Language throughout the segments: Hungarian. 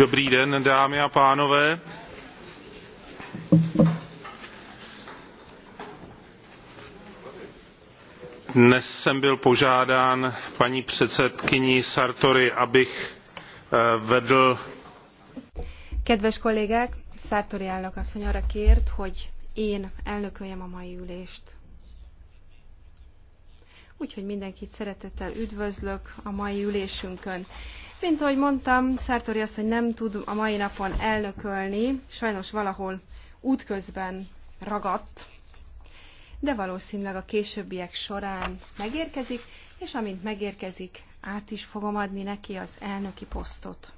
Dobrý den, dámy a pánové. Dnes jsem byl požádán paní předsedkyní Sartori, abych eh, vedl. Kedves kollégák, Sartori elnök asszony arra kért, hogy én elnököljem a mai ülést. Úgyhogy mindenkit szeretettel üdvözlök a mai ülésünkön. Mint ahogy mondtam, Szártori azt, hogy nem tud a mai napon elnökölni, sajnos valahol útközben ragadt, de valószínűleg a későbbiek során megérkezik, és amint megérkezik, át is fogom adni neki az elnöki posztot.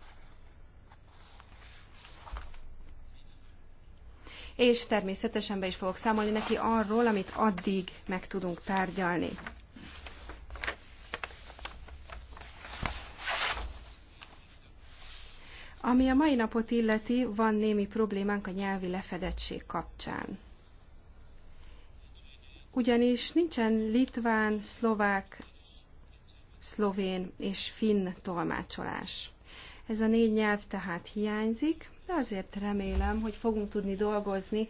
És természetesen be is fogok számolni neki arról, amit addig meg tudunk tárgyalni. Ami a mai napot illeti, van némi problémánk a nyelvi lefedettség kapcsán. Ugyanis nincsen litván, szlovák, szlovén és finn tolmácsolás. Ez a négy nyelv tehát hiányzik, de azért remélem, hogy fogunk tudni dolgozni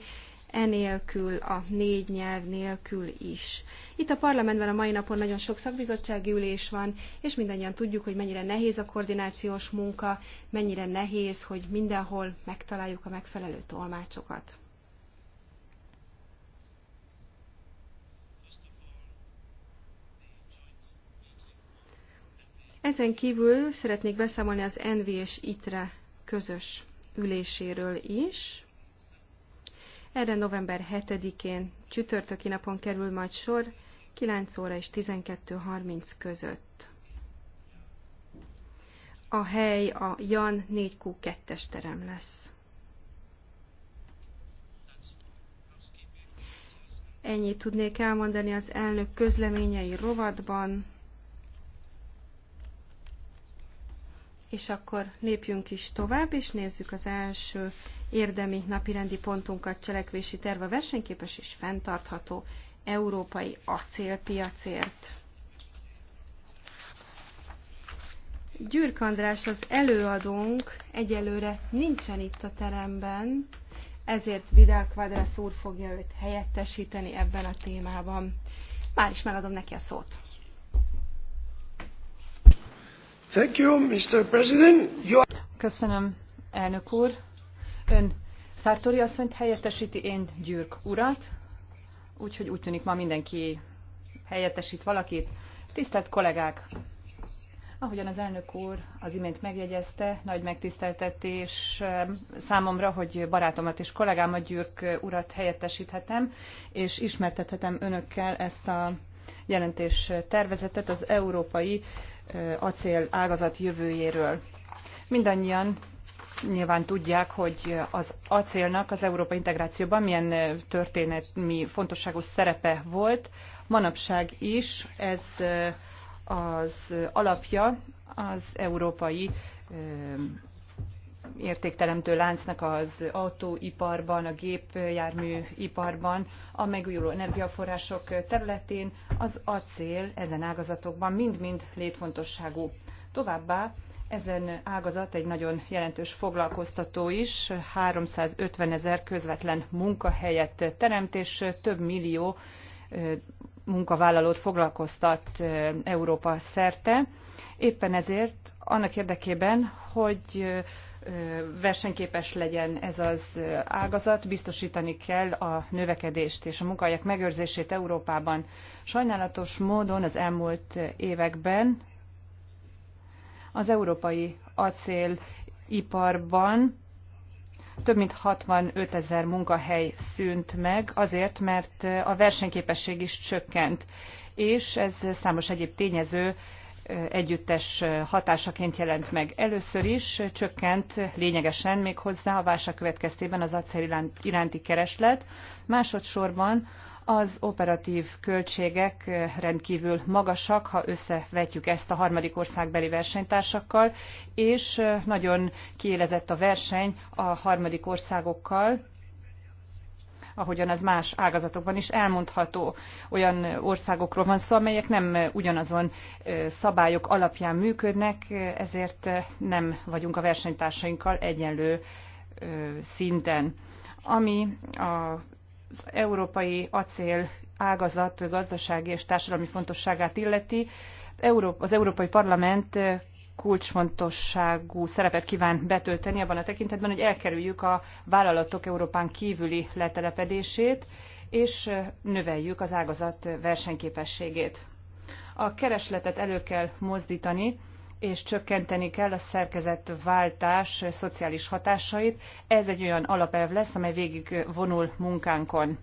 enélkül, a négy nyelv nélkül is. Itt a parlamentben a mai napon nagyon sok szakbizottsági ülés van, és mindannyian tudjuk, hogy mennyire nehéz a koordinációs munka, mennyire nehéz, hogy mindenhol megtaláljuk a megfelelő tolmácsokat. Ezen kívül szeretnék beszámolni az NV és ITRE közös üléséről is. Erre november 7-én csütörtöki napon kerül majd sor 9 óra és 12.30 között. A hely a Jan 4Q2-es terem lesz. Ennyit tudnék elmondani az elnök közleményei rovatban. És akkor lépjünk is tovább, és nézzük az első érdemi napirendi pontunkat cselekvési terve versenyképes és fenntartható európai acélpiacért. Gyürk András az előadónk egyelőre nincsen itt a teremben, ezért Vidal Quadras úr fogja őt helyettesíteni ebben a témában. Már is megadom neki a szót. Thank you, Mr. President. You... Köszönöm, elnök úr. Ön Szártori asszonyt helyettesíti, én Gyürk urat, úgyhogy úgy tűnik ma mindenki helyettesít valakit. Tisztelt kollégák! Ahogyan az elnök úr az imént megjegyezte, nagy megtiszteltetés eh, számomra, hogy barátomat és kollégámat Gyürk urat helyettesíthetem, és ismertethetem önökkel ezt a jelentés tervezetet az európai eh, acél ágazat jövőjéről. Mindannyian nyilván tudják, hogy az acélnak az Európa integrációban milyen történetmi fontosságú szerepe volt. Manapság is ez az alapja az európai értékteremtő láncnak az autóiparban, a gépjárműiparban, a megújuló energiaforrások területén, az acél ezen ágazatokban mind-mind létfontosságú. Továbbá ezen ágazat egy nagyon jelentős foglalkoztató is, 350 ezer közvetlen munkahelyet teremt, és több millió munkavállalót foglalkoztat Európa szerte. Éppen ezért annak érdekében, hogy versenyképes legyen ez az ágazat, biztosítani kell a növekedést és a munkahelyek megőrzését Európában. Sajnálatos módon az elmúlt években az európai acéliparban több mint 65 ezer munkahely szűnt meg, azért, mert a versenyképesség is csökkent, és ez számos egyéb tényező együttes hatásaként jelent meg. Először is csökkent lényegesen még hozzá a válság következtében az acél iránti kereslet, másodszorban az operatív költségek eh, rendkívül magasak, ha összevetjük ezt a harmadik országbeli versenytársakkal, és eh, nagyon kiélezett a verseny a harmadik országokkal, ahogyan az más ágazatokban is elmondható. Olyan országokról van szó, amelyek nem eh, ugyanazon szabályok alapján működnek, ezért nem vagyunk a versenytársainkkal egyenlő szinten. Ami a az európai acél ágazat gazdasági és társadalmi fontosságát illeti, az Európai Parlament kulcsfontosságú szerepet kíván betölteni abban a tekintetben, hogy elkerüljük a vállalatok Európán kívüli letelepedését, és növeljük az ágazat versenyképességét. A keresletet elő kell mozdítani, és csökkenteni kell a szerkezetváltás szociális hatásait. Ez egy olyan alapelv lesz, amely végig vonul munkánkon.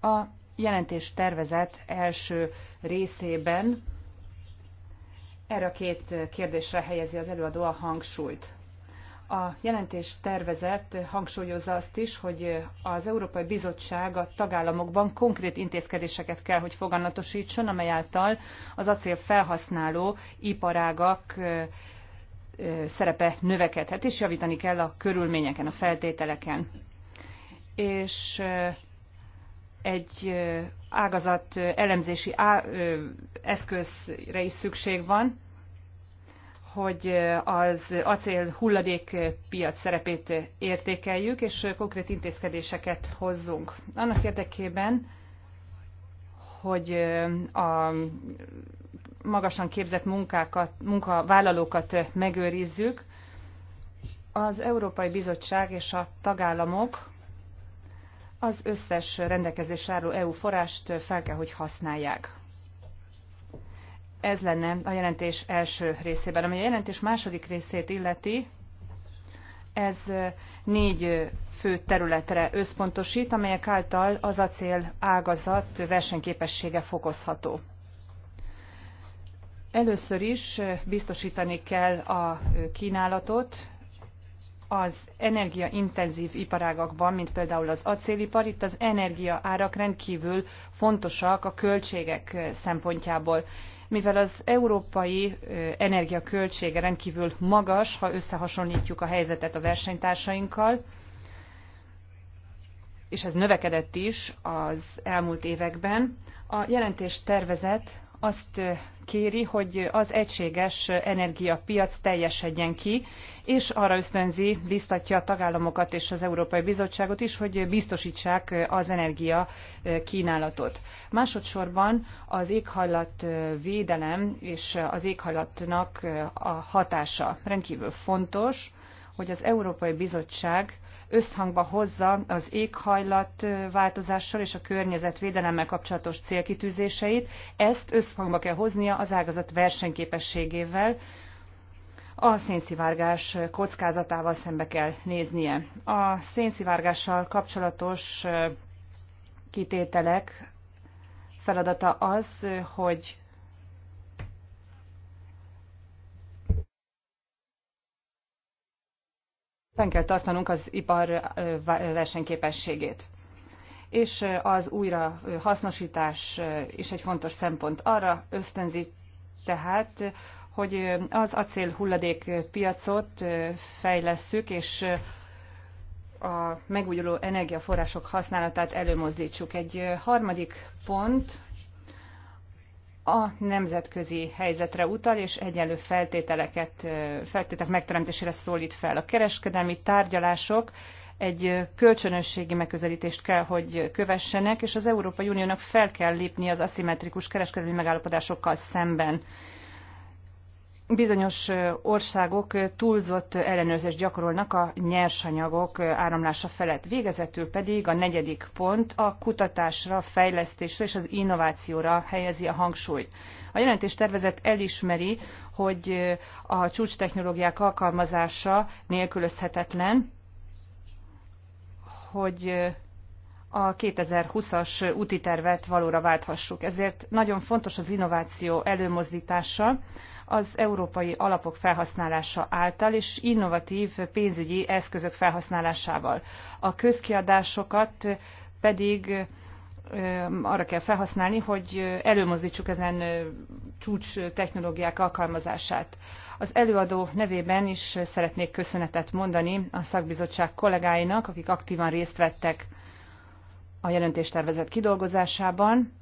A jelentés tervezet első részében erre a két kérdésre helyezi az előadó a hangsúlyt. A jelentés tervezett hangsúlyozza azt is, hogy az Európai Bizottság a tagállamokban konkrét intézkedéseket kell, hogy foganatosítson, amely által az acél felhasználó iparágak szerepe növekedhet, és javítani kell a körülményeken, a feltételeken. És egy ágazat elemzési eszközre is szükség van, hogy az acél hulladék piac szerepét értékeljük, és konkrét intézkedéseket hozzunk. Annak érdekében, hogy a magasan képzett munkákat, munkavállalókat megőrizzük, az Európai Bizottság és a tagállamok az összes rendelkezésre álló EU forrást fel kell, hogy használják. Ez lenne a jelentés első részében. Ami a jelentés második részét illeti, ez négy fő területre összpontosít, amelyek által az acél ágazat versenyképessége fokozható. Először is biztosítani kell a kínálatot az energiaintenzív iparágakban, mint például az acélipar. Itt az energia árak rendkívül fontosak a költségek szempontjából mivel az európai energiaköltsége rendkívül magas, ha összehasonlítjuk a helyzetet a versenytársainkkal, és ez növekedett is az elmúlt években, a jelentés tervezett azt kéri, hogy az egységes energiapiac teljesedjen ki, és arra ösztönzi, biztatja a tagállamokat és az Európai Bizottságot is, hogy biztosítsák az energia kínálatot. Másodszorban az éghajlat védelem és az éghajlatnak a hatása rendkívül fontos, hogy az Európai Bizottság összhangba hozza az éghajlatváltozással és a környezetvédelemmel kapcsolatos célkitűzéseit. Ezt összhangba kell hoznia az ágazat versenyképességével, a szénszivárgás kockázatával szembe kell néznie. A szénszivárgással kapcsolatos kitételek feladata az, hogy fenn kell tartanunk az ipar versenyképességét. És az újra hasznosítás is egy fontos szempont. Arra ösztönzi tehát, hogy az acél hulladék piacot fejlesszük, és a megújuló energiaforrások használatát előmozdítsuk. Egy harmadik pont a nemzetközi helyzetre utal, és egyenlő feltételeket, feltételek megteremtésére szólít fel. A kereskedelmi tárgyalások egy kölcsönösségi megközelítést kell, hogy kövessenek, és az Európai Uniónak fel kell lépni az aszimmetrikus kereskedelmi megállapodásokkal szemben bizonyos országok túlzott ellenőrzést gyakorolnak a nyersanyagok áramlása felett. Végezetül pedig a negyedik pont a kutatásra, fejlesztésre és az innovációra helyezi a hangsúlyt. A jelentés tervezet elismeri, hogy a csúcstechnológiák alkalmazása nélkülözhetetlen, hogy a 2020-as úti tervet valóra válthassuk. Ezért nagyon fontos az innováció előmozdítása, az európai alapok felhasználása által és innovatív pénzügyi eszközök felhasználásával. A közkiadásokat pedig arra kell felhasználni, hogy előmozdítsuk ezen csúcs technológiák alkalmazását. Az előadó nevében is szeretnék köszönetet mondani a szakbizottság kollégáinak, akik aktívan részt vettek a jelentéstervezet kidolgozásában,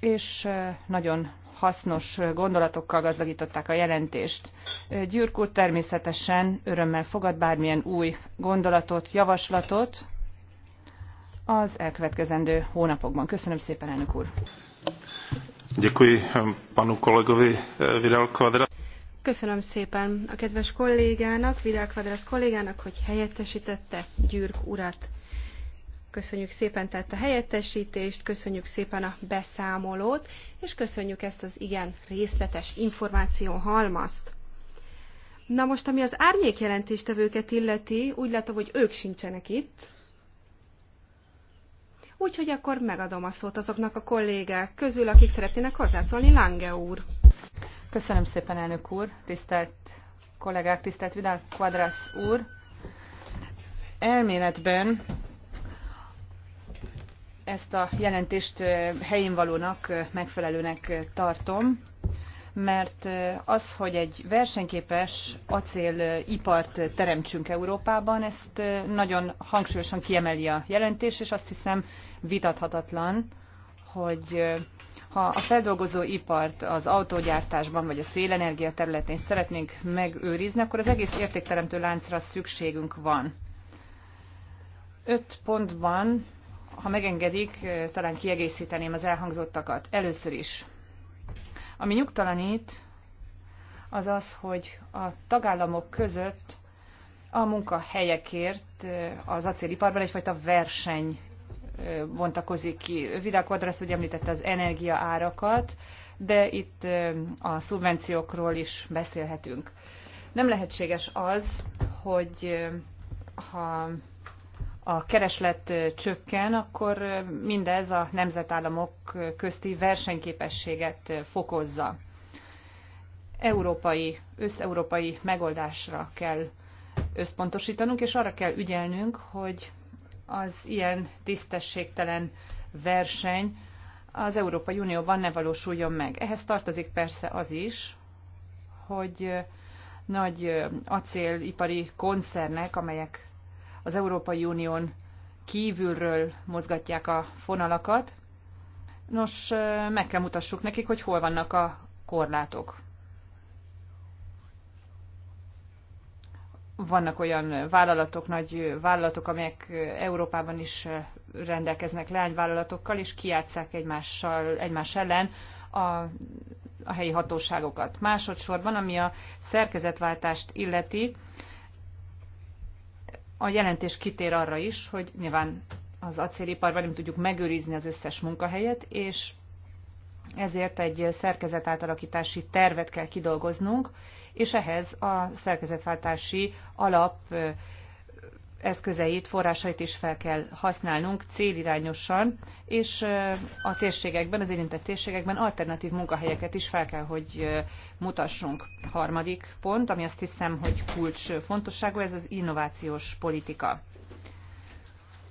és nagyon hasznos gondolatokkal gazdagították a jelentést. Gyürk úr természetesen örömmel fogad bármilyen új gondolatot, javaslatot az elkövetkezendő hónapokban. Köszönöm szépen, elnök úr! Děkuji panu kolegovi eh, Vidal Quadra. Köszönöm szépen a kedves kollégának, Vidal Quadras kollégának, hogy helyettesítette Gyürk urat. Köszönjük szépen tett a helyettesítést, köszönjük szépen a beszámolót, és köszönjük ezt az igen részletes információ halmazt. Na most, ami az árnyék jelentéstevőket illeti, úgy látom, hogy ők sincsenek itt. Úgyhogy akkor megadom a szót azoknak a kollégák közül, akik szeretnének hozzászólni. Lange úr. Köszönöm szépen, elnök úr. Tisztelt kollégák, tisztelt Vidal Quadras úr. Elméletben ezt a jelentést helyénvalónak, valónak, megfelelőnek tartom, mert az, hogy egy versenyképes acélipart teremtsünk Európában, ezt nagyon hangsúlyosan kiemeli a jelentés, és azt hiszem vitathatatlan, hogy ha a feldolgozó ipart az autógyártásban vagy a szélenergia területén szeretnénk megőrizni, akkor az egész értékteremtő láncra szükségünk van. Öt pontban ha megengedik, talán kiegészíteném az elhangzottakat. Először is. Ami nyugtalanít, az az, hogy a tagállamok között a munkahelyekért az acéliparban egyfajta verseny bontakozik ki. Vidák Quadras úgy említette az energiaárakat, de itt a szubvenciókról is beszélhetünk. Nem lehetséges az, hogy ha a kereslet csökken, akkor mindez a nemzetállamok közti versenyképességet fokozza. Európai, összeurópai megoldásra kell összpontosítanunk, és arra kell ügyelnünk, hogy az ilyen tisztességtelen verseny az Európai Unióban ne valósuljon meg. Ehhez tartozik persze az is, hogy nagy acélipari koncernek, amelyek az Európai Unión kívülről mozgatják a fonalakat. Nos, meg kell mutassuk nekik, hogy hol vannak a korlátok. Vannak olyan vállalatok, nagy vállalatok, amelyek Európában is rendelkeznek leányvállalatokkal, és kiátszák egymással, egymás ellen a, a helyi hatóságokat. Másodszorban, ami a szerkezetváltást illeti, a jelentés kitér arra is, hogy nyilván az acéliparban nem tudjuk megőrizni az összes munkahelyet, és ezért egy szerkezet átalakítási tervet kell kidolgoznunk, és ehhez a szerkezetváltási alap eszközeit, forrásait is fel kell használnunk célirányosan, és a térségekben, az érintett térségekben alternatív munkahelyeket is fel kell, hogy mutassunk. Harmadik pont, ami azt hiszem, hogy kulcs fontosságú, ez az innovációs politika.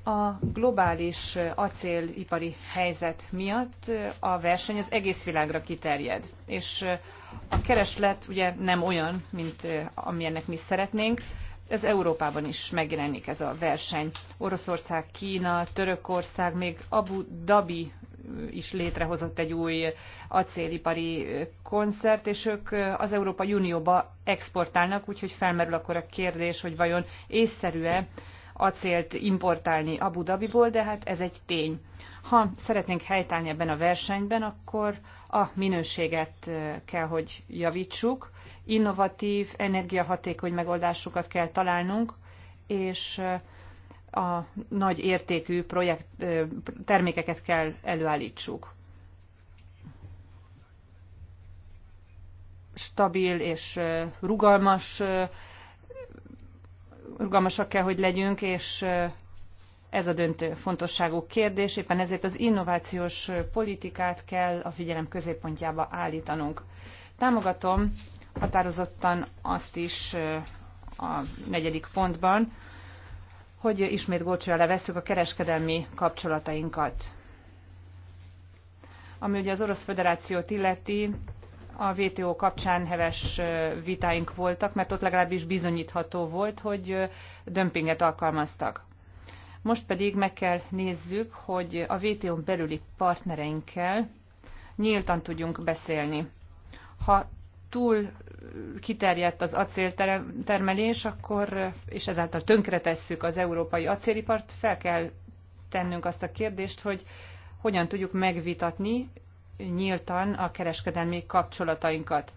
A globális acélipari helyzet miatt a verseny az egész világra kiterjed, és a kereslet ugye nem olyan, mint amilyennek mi szeretnénk, ez Európában is megjelenik ez a verseny. Oroszország, Kína, Törökország, még Abu Dhabi is létrehozott egy új acélipari koncert, és ők az Európa Unióba exportálnak, úgyhogy felmerül akkor a kérdés, hogy vajon észszerű-e acélt importálni Abu Dhabiból, de hát ez egy tény. Ha szeretnénk helytállni ebben a versenyben, akkor a minőséget kell, hogy javítsuk, innovatív, energiahatékony megoldásokat kell találnunk, és eh, a nagy értékű projekt, eh, termékeket kell előállítsuk. Stabil és eh, rugalmas, rugalmasak kell, hogy legyünk, és ez a döntő fontosságú kérdés, éppen ezért az innovációs politikát kell a figyelem középpontjába állítanunk. Támogatom határozottan azt is a negyedik pontban, hogy ismét gócsra levesszük a kereskedelmi kapcsolatainkat. Ami ugye az Orosz Föderációt illeti, a WTO kapcsán heves vitáink voltak, mert ott legalábbis bizonyítható volt, hogy dömpinget alkalmaztak. Most pedig meg kell nézzük, hogy a WTO-n belüli partnereinkkel nyíltan tudjunk beszélni. Ha túl kiterjedt az acéltermelés, akkor, és ezáltal tönkretesszük az európai acélipart, fel kell tennünk azt a kérdést, hogy hogyan tudjuk megvitatni nyíltan a kereskedelmi kapcsolatainkat.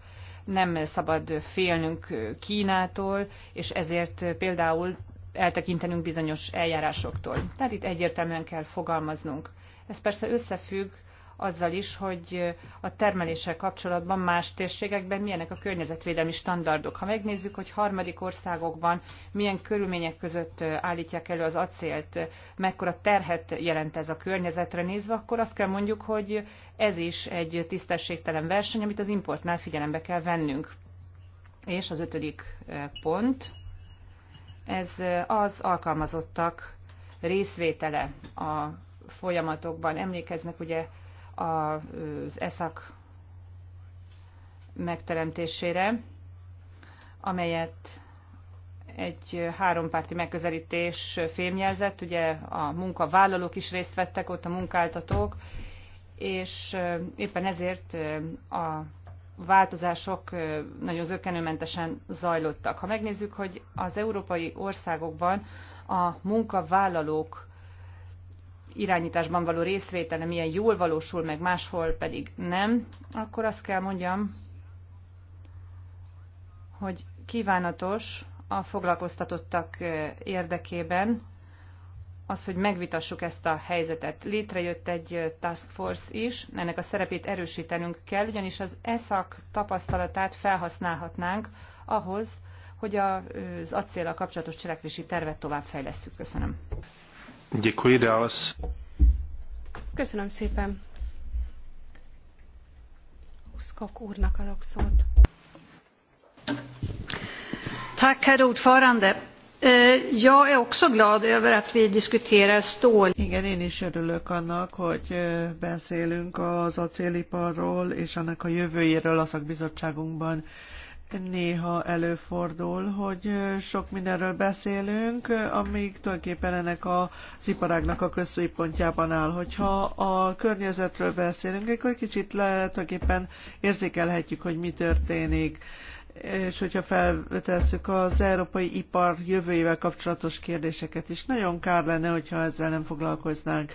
Nem szabad félnünk Kínától, és ezért például eltekintenünk bizonyos eljárásoktól. Tehát itt egyértelműen kell fogalmaznunk. Ez persze összefügg azzal is, hogy a termeléssel kapcsolatban más térségekben milyenek a környezetvédelmi standardok. Ha megnézzük, hogy harmadik országokban milyen körülmények között állítják elő az acélt, mekkora terhet jelent ez a környezetre nézve, akkor azt kell mondjuk, hogy ez is egy tisztességtelen verseny, amit az importnál figyelembe kell vennünk. És az ötödik eh, pont, ez eh, az alkalmazottak részvétele a folyamatokban. Emlékeznek ugye az ESZAK megteremtésére, amelyet egy hárompárti megközelítés fémjelzett, ugye a munkavállalók is részt vettek ott, a munkáltatók, és éppen ezért a változások nagyon zökkenőmentesen zajlottak. Ha megnézzük, hogy az európai országokban a munkavállalók irányításban való részvétele milyen jól valósul meg, máshol pedig nem, akkor azt kell mondjam, hogy kívánatos a foglalkoztatottak érdekében az, hogy megvitassuk ezt a helyzetet. Létrejött egy task force is, ennek a szerepét erősítenünk kell, ugyanis az ESZAK tapasztalatát felhasználhatnánk ahhoz, hogy az acéla kapcsolatos cselekvési tervet továbbfejlesszük. Köszönöm. Děkuji dál. Köszönöm szépen. Huszkok úrnak adok szót. Tack, herr ordförande. Eh, jag är också glad över att vi diskuterar stål. Igen, én is örülök annak, hogy eh, beszélünk az acéliparról és annak a jövőjéről a szakbizottságunkban néha előfordul, hogy sok mindenről beszélünk, amíg tulajdonképpen ennek az iparágnak a központjában áll. Hogyha a környezetről beszélünk, akkor kicsit le, tulajdonképpen érzékelhetjük, hogy mi történik és hogyha feltesszük az európai ipar jövőjével kapcsolatos kérdéseket is, nagyon kár lenne, hogyha ezzel nem foglalkoznánk.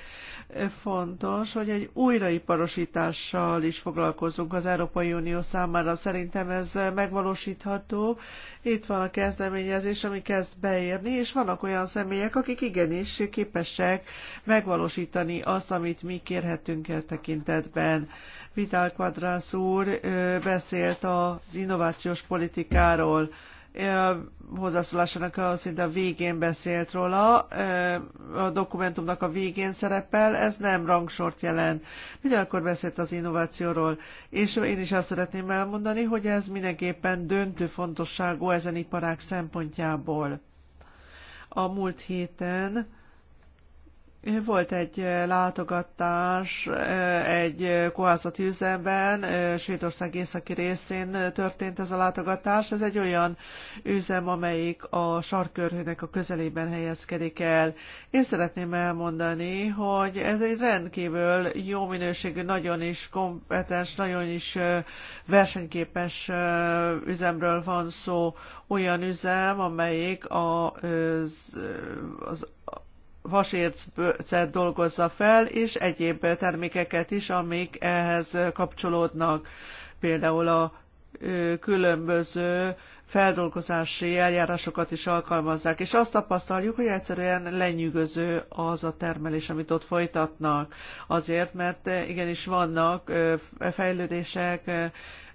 Fontos, hogy egy újraiparosítással is foglalkozunk az Európai Unió számára. Szerintem ez megvalósítható. Itt van a kezdeményezés, ami kezd beérni, és vannak olyan személyek, akik igenis képesek megvalósítani azt, amit mi kérhetünk el tekintetben. Vital Quadrász úr beszélt az innovációs politikáról. Hozzászólásának a szinte a végén beszélt róla, a dokumentumnak a végén szerepel, ez nem rangsort jelent. Ugyanakkor beszélt az innovációról, és én is azt szeretném elmondani, hogy ez mindenképpen döntő fontosságú ezen iparák szempontjából. A múlt héten volt egy látogatás egy kohászati üzemben, Svédország északi részén történt ez a látogatás. Ez egy olyan üzem, amelyik a sarkörhőnek a közelében helyezkedik el. Én szeretném elmondani, hogy ez egy rendkívül jó minőségű, nagyon is kompetens, nagyon is versenyképes üzemről van szó. Olyan üzem, amelyik az, az vasércet dolgozza fel, és egyéb termékeket is, amik ehhez kapcsolódnak. Például a különböző feldolgozási eljárásokat is alkalmazzák, és azt tapasztaljuk, hogy egyszerűen lenyűgöző az a termelés, amit ott folytatnak. Azért, mert igenis vannak fejlődések,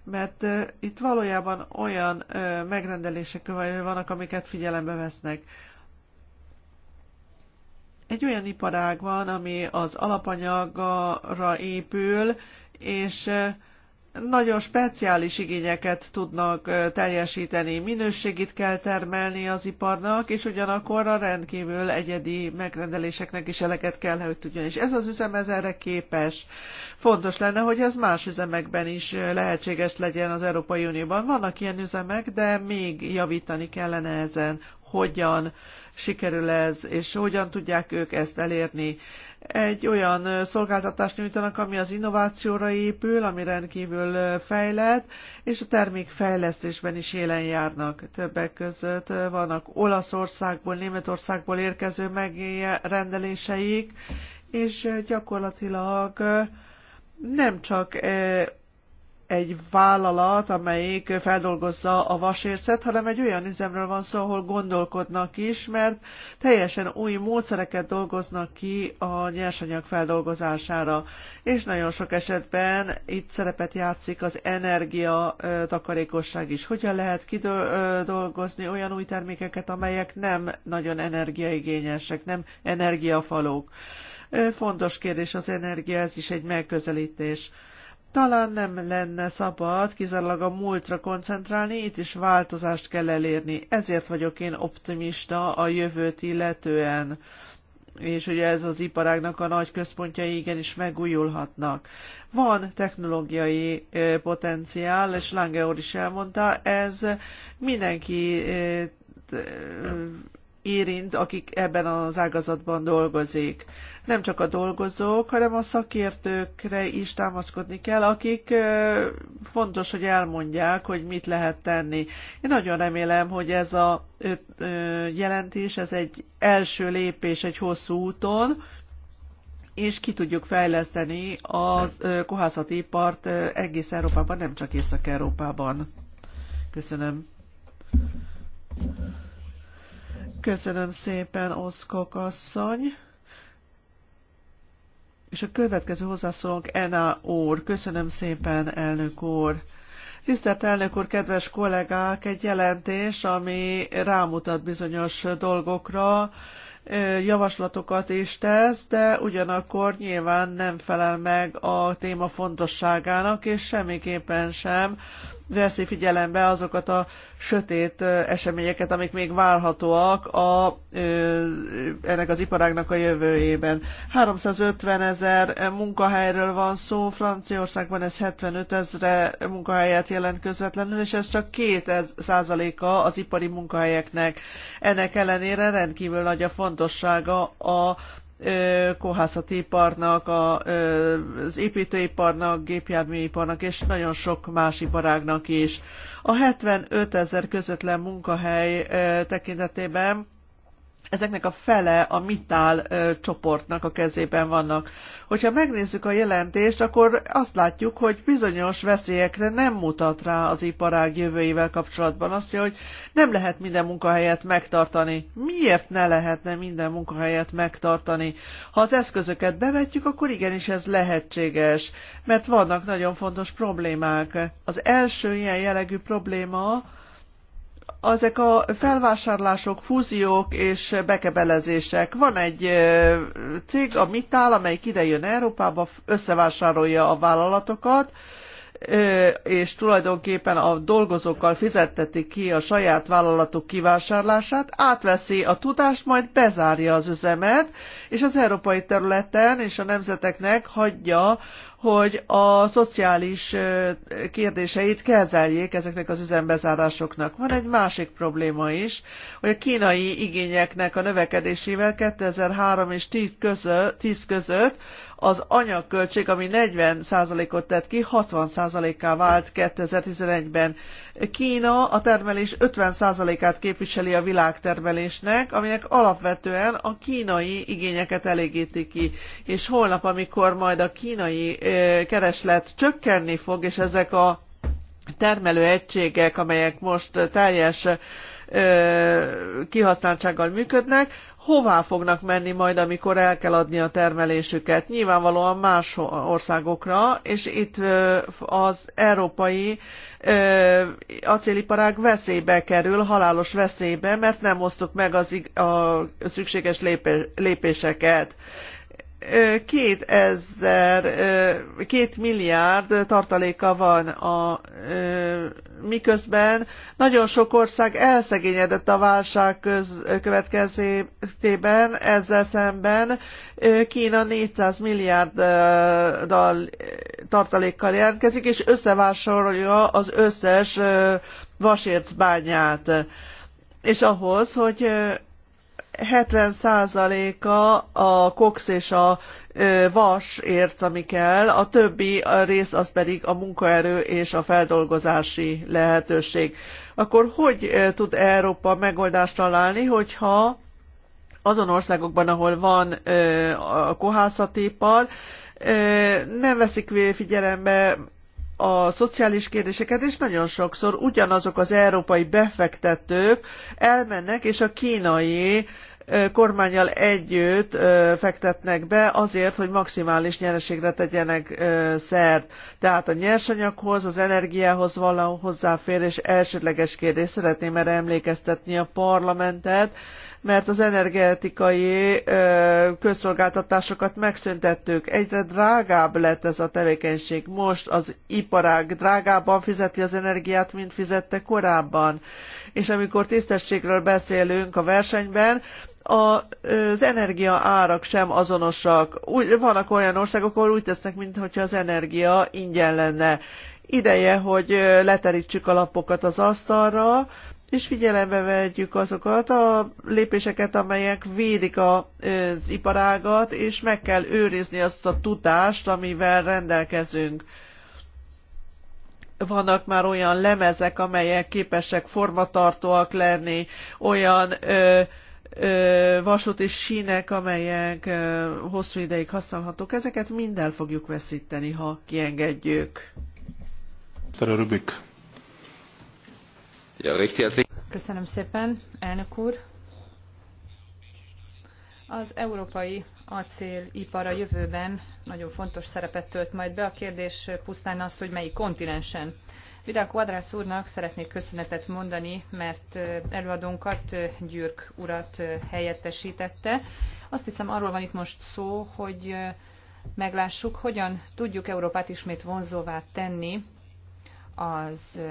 mert itt valójában olyan megrendelések vannak, amiket figyelembe vesznek egy olyan iparág van, ami az alapanyagra épül, és nagyon speciális igényeket tudnak teljesíteni. Minőségit kell termelni az iparnak, és ugyanakkor a rendkívül egyedi megrendeléseknek is eleget kell, hogy tudjon. És ez az üzem ez erre képes. Fontos lenne, hogy ez más üzemekben is lehetséges legyen az Európai Unióban. Vannak ilyen üzemek, de még javítani kellene ezen, hogyan sikerül ez, és hogyan tudják ők ezt elérni. Egy olyan szolgáltatást nyújtanak, ami az innovációra épül, ami rendkívül fejlett, és a termékfejlesztésben is élen járnak. Többek között vannak Olaszországból, Németországból érkező megrendeléseik, és gyakorlatilag nem csak egy vállalat, amelyik feldolgozza a vasércet, hanem egy olyan üzemről van szó, ahol gondolkodnak is, mert teljesen új módszereket dolgoznak ki a nyersanyag feldolgozására. És nagyon sok esetben itt szerepet játszik az energia takarékosság is. Hogyan lehet kidolgozni olyan új termékeket, amelyek nem nagyon energiaigényesek, nem energiafalók. Fontos kérdés az energia, ez is egy megközelítés talán nem lenne szabad kizárólag a múltra koncentrálni, itt is változást kell elérni. Ezért vagyok én optimista a jövőt illetően. És ugye ez az iparágnak a nagy központjai igenis megújulhatnak. Van technológiai potenciál, és Lange úr is elmondta, ez mindenki érint, akik ebben az ágazatban dolgozik. Nem csak a dolgozók, hanem a szakértőkre is támaszkodni kell, akik fontos, hogy elmondják, hogy mit lehet tenni. Én nagyon remélem, hogy ez a jelentés, ez egy első lépés egy hosszú úton, és ki tudjuk fejleszteni az kohászati ipart egész Európában, nem csak Észak-Európában. Köszönöm. Köszönöm szépen, Oszkok asszony. És a következő hozzászólónk Ena úr. Köszönöm szépen, elnök úr. Tisztelt elnök úr, kedves kollégák, egy jelentés, ami rámutat bizonyos dolgokra, javaslatokat is tesz, de ugyanakkor nyilván nem felel meg a téma fontosságának, és semmiképpen sem veszi figyelembe azokat a sötét eseményeket, amik még várhatóak a, ennek az iparágnak a jövőjében. 350 ezer munkahelyről van szó, Franciaországban ez 75 ezre munkahelyet jelent közvetlenül, és ez csak 2 százaléka az ipari munkahelyeknek. Ennek ellenére rendkívül nagy a fontossága a kohászatiparnak, az építőiparnak, gépjárműiparnak és nagyon sok más iparágnak is. A 75 ezer közvetlen munkahely tekintetében ezeknek a fele a Mitál ö, csoportnak a kezében vannak. Hogyha megnézzük a jelentést, akkor azt látjuk, hogy bizonyos veszélyekre nem mutat rá az iparág jövőjével kapcsolatban. Azt hogy nem lehet minden munkahelyet megtartani. Miért ne lehetne minden munkahelyet megtartani? Ha az eszközöket bevetjük, akkor igenis ez lehetséges, mert vannak nagyon fontos problémák. Az első ilyen jellegű probléma, ezek a felvásárlások, fúziók és bekebelezések. Van egy cég, a Mittal, amelyik idejön Európába, összevásárolja a vállalatokat, és tulajdonképpen a dolgozókkal fizetteti ki a saját vállalatuk kivásárlását, átveszi a tudást, majd bezárja az üzemet, és az európai területen és a nemzeteknek hagyja, hogy a szociális kérdéseit kezeljék ezeknek az üzembezárásoknak. Van egy másik probléma is, hogy a kínai igényeknek a növekedésével 2003 és 10 között az anyagköltség, ami 40%-ot tett ki, 60%-á vált 2011-ben. Kína a termelés 50%-át képviseli a világtermelésnek, aminek alapvetően a kínai igényeket elégíti ki. És holnap, amikor majd a kínai kereslet csökkenni fog, és ezek a termelő egységek amelyek most teljes kihasználtsággal működnek, hová fognak menni majd, amikor el kell adni a termelésüket. Nyilvánvalóan más országokra, és itt az európai acéliparág veszélybe kerül, halálos veszélybe, mert nem osztuk meg az, a szükséges lépéseket. 2000, 2 milliárd tartaléka van, a, miközben nagyon sok ország elszegényedett a válság köz, következtében, ezzel szemben Kína 400 milliárd tartalékkal jelentkezik, és összevásárolja az összes vasércbányát. És ahhoz, hogy 70%-a a kox és a vas érc, ami kell, a többi rész az pedig a munkaerő és a feldolgozási lehetőség. Akkor hogy tud Európa megoldást találni, hogyha azon országokban, ahol van a kohászatipar, nem veszik figyelembe a szociális kérdéseket, és nagyon sokszor ugyanazok az európai befektetők elmennek, és a kínai kormányjal együtt fektetnek be azért, hogy maximális nyereségre tegyenek szert. Tehát a nyersanyaghoz, az energiához való hozzáférés elsődleges kérdés. Szeretném erre emlékeztetni a parlamentet, mert az energetikai közszolgáltatásokat megszüntettük. Egyre drágább lett ez a tevékenység. Most az iparág drágábban fizeti az energiát, mint fizette korábban. És amikor tisztességről beszélünk a versenyben, az energia árak sem azonosak. Úgy, vannak olyan országok, ahol úgy tesznek, mintha az energia ingyen lenne. Ideje, hogy leterítsük a lapokat az asztalra, és figyelembe vegyük azokat a lépéseket, amelyek védik az iparágat, és meg kell őrizni azt a tudást, amivel rendelkezünk vannak már olyan lemezek, amelyek képesek formatartóak lenni, olyan ö, és sínek, amelyek hosszú ideig használhatók, ezeket mind el fogjuk veszíteni, ha kiengedjük. Köszönöm szépen, elnök úr. Az európai acélipar a jövőben nagyon fontos szerepet tölt majd be. A kérdés pusztán az, hogy melyik kontinensen. Vidal Quadrász úrnak szeretnék köszönetet mondani, mert előadónkat Gyürk urat helyettesítette. Azt hiszem arról van itt most szó, hogy meglássuk, hogyan tudjuk Európát ismét vonzóvá tenni az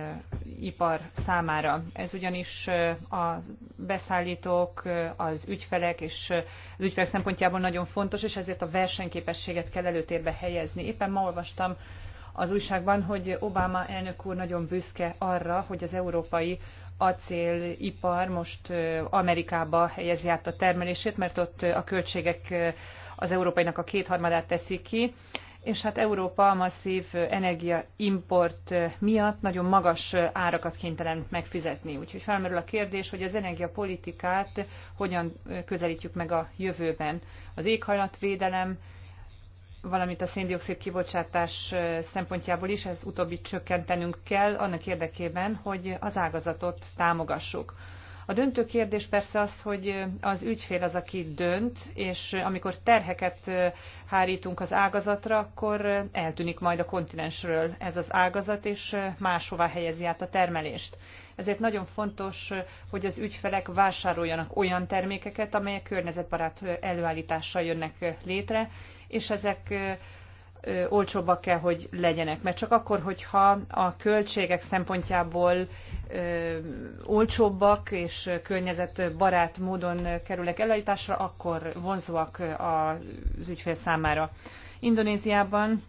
ipar számára. Ez ugyanis a beszállítók, az ügyfelek és az ügyfelek szempontjából nagyon fontos, és ezért a versenyképességet kell előtérbe helyezni. Éppen ma olvastam az újságban, hogy Obama elnök úr nagyon büszke arra, hogy az európai acélipar most Amerikába helyezi át a termelését, mert ott a költségek az európainak a kétharmadát teszik ki, és hát Európa a masszív energiaimport miatt nagyon magas árakat kénytelen megfizetni. Úgyhogy felmerül a kérdés, hogy az energiapolitikát hogyan közelítjük meg a jövőben. Az éghajlatvédelem, valamint a széndiokszid kibocsátás szempontjából is, ez utóbbi csökkentenünk kell annak érdekében, hogy az ágazatot támogassuk. A döntő kérdés persze az, hogy az ügyfél az, aki dönt, és amikor terheket hárítunk az ágazatra, akkor eltűnik majd a kontinensről ez az ágazat, és máshová helyezi át a termelést. Ezért nagyon fontos, hogy az ügyfelek vásároljanak olyan termékeket, amelyek környezetbarát előállítással jönnek létre, és ezek olcsóbbak kell, hogy legyenek. Mert csak akkor, hogyha a költségek szempontjából olcsóbbak és környezetbarát módon kerülnek elállításra, akkor vonzóak az ügyfél számára. Indonéziában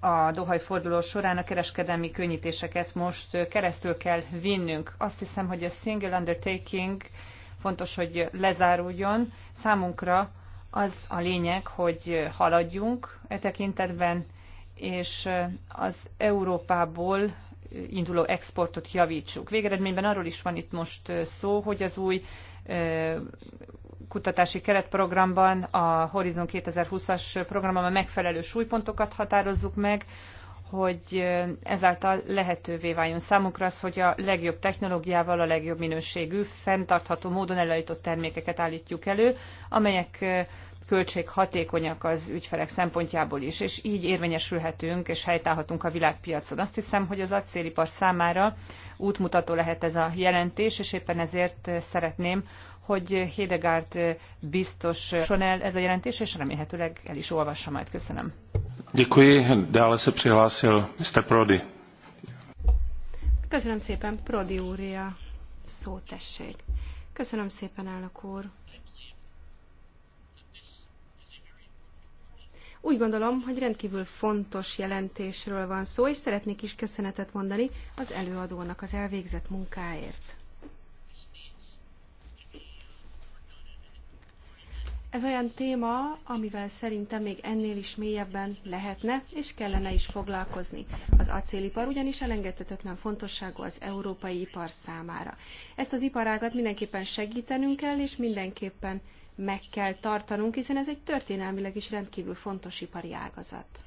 a Dohaj forduló során a kereskedelmi könnyítéseket most keresztül kell vinnünk. Azt hiszem, hogy a single undertaking fontos, hogy lezáruljon. Számunkra az a lényeg, hogy haladjunk e tekintetben, és az Európából induló exportot javítsuk. Végeredményben arról is van itt most szó, hogy az új e, kutatási keretprogramban, a Horizon 2020-as programban a megfelelő súlypontokat határozzuk meg, hogy ezáltal lehetővé váljon számukra az, hogy a legjobb technológiával, a legjobb minőségű, fenntartható módon előállított termékeket állítjuk elő, amelyek költséghatékonyak az ügyfelek szempontjából is, és így érvényesülhetünk és helytállhatunk a világpiacon. Azt hiszem, hogy az acélipar számára útmutató lehet ez a jelentés, és éppen ezért szeretném, hogy Hédegárt biztos el ez a jelentés, és remélhetőleg el is olvassa majd. Köszönöm. Děkuji. Dále se přihlásil Mr. Prodi. Köszönöm szépen, Prodi úrja. Szó tessék. Köszönöm szépen, elnök úr. Úgy gondolom, hogy rendkívül fontos jelentésről van szó, és szeretnék is köszönetet mondani az előadónak az elvégzett munkáért. Ez olyan téma, amivel szerintem még ennél is mélyebben lehetne és kellene is foglalkozni. Az acélipar ugyanis elengedhetetlen fontosságú az európai ipar számára. Ezt az iparágat mindenképpen segítenünk kell, és mindenképpen meg kell tartanunk, hiszen ez egy történelmileg is rendkívül fontos ipari ágazat.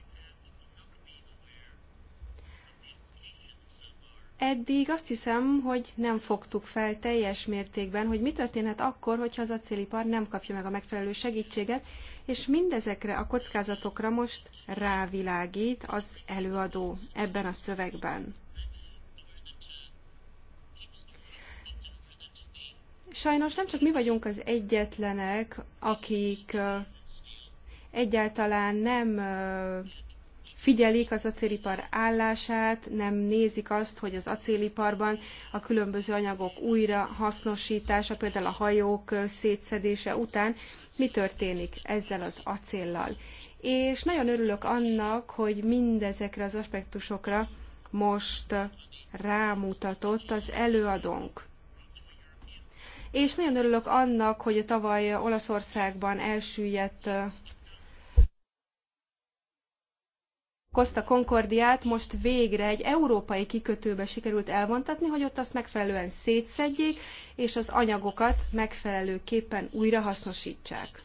Eddig azt hiszem, hogy nem fogtuk fel teljes mértékben, hogy mi történhet akkor, hogyha az acélipar nem kapja meg a megfelelő segítséget, és mindezekre a kockázatokra most rávilágít az előadó ebben a szövegben. Sajnos nem csak mi vagyunk az egyetlenek, akik egyáltalán nem figyelik az acélipar állását, nem nézik azt, hogy az acéliparban a különböző anyagok újra hasznosítása, például a hajók szétszedése után mi történik ezzel az acéllal. És nagyon örülök annak, hogy mindezekre az aspektusokra most rámutatott az előadónk. És nagyon örülök annak, hogy a tavaly Olaszországban elsüllyedt Costa Concordiát most végre egy európai kikötőbe sikerült elvontatni, hogy ott azt megfelelően szétszedjék, és az anyagokat megfelelőképpen újrahasznosítsák.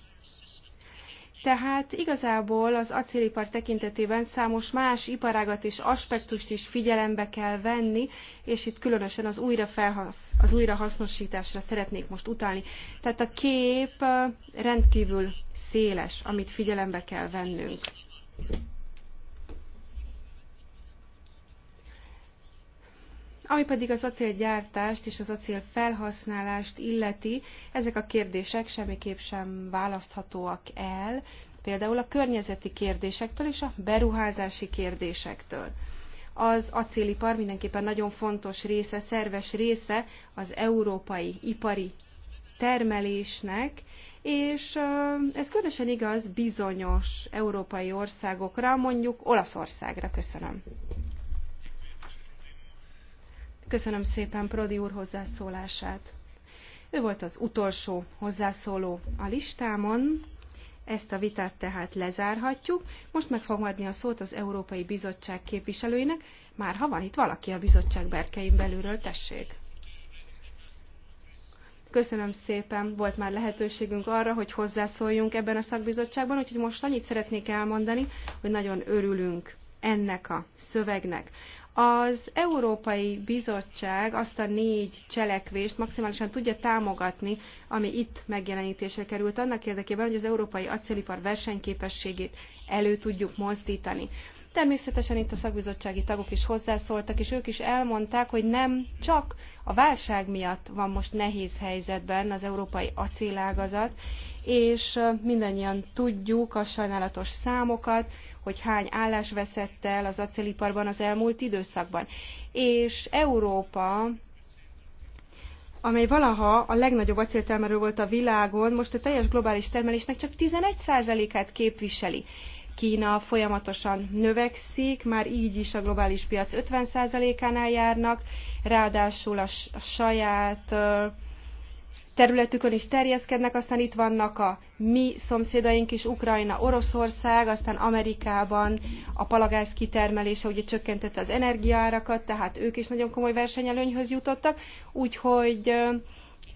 Tehát igazából az acélipar tekintetében számos más iparágat és aspektust is figyelembe kell venni, és itt különösen az, újra felha- az újrahasznosításra szeretnék most utalni. Tehát a kép rendkívül széles, amit figyelembe kell vennünk. Ami pedig az acélgyártást és az acél felhasználást illeti, ezek a kérdések semmiképp sem választhatóak el, például a környezeti kérdésektől és a beruházási kérdésektől. Az acélipar mindenképpen nagyon fontos része, szerves része az európai ipari termelésnek, és ez különösen igaz bizonyos európai országokra, mondjuk Olaszországra. Köszönöm. Köszönöm szépen Prodi úr hozzászólását. Ő volt az utolsó hozzászóló a listámon, ezt a vitát tehát lezárhatjuk. Most meg fogom adni a szót az Európai Bizottság képviselőinek, már ha van itt valaki a bizottság berkein belülről, tessék. Köszönöm szépen, volt már lehetőségünk arra, hogy hozzászóljunk ebben a szakbizottságban, úgyhogy most annyit szeretnék elmondani, hogy nagyon örülünk ennek a szövegnek. Az Európai Bizottság azt a négy cselekvést maximálisan tudja támogatni, ami itt megjelenítésre került, annak érdekében, hogy az európai acélipar versenyképességét elő tudjuk mozdítani. Természetesen itt a szakbizottsági tagok is hozzászóltak, és ők is elmondták, hogy nem csak a válság miatt van most nehéz helyzetben az európai acélágazat, és mindannyian tudjuk a sajnálatos számokat, hogy hány állás veszett el az acéliparban az elmúlt időszakban. És Európa amely valaha a legnagyobb acéltermelő volt a világon, most a teljes globális termelésnek csak 11%-át képviseli. Kína folyamatosan növekszik, már így is a globális piac 50%-ánál járnak, ráadásul a saját területükön is terjeszkednek, aztán itt vannak a mi szomszédaink is, Ukrajna, Oroszország, aztán Amerikában a palagáz kitermelése ugye csökkentette az energiaárakat, tehát ők is nagyon komoly versenyelőnyhöz jutottak, úgyhogy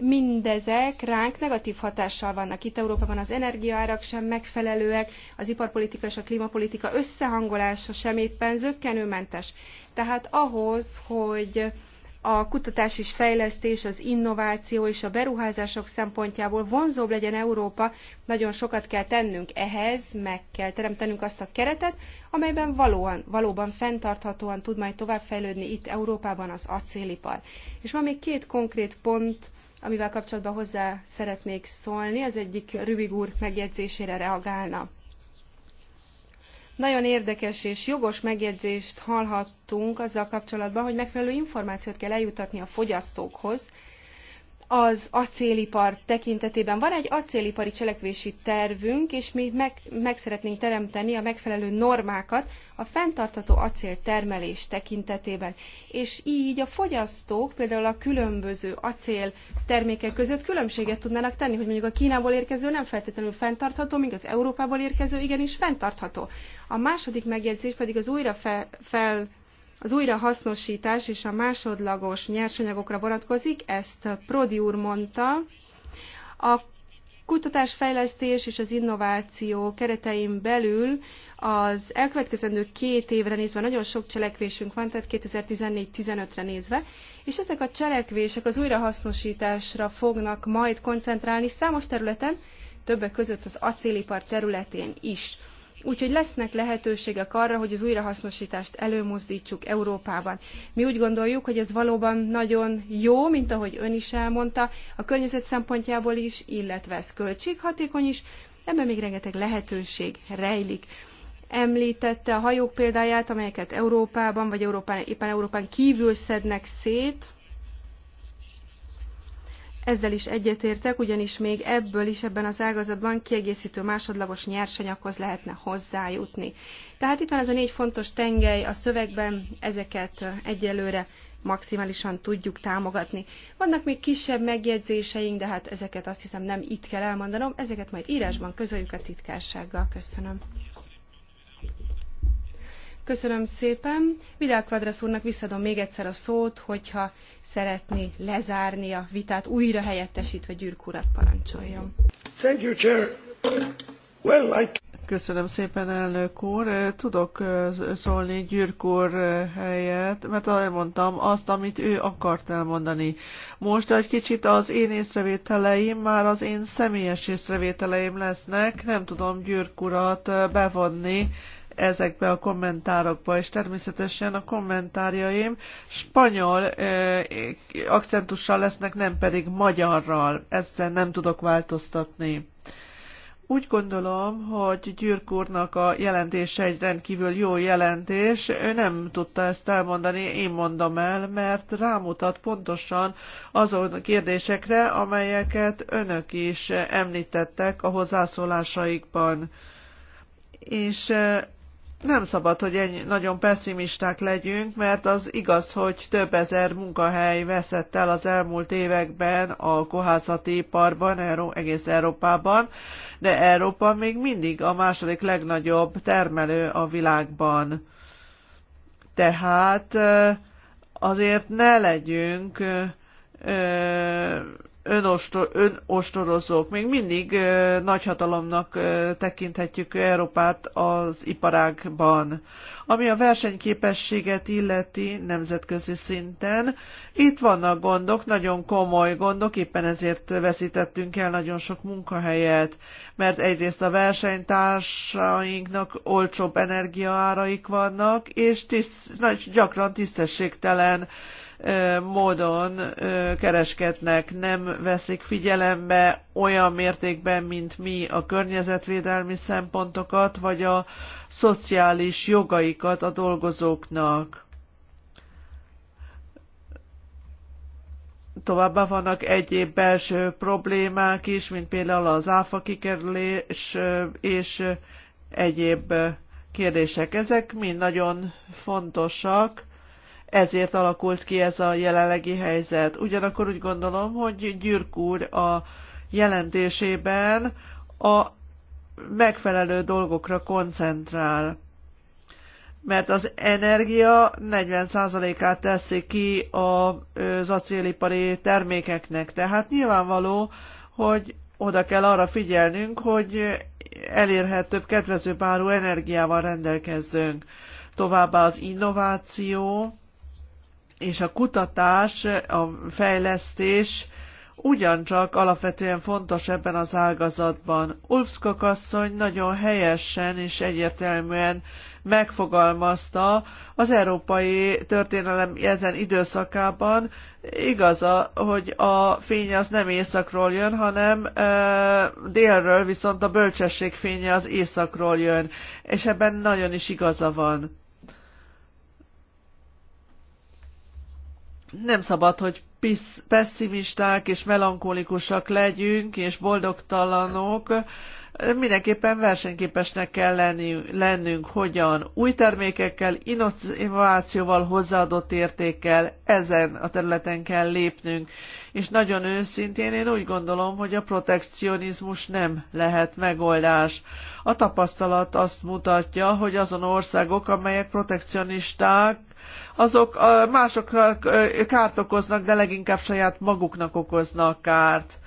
mindezek ránk negatív hatással vannak. Itt Európában az energiaárak sem megfelelőek, az iparpolitika és a klímapolitika összehangolása sem éppen zöggenőmentes. Tehát ahhoz, hogy a kutatás és fejlesztés, az innováció és a beruházások szempontjából vonzóbb legyen Európa, nagyon sokat kell tennünk ehhez, meg kell teremtenünk azt a keretet, amelyben valóan, valóban fenntarthatóan tud majd továbbfejlődni itt Európában az acélipar. És van még két konkrét pont, amivel kapcsolatban hozzá szeretnék szólni, az egyik Rübig úr megjegyzésére reagálna. Nagyon érdekes és jogos megjegyzést hallhattunk azzal kapcsolatban, hogy megfelelő információt kell eljuttatni a fogyasztókhoz, az acélipar tekintetében. Van egy acélipari cselekvési tervünk, és mi meg, meg szeretnénk teremteni a megfelelő normákat a fenntartható acéltermelés tekintetében. És így a fogyasztók például a különböző acél termékek között különbséget tudnának tenni, hogy mondjuk a Kínából érkező nem feltétlenül fenntartható, míg az Európából érkező igenis fenntartható. A második megjegyzés pedig az újra fel, fel az újrahasznosítás és a másodlagos nyersanyagokra vonatkozik, ezt Prodi úr mondta. A kutatásfejlesztés és az innováció keretein belül az elkövetkezendő két évre nézve nagyon sok cselekvésünk van, tehát 2014-15-re nézve, és ezek a cselekvések az újrahasznosításra fognak majd koncentrálni számos területen, többek között az acélipar területén is. Úgyhogy lesznek lehetőségek arra, hogy az újrahasznosítást előmozdítsuk Európában. Mi úgy gondoljuk, hogy ez valóban nagyon jó, mint ahogy ön is elmondta, a környezet szempontjából is, illetve ez költséghatékony is, ebben még rengeteg lehetőség rejlik. Említette a hajók példáját, amelyeket Európában, vagy Európán, éppen Európán kívül szednek szét, ezzel is egyetértek, ugyanis még ebből is ebben az ágazatban kiegészítő másodlagos nyersanyaghoz lehetne hozzájutni. Tehát itt van ez a négy fontos tengely a szövegben, ezeket egyelőre maximálisan tudjuk támogatni. Vannak még kisebb megjegyzéseink, de hát ezeket azt hiszem nem itt kell elmondanom, ezeket majd írásban közöljük a titkársággal. Köszönöm. Köszönöm szépen. Vidal Quadrasz úrnak visszadom még egyszer a szót, hogyha szeretné lezárni a vitát, újra helyettesítve Gyürk urat parancsoljon. Thank you, Chair. Well, I... Köszönöm szépen, elnök úr. Tudok szólni Gyürk úr helyett, mert elmondtam azt, amit ő akart elmondani. Most egy kicsit az én észrevételeim már az én személyes észrevételeim lesznek. Nem tudom Gyürk urat bevonni ezekbe a kommentárokba, és természetesen a kommentárjaim spanyol akcentussal lesznek, nem pedig magyarral. Ezzel nem tudok változtatni. Úgy gondolom, hogy Gyürk úrnak a jelentése egy rendkívül jó jelentés. Ő nem tudta ezt elmondani, én mondom el, mert rámutat pontosan azon a kérdésekre, amelyeket önök is említettek a hozzászólásaikban. És nem szabad, hogy ennyi, nagyon pessimisták legyünk, mert az igaz, hogy több ezer munkahely veszett el az elmúlt években a kohászati iparban, Euró, egész Európában, de Európa még mindig a második legnagyobb termelő a világban. Tehát azért ne legyünk önostorozók. Még mindig ö, nagyhatalomnak tekinthetjük Európát az iparágban. Ami a versenyképességet illeti nemzetközi szinten, itt vannak gondok, nagyon komoly gondok, éppen ezért veszítettünk el nagyon sok munkahelyet, mert egyrészt a versenytársainknak olcsóbb energiaáraik vannak, és tiszt, nagy, gyakran tisztességtelen módon kereskednek, nem veszik figyelembe olyan mértékben, mint mi a környezetvédelmi szempontokat, vagy a szociális jogaikat a dolgozóknak. Továbbá vannak egyéb belső problémák is, mint például az áfa kikerülés és egyéb kérdések. Ezek mind nagyon fontosak ezért alakult ki ez a jelenlegi helyzet. Ugyanakkor úgy gondolom, hogy Gyürk úr a jelentésében a megfelelő dolgokra koncentrál. Mert az energia 40%-át teszi ki az acélipari termékeknek. Tehát nyilvánvaló, hogy oda kell arra figyelnünk, hogy elérhetőbb, kedvezőbb áru energiával rendelkezzünk. Továbbá az innováció, és a kutatás, a fejlesztés ugyancsak alapvetően fontos ebben az ágazatban. Ulfszkok asszony nagyon helyesen és egyértelműen megfogalmazta az európai történelem ezen időszakában. Igaza, hogy a fény az nem északról jön, hanem e, délről, viszont a bölcsesség fénye az északról jön, és ebben nagyon is igaza van nem szabad, hogy pessimisták és melankolikusak legyünk, és boldogtalanok, mindenképpen versenyképesnek kell lenni, lennünk, hogyan új termékekkel, innovációval, hozzáadott értékkel ezen a területen kell lépnünk. És nagyon őszintén én úgy gondolom, hogy a protekcionizmus nem lehet megoldás. A tapasztalat azt mutatja, hogy azon országok, amelyek protekcionisták, azok másoknak kárt okoznak, de leginkább saját maguknak okoznak kárt.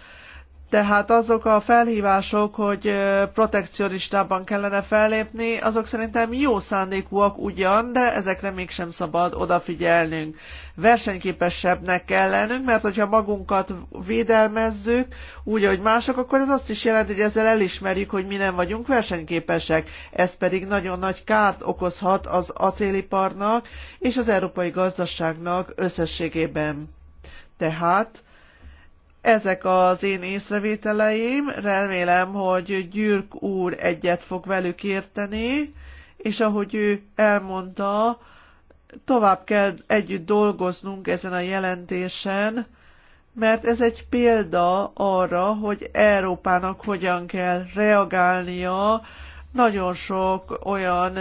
Tehát azok a felhívások, hogy protekcionistában kellene fellépni, azok szerintem jó szándékúak ugyan, de ezekre mégsem szabad odafigyelnünk. Versenyképesebbnek kell lennünk, mert hogyha magunkat védelmezzük úgy, ahogy mások, akkor ez azt is jelenti, hogy ezzel elismerjük, hogy mi nem vagyunk versenyképesek. Ez pedig nagyon nagy kárt okozhat az acéliparnak és az európai gazdaságnak összességében. Tehát ezek az én észrevételeim, remélem, hogy Gyürk úr egyet fog velük érteni, és ahogy ő elmondta, tovább kell együtt dolgoznunk ezen a jelentésen, mert ez egy példa arra, hogy Európának hogyan kell reagálnia nagyon sok olyan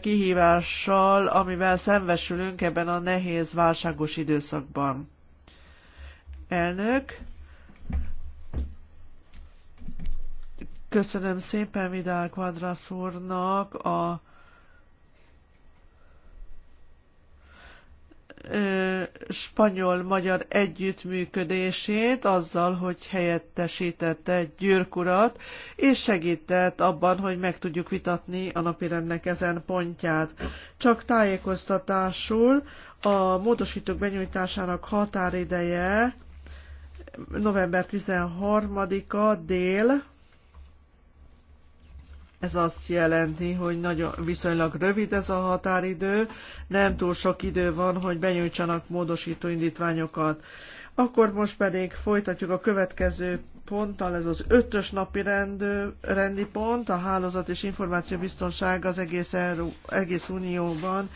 kihívással, amivel szembesülünk ebben a nehéz válságos időszakban. Elnök. Köszönöm szépen Vidal Quadras úrnak a spanyol-magyar együttműködését azzal, hogy helyettesítette Gyürk urat, és segített abban, hogy meg tudjuk vitatni a napirendnek ezen pontját. Csak tájékoztatásul a módosítók benyújtásának határideje november 13-a dél, ez azt jelenti, hogy nagyon, viszonylag rövid ez a határidő, nem túl sok idő van, hogy benyújtsanak módosító indítványokat. Akkor most pedig folytatjuk a következő ponttal, ez az ötös napi rendő, rendi pont, a hálózat és információbiztonság az egész, Euró, egész unióban,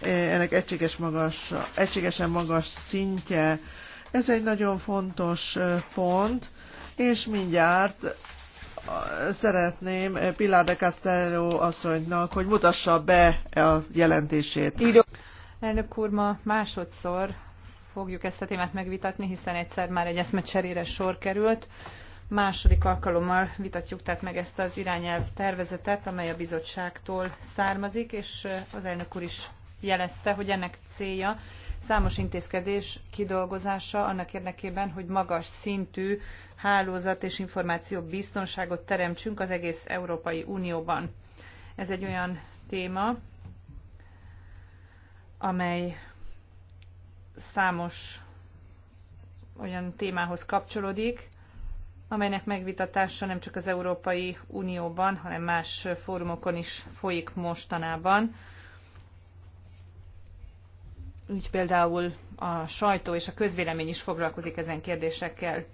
eh, ennek egységes magas, egységesen magas szintje. Ez egy nagyon fontos eh, pont, és mindjárt szeretném Pilar de Castello asszonynak, hogy mutassa be a jelentését. Író. Elnök úr, ma másodszor fogjuk ezt a témát megvitatni, hiszen egyszer már egy eszmecserére sor került. Második alkalommal vitatjuk tehát meg ezt az irányelv tervezetet, amely a bizottságtól származik, és az elnök úr is jelezte, hogy ennek célja számos intézkedés kidolgozása annak érdekében, hogy magas szintű hálózat és információ biztonságot teremtsünk az egész Európai Unióban. Ez egy olyan téma, amely számos olyan témához kapcsolódik, amelynek megvitatása nem csak az Európai Unióban, hanem más fórumokon is folyik mostanában így például a sajtó és a közvélemény is foglalkozik ezen kérdésekkel.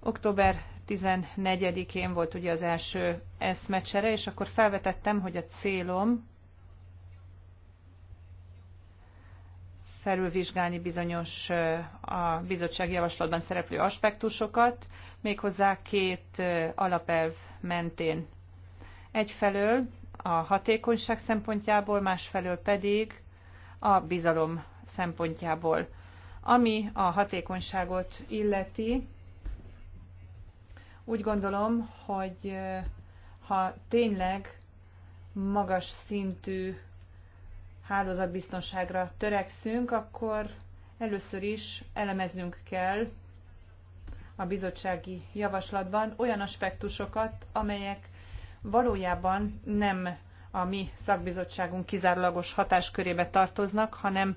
Október 14-én volt ugye az első eszmecsere, és akkor felvetettem, hogy a célom felülvizsgálni bizonyos a bizottság javaslatban szereplő aspektusokat, méghozzá két alapelv mentén. Egyfelől a hatékonyság szempontjából, másfelől pedig a bizalom szempontjából. Ami a hatékonyságot illeti, úgy gondolom, hogy ha tényleg magas szintű hálózatbiztonságra törekszünk, akkor először is elemeznünk kell a bizottsági javaslatban olyan aspektusokat, amelyek valójában nem a mi szakbizottságunk kizárólagos hatáskörébe tartoznak, hanem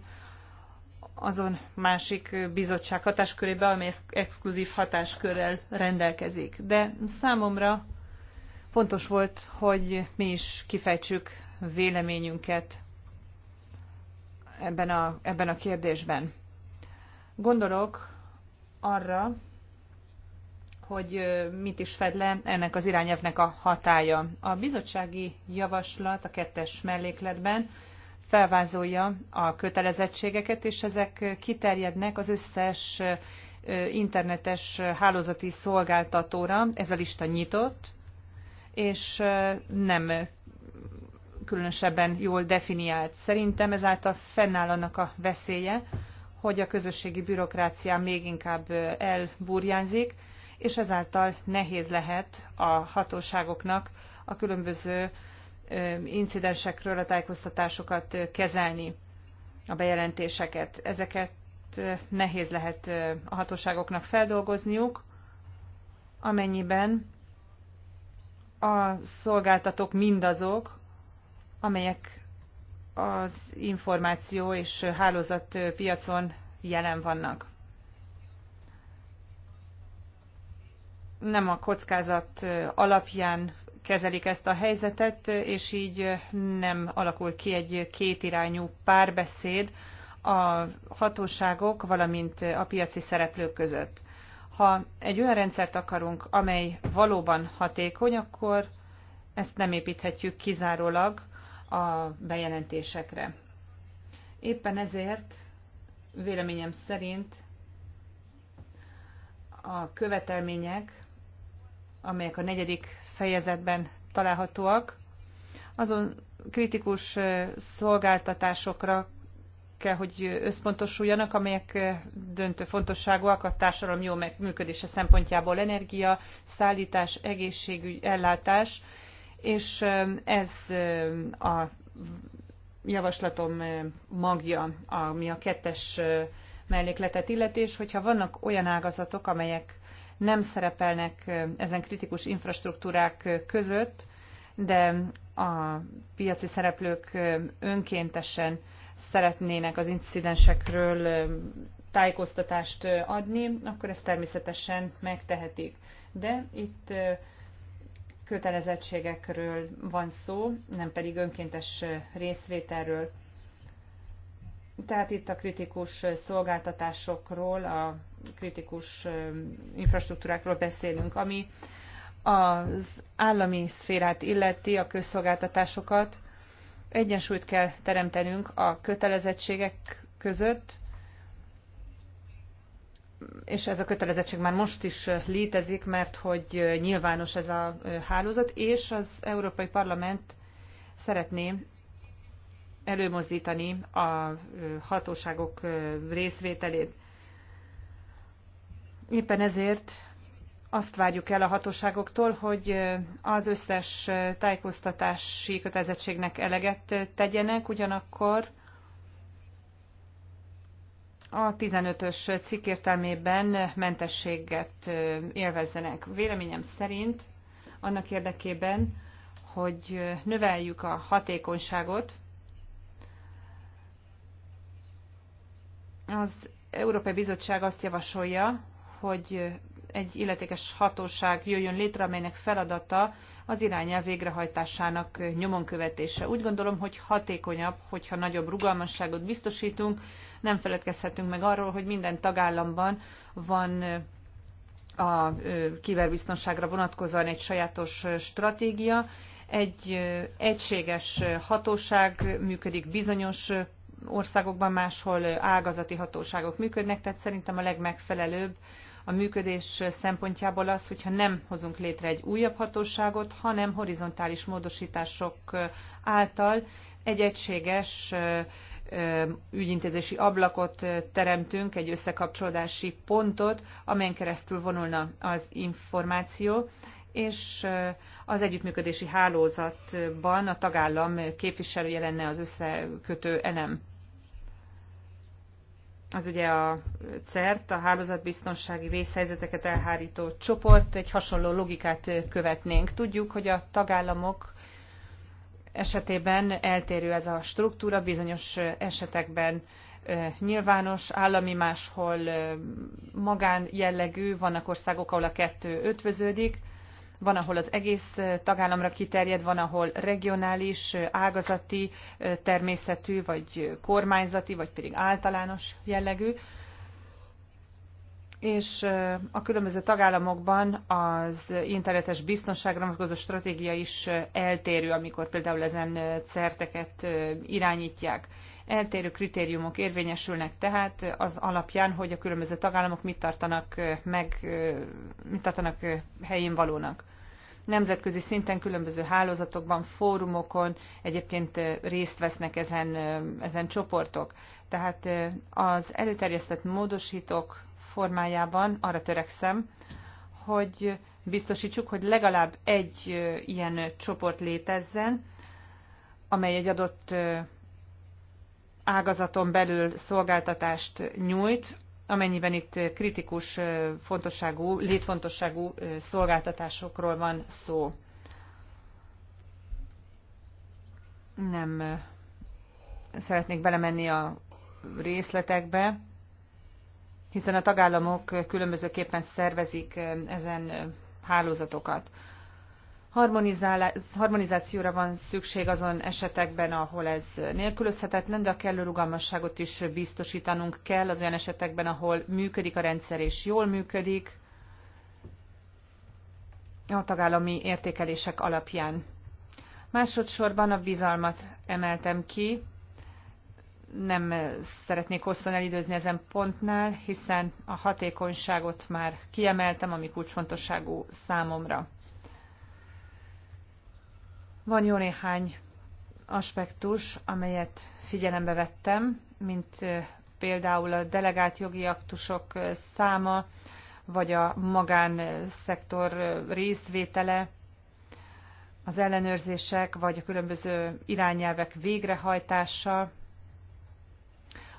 azon másik bizottság hatáskörébe, amely exkluzív hatáskörrel rendelkezik. De számomra fontos volt, hogy mi is kifejtsük véleményünket ebben a, ebben a kérdésben. Gondolok arra, hogy mit is fed le ennek az irányelvnek a hatája. A bizottsági javaslat a kettes mellékletben felvázolja a kötelezettségeket, és ezek kiterjednek az összes internetes hálózati szolgáltatóra. Ez a lista nyitott, és nem különösebben jól definiált. Szerintem ezáltal fennáll annak a veszélye, hogy a közösségi bürokrácia még inkább elburjánzik, és ezáltal nehéz lehet a hatóságoknak a különböző incidensekről a tájékoztatásokat kezelni, a bejelentéseket. Ezeket nehéz lehet a hatóságoknak feldolgozniuk, amennyiben a szolgáltatók mindazok, amelyek az információ és hálózat piacon jelen vannak. nem a kockázat alapján kezelik ezt a helyzetet, és így nem alakul ki egy kétirányú párbeszéd a hatóságok, valamint a piaci szereplők között. Ha egy olyan rendszert akarunk, amely valóban hatékony, akkor ezt nem építhetjük kizárólag a bejelentésekre. Éppen ezért véleményem szerint a követelmények amelyek a negyedik fejezetben találhatóak, azon kritikus szolgáltatásokra kell, hogy összpontosuljanak, amelyek döntő fontosságúak a társadalom jó működése szempontjából energia, szállítás, egészségügy, ellátás, és ez a javaslatom magja, ami a kettes mellékletet illeti, és hogyha vannak olyan ágazatok, amelyek nem szerepelnek ezen kritikus infrastruktúrák között, de a piaci szereplők önkéntesen szeretnének az incidensekről tájékoztatást adni, akkor ezt természetesen megtehetik. De itt kötelezettségekről van szó, nem pedig önkéntes részvételről. Tehát itt a kritikus szolgáltatásokról, a kritikus infrastruktúrákról beszélünk, ami az állami szférát illeti, a közszolgáltatásokat. Egyensúlyt kell teremtenünk a kötelezettségek között, és ez a kötelezettség már most is létezik, mert hogy nyilvános ez a hálózat, és az Európai Parlament szeretné előmozdítani a hatóságok részvételét. Éppen ezért azt várjuk el a hatóságoktól, hogy az összes tájékoztatási kötelezettségnek eleget tegyenek, ugyanakkor a 15-ös cikk értelmében mentességet élvezzenek. Véleményem szerint annak érdekében, hogy növeljük a hatékonyságot, az Európai Bizottság azt javasolja, hogy egy illetékes hatóság jöjjön létre, amelynek feladata az irányel végrehajtásának nyomon követése. Úgy gondolom, hogy hatékonyabb, hogyha nagyobb rugalmasságot biztosítunk, nem feledkezhetünk meg arról, hogy minden tagállamban van a kiberbiztonságra vonatkozóan egy sajátos stratégia, egy egységes hatóság működik bizonyos országokban máshol ágazati hatóságok működnek, tehát szerintem a legmegfelelőbb a működés szempontjából az, hogyha nem hozunk létre egy újabb hatóságot, hanem horizontális módosítások által egy egységes ügyintézési ablakot teremtünk, egy összekapcsolódási pontot, amelyen keresztül vonulna az információ, és az együttműködési hálózatban a tagállam képviselője lenne az összekötő elem. Az ugye a CERT, a hálózatbiztonsági vészhelyzeteket elhárító csoport, egy hasonló logikát követnénk. Tudjuk, hogy a tagállamok esetében eltérő ez a struktúra, bizonyos esetekben nyilvános, állami máshol magán jellegű, vannak országok, ahol a kettő ötvöződik van, ahol az egész tagállamra kiterjed, van, ahol regionális, ágazati, természetű, vagy kormányzati, vagy pedig általános jellegű. És a különböző tagállamokban az internetes biztonságra vonatkozó stratégia is eltérő, amikor például ezen certeket irányítják. Eltérő kritériumok érvényesülnek tehát az alapján, hogy a különböző tagállamok mit tartanak, meg, mit tartanak helyén valónak. Nemzetközi szinten különböző hálózatokban, fórumokon egyébként részt vesznek ezen, ezen csoportok. Tehát az előterjesztett módosítók formájában arra törekszem, hogy biztosítsuk, hogy legalább egy ilyen csoport létezzen, amely egy adott ágazaton belül szolgáltatást nyújt, amennyiben itt kritikus fontosságú, létfontosságú szolgáltatásokról van szó. Nem szeretnék belemenni a részletekbe, hiszen a tagállamok különbözőképpen szervezik ezen hálózatokat harmonizációra van szükség azon esetekben, ahol ez nélkülözhetetlen, de a kellő rugalmasságot is biztosítanunk kell az olyan esetekben, ahol működik a rendszer és jól működik a tagállami értékelések alapján. Másodszorban a bizalmat emeltem ki. Nem szeretnék hosszan elidőzni ezen pontnál, hiszen a hatékonyságot már kiemeltem, ami kulcsfontosságú számomra. Van jó néhány aspektus, amelyet figyelembe vettem, mint például a delegált jogi aktusok száma, vagy a magánszektor részvétele, az ellenőrzések, vagy a különböző irányelvek végrehajtása,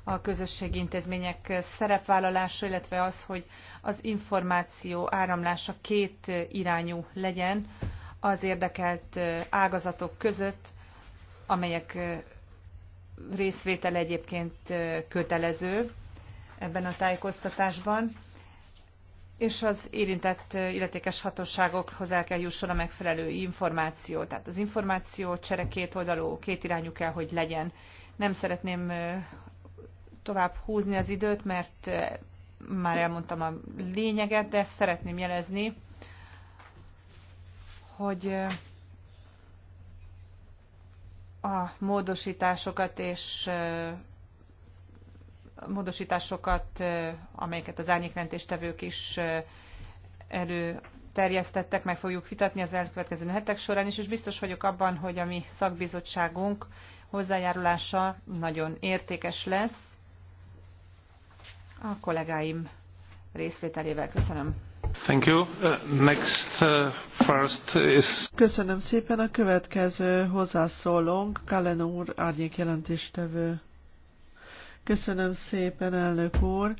a közösségi intézmények szerepvállalása, illetve az, hogy az információ áramlása két irányú legyen, az érdekelt ágazatok között, amelyek részvétel egyébként kötelező ebben a tájékoztatásban, és az érintett illetékes hatóságokhoz el kell jusson a megfelelő információ. Tehát az információ csere két oldalú, két irányú kell, hogy legyen. Nem szeretném tovább húzni az időt, mert már elmondtam a lényeget, de szeretném jelezni, hogy a módosításokat és a módosításokat, amelyeket az árnyékmentéstevők is elő terjesztettek, meg fogjuk vitatni az elkövetkező hetek során is, és biztos vagyok abban, hogy a mi szakbizottságunk hozzájárulása nagyon értékes lesz a kollégáim részvételével. Köszönöm. Uh, uh, Köszönöm szépen. A következő hozzászólónk, Kalen úr, árnyék jelentéstevő. Köszönöm szépen, elnök úr.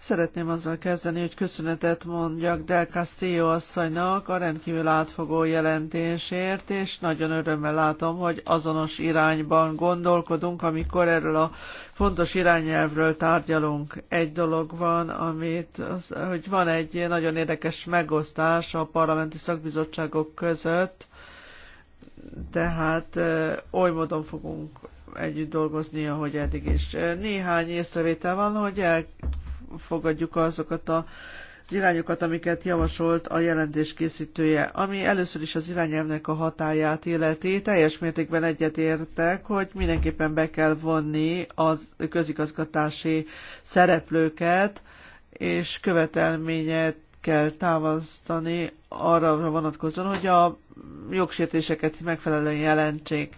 Szeretném azzal kezdeni, hogy köszönetet mondjak Del Castillo asszonynak a rendkívül átfogó jelentésért, és nagyon örömmel látom, hogy azonos irányban gondolkodunk, amikor erről a fontos irányelvről tárgyalunk. Egy dolog van, amit, az, hogy van egy nagyon érdekes megosztás a parlamenti szakbizottságok között, tehát oly módon fogunk együtt dolgozni, ahogy eddig is. Néhány észrevétel van, hogy el fogadjuk azokat a az irányokat, amiket javasolt a jelentés készítője, ami először is az irányelvnek a hatáját életi, Teljes mértékben egyetértek, hogy mindenképpen be kell vonni az közigazgatási szereplőket, és követelményet kell támasztani arra vonatkozóan, hogy a jogsértéseket megfelelően jelentsék.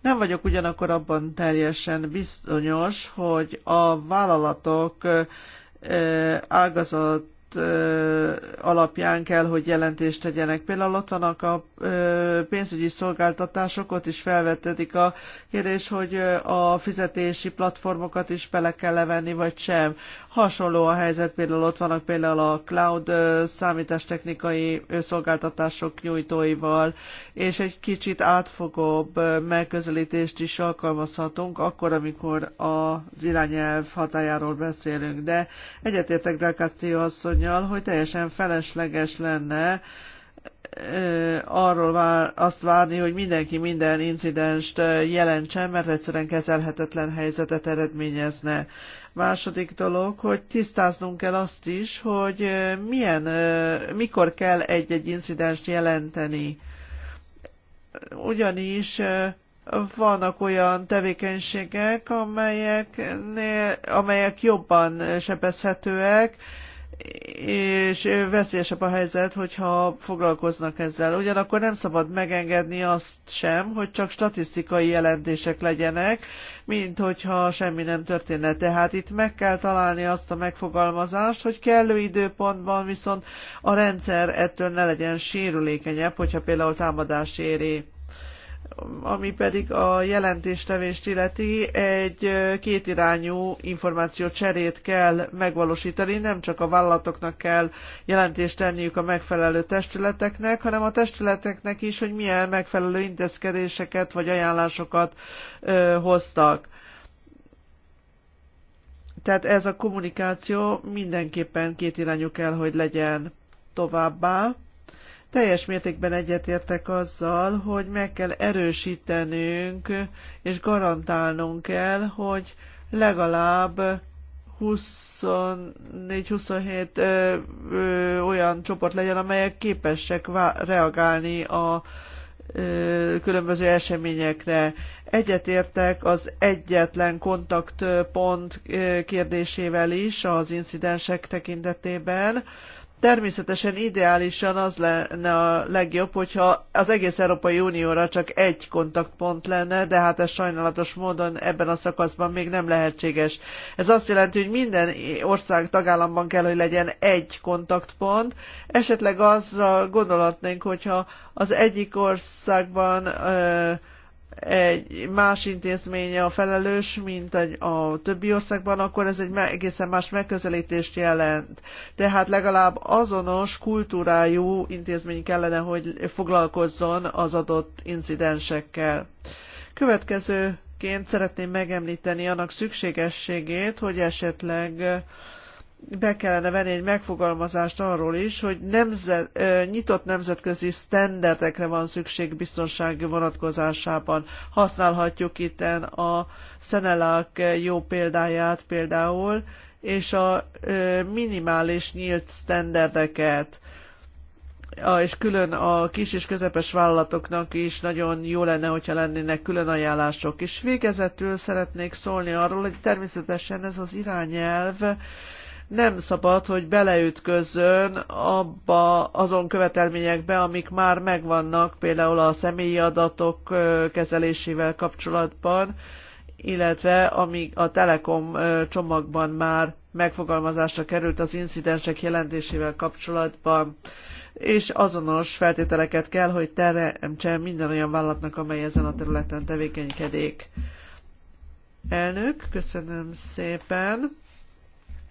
Nem vagyok ugyanakkor abban teljesen bizonyos, hogy a vállalatok ágazat alapján kell, hogy jelentést tegyenek. Például ott vannak a pénzügyi szolgáltatások, ott is felvetedik a kérdés, hogy a fizetési platformokat is bele kell levenni, vagy sem. Hasonló a helyzet, például ott vannak például a cloud számítástechnikai szolgáltatások nyújtóival, és egy kicsit átfogóbb megközelítést is alkalmazhatunk, akkor, amikor az irányelv hatájáról beszélünk. De egyetértek Delkáció Castillo asszony bizonyal, hogy teljesen felesleges lenne arról vár, azt várni, hogy mindenki minden incidenst jelentsen, mert egyszerűen kezelhetetlen helyzetet eredményezne. Második dolog, hogy tisztáznunk kell azt is, hogy milyen, mikor kell egy-egy incidenst jelenteni. Ugyanis vannak olyan tevékenységek, amelyek, amelyek jobban sebezhetőek, és veszélyesebb a helyzet, hogyha foglalkoznak ezzel. Ugyanakkor nem szabad megengedni azt sem, hogy csak statisztikai jelentések legyenek, mint hogyha semmi nem történne. Tehát itt meg kell találni azt a megfogalmazást, hogy kellő időpontban viszont a rendszer ettől ne legyen sérülékenyebb, hogyha például támadás éri ami pedig a jelentéstevést illeti, egy kétirányú információcserét kell megvalósítani, nem csak a vállalatoknak kell jelentést tenniük a megfelelő testületeknek, hanem a testületeknek is, hogy milyen megfelelő intézkedéseket vagy ajánlásokat ö, hoztak. Tehát ez a kommunikáció mindenképpen kétirányú kell, hogy legyen továbbá. Teljes mértékben egyetértek azzal, hogy meg kell erősítenünk és garantálnunk kell, hogy legalább 24-27 olyan csoport legyen, amelyek képesek reagálni a ö, különböző eseményekre. Egyetértek az egyetlen kontaktpont kérdésével is az incidensek tekintetében, Természetesen ideálisan az lenne a legjobb, hogyha az egész Európai Unióra csak egy kontaktpont lenne, de hát ez sajnálatos módon ebben a szakaszban még nem lehetséges. Ez azt jelenti, hogy minden ország tagállamban kell, hogy legyen egy kontaktpont. Esetleg azra gondolhatnénk, hogyha az egyik országban ö, egy más intézménye a felelős, mint a többi országban, akkor ez egy egészen más megközelítést jelent. Tehát legalább azonos kultúrájú intézmény kellene, hogy foglalkozzon az adott incidensekkel. Következőként szeretném megemlíteni annak szükségességét, hogy esetleg be kellene venni egy megfogalmazást arról is, hogy nemzet, nyitott nemzetközi sztenderdekre van szükség biztonsági vonatkozásában. Használhatjuk itten a Szenelák jó példáját például, és a minimális nyílt sztenderdeket és külön a kis és közepes vállalatoknak is nagyon jó lenne, hogyha lennének külön ajánlások. És végezetül szeretnék szólni arról, hogy természetesen ez az irányelv nem szabad, hogy beleütközön abba azon követelményekbe, amik már megvannak, például a személyi adatok kezelésével kapcsolatban, illetve amíg a Telekom csomagban már megfogalmazásra került az incidensek jelentésével kapcsolatban, és azonos feltételeket kell, hogy teremtsen minden olyan vállalatnak, amely ezen a területen tevékenykedik. Elnök, köszönöm szépen.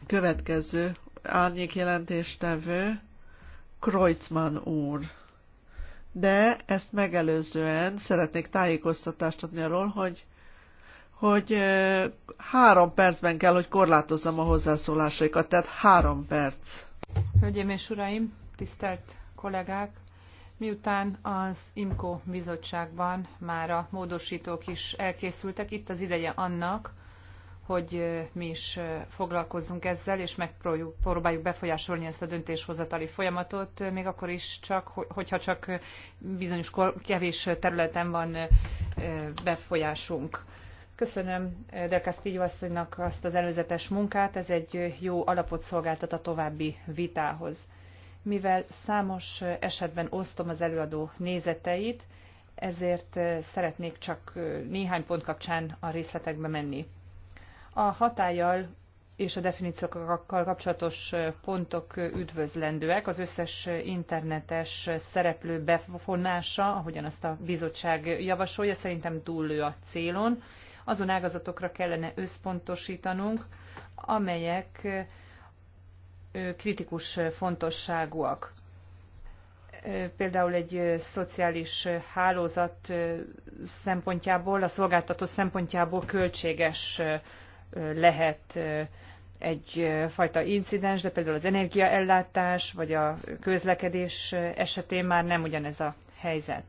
Következő árnyék jelentéstevő Kreutzmann úr. De ezt megelőzően szeretnék tájékoztatást adni arról, hogy hogy három percben kell, hogy korlátozzam a hozzászólásaikat, tehát három perc. Hölgyeim és uraim, tisztelt kollégák! Miután az IMCO bizottságban már a módosítók is elkészültek, itt az ideje annak, hogy mi is foglalkozzunk ezzel, és megpróbáljuk befolyásolni ezt a döntéshozatali folyamatot, még akkor is csak, hogyha csak bizonyos kevés területen van befolyásunk. Köszönöm Del Castillo asszonynak azt az előzetes munkát, ez egy jó alapot szolgáltat a további vitához. Mivel számos esetben osztom az előadó nézeteit, ezért szeretnék csak néhány pont kapcsán a részletekbe menni. A hatállyal és a definíciókkal kapcsolatos pontok üdvözlendőek. Az összes internetes szereplő befonása, ahogyan azt a bizottság javasolja, szerintem túllő a célon. Azon ágazatokra kellene összpontosítanunk, amelyek kritikus fontosságúak. Például egy szociális hálózat szempontjából, a szolgáltató szempontjából költséges lehet egyfajta incidens, de például az energiaellátás vagy a közlekedés esetén már nem ugyanez a helyzet.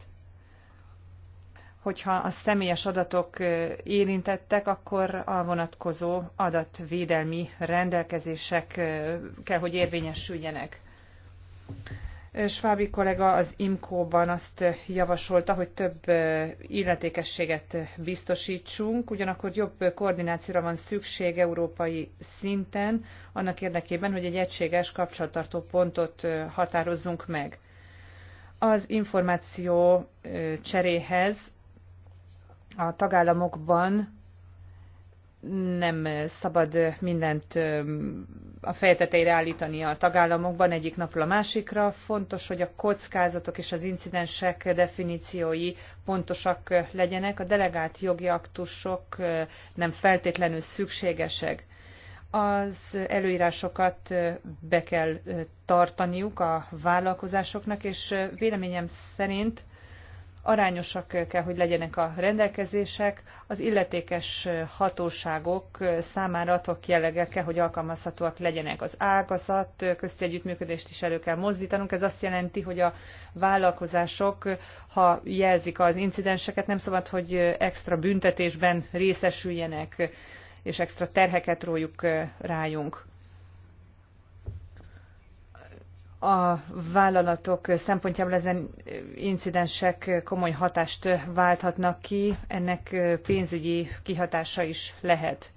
Hogyha a személyes adatok érintettek, akkor a vonatkozó adatvédelmi rendelkezések kell, hogy érvényesüljenek. Schwabi kollega az IMCO-ban azt javasolta, hogy több illetékességet biztosítsunk, ugyanakkor jobb koordinációra van szükség európai szinten, annak érdekében, hogy egy egységes kapcsolattartó pontot határozzunk meg. Az információ cseréhez a tagállamokban nem szabad mindent a fejeteteire állítani a tagállamokban egyik napról a másikra. Fontos, hogy a kockázatok és az incidensek definíciói pontosak legyenek. A delegált jogi aktusok nem feltétlenül szükségesek. Az előírásokat be kell tartaniuk a vállalkozásoknak, és véleményem szerint arányosak kell, hogy legyenek a rendelkezések, az illetékes hatóságok számára adhok jelleggel kell, hogy alkalmazhatóak legyenek. Az ágazat közti együttműködést is elő kell mozdítanunk. Ez azt jelenti, hogy a vállalkozások, ha jelzik az incidenseket, nem szabad, hogy extra büntetésben részesüljenek és extra terheket rójuk rájunk. a vállalatok szempontjából ezen incidensek komoly hatást válthatnak ki, ennek pénzügyi kihatása is lehet.